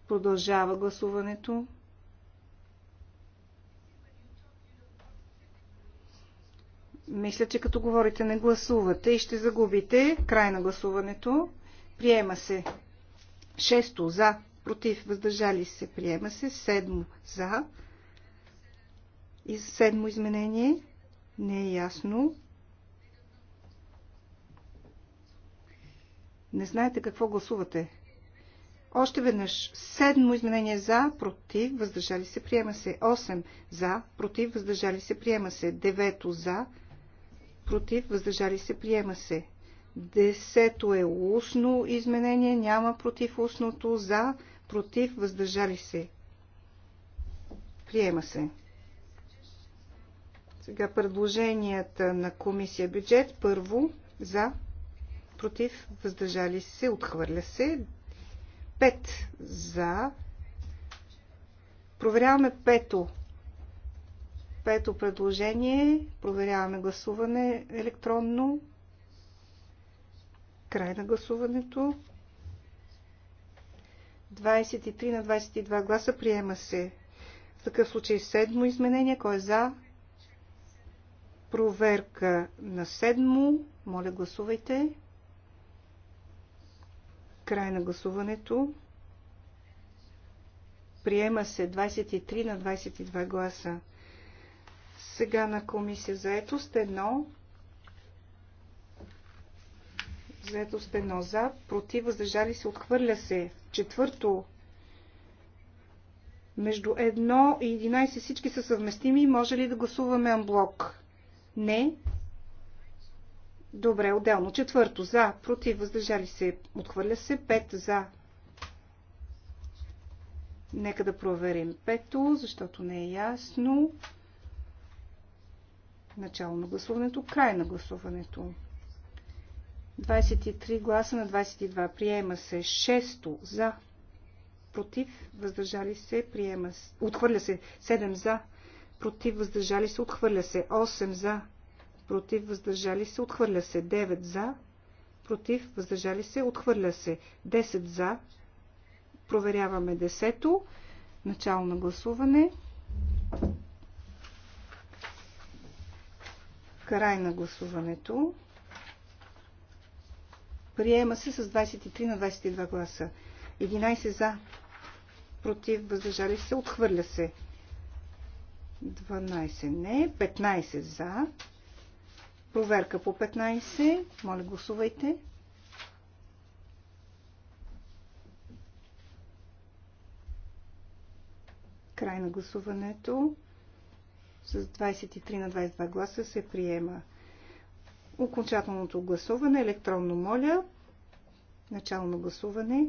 Продължава гласуването. Мисля, че като говорите не гласувате и ще загубите. Край на гласуването. Приема се. Шесто за, против, въздържали се. Приема се. Седмо за. И седмо изменение. Не е ясно. Не знаете какво гласувате. Още веднъж. Седмо изменение за, против, въздържали се, приема се. 8 за, против, въздържали се, приема се. Девето за, против, въздържали се, приема се. Десето е устно изменение, няма против устното, за, против, въздържали се. Приема се. Сега предложенията на комисия бюджет. Първо, за, против, въздържали се, отхвърля се. 5 за. Проверяваме пето. Пето предложение. Проверяваме гласуване електронно. Край на гласуването. 23 на 22 гласа приема се. В такъв случай седмо изменение. Кой е за? Проверка на седмо. Моля, гласувайте. Край на гласуването. Приема се 23 на 22 гласа. Сега на комисия заетост едно. Заетост едно за, против, въздържали се, отхвърля се. Четвърто. Между 1 и 11 всички са съвместими. Може ли да гласуваме анблок? Не. Добре, отделно. Четвърто. За. Против. Въздържали се. Отхвърля се. Пет. За. Нека да проверим пето, защото не е ясно. Начало на гласуването. Край на гласуването. 23 гласа на 22. Приема се. Шесто. За. Против. Въздържали се. Приема се. Отхвърля се. Седем. За. Против. Въздържали се. Отхвърля се. Осем. За против, въздържали се, отхвърля се. 9 за, против, въздържали се, отхвърля се. 10 за, проверяваме 10-то, начало на гласуване, край на гласуването. Приема се с 23 на 22 гласа. 11 за, против, въздържали се, отхвърля се. 12 не, 15 за, Проверка по 15. Моля, гласувайте. Край на гласуването. С 23 на 22 гласа се приема окончателното гласуване. Електронно моля. Начално гласуване.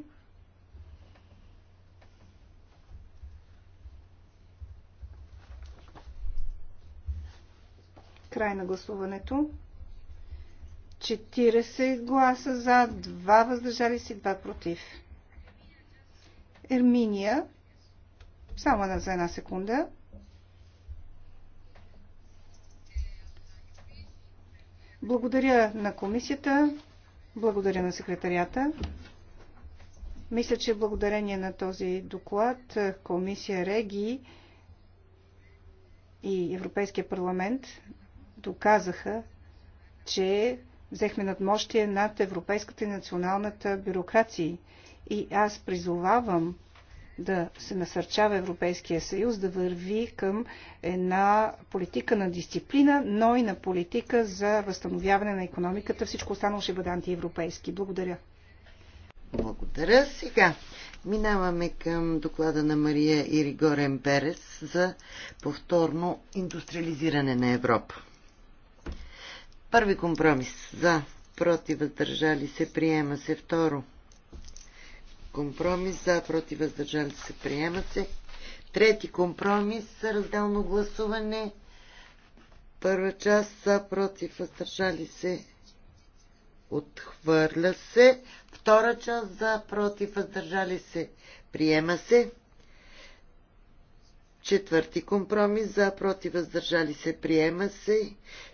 Край на гласуването. 40 гласа за, 2 въздържали си, 2 против. Ерминия, само за една секунда. Благодаря на комисията, благодаря на секретарията. Мисля, че благодарение на този доклад комисия Реги и Европейския парламент доказаха, че взехме надмощие над европейската и националната бюрокрация. И аз призовавам да се насърчава Европейския съюз да върви към една политика на дисциплина, но и на политика за възстановяване на економиката. Всичко останало ще бъде антиевропейски. Благодаря. Благодаря. Сега минаваме към доклада на Мария Иригорен Перес за повторно индустриализиране на Европа. Първи компромис. За. Против. Въздържали се. Приема се. Второ. Компромис. За. Против. Въздържали се. Приема се. Трети компромис. Разделно гласуване. Първа част. За. Против. Въздържали се. Отхвърля се. Втора част. За. Против. Въздържали се. Приема се. Четвърти компромис за против въздържали се приема се.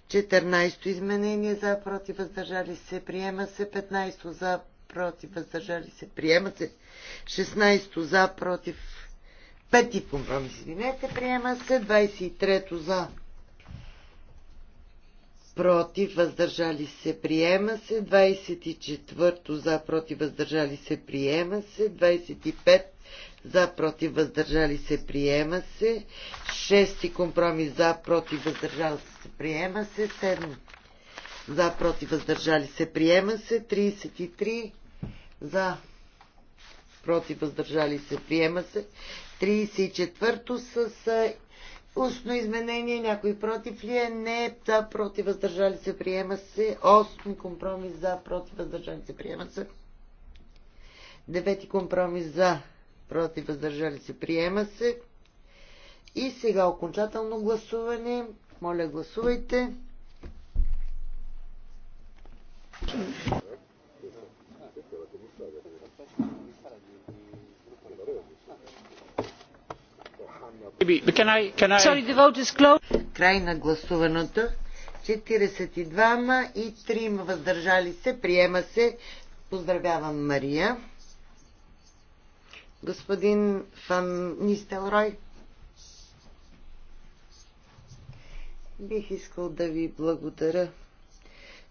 14 изменение за против въздържали се приема се. 15 за против въздържали се приема се. 16 за против. Пети компромис, извинете, приема се. 23 за против въздържали се приема се. 24 за против въздържали се приема се. 25 за против въздържали се приема се. Шести компромис за против въздържали се приема се. Седми за против въздържали се приема се. 33 за против въздържали се приема се. 34 с устно изменение, някой против ли е? Не, за против въздържали се приема се. Осми компромис за против въздържали се приема се. Девети компромис за против, въздържали се, приема се. И сега окончателно гласуване. Моля, гласувайте. Край на гласуването. 42 и 3 въздържали се. Приема се. Поздравявам Мария. Господин Фан Нистелрой, бих искал да ви благодаря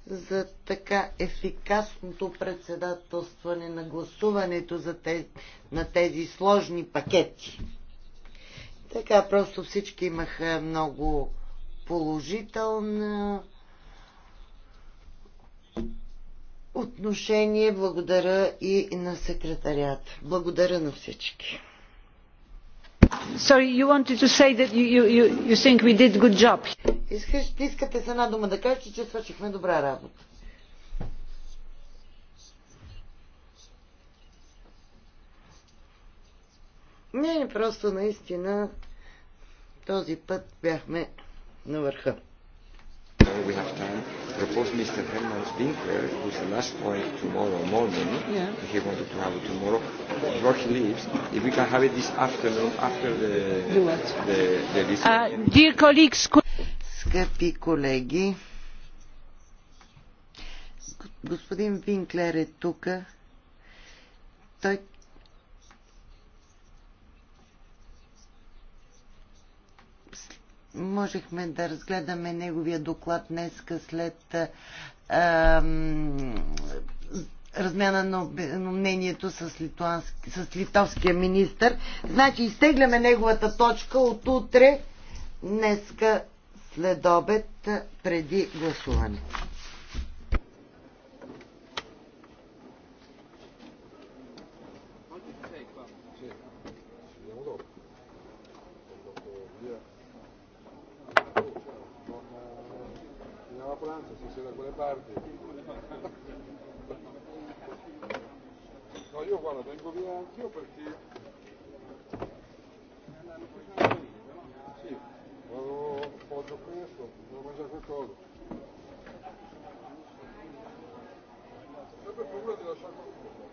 за така ефикасното председателстване на гласуването за те, на тези сложни пакети. Така просто всички имаха много положителна отношение. Благодаря и на секретарят. Благодаря на всички. Sorry, you wanted to say that you, you, you think we did good job. Искаш, искате с една дума да кажете, че свършихме добра работа. Не, просто наистина този път бяхме на върха. We have time proposed Mr. Herman Winkler, who is the last point tomorrow morning. Yeah. He wanted to have it tomorrow. Before he leaves, if we can have it this afternoon after the Do what? the, the Uh, dear colleagues, скъпи колеги, господин Винклер е тук. Той можехме да разгледаме неговия доклад днеска след размяна на мнението с, с литовския министр. Значи изтегляме неговата точка от утре, днеска след обед, преди гласуването. le parti. No, io guarda, vengo via anch'io perché... Sì, vado, poggio questo, devo mangiare qualcosa. Sempre paura di lasciare qualcosa.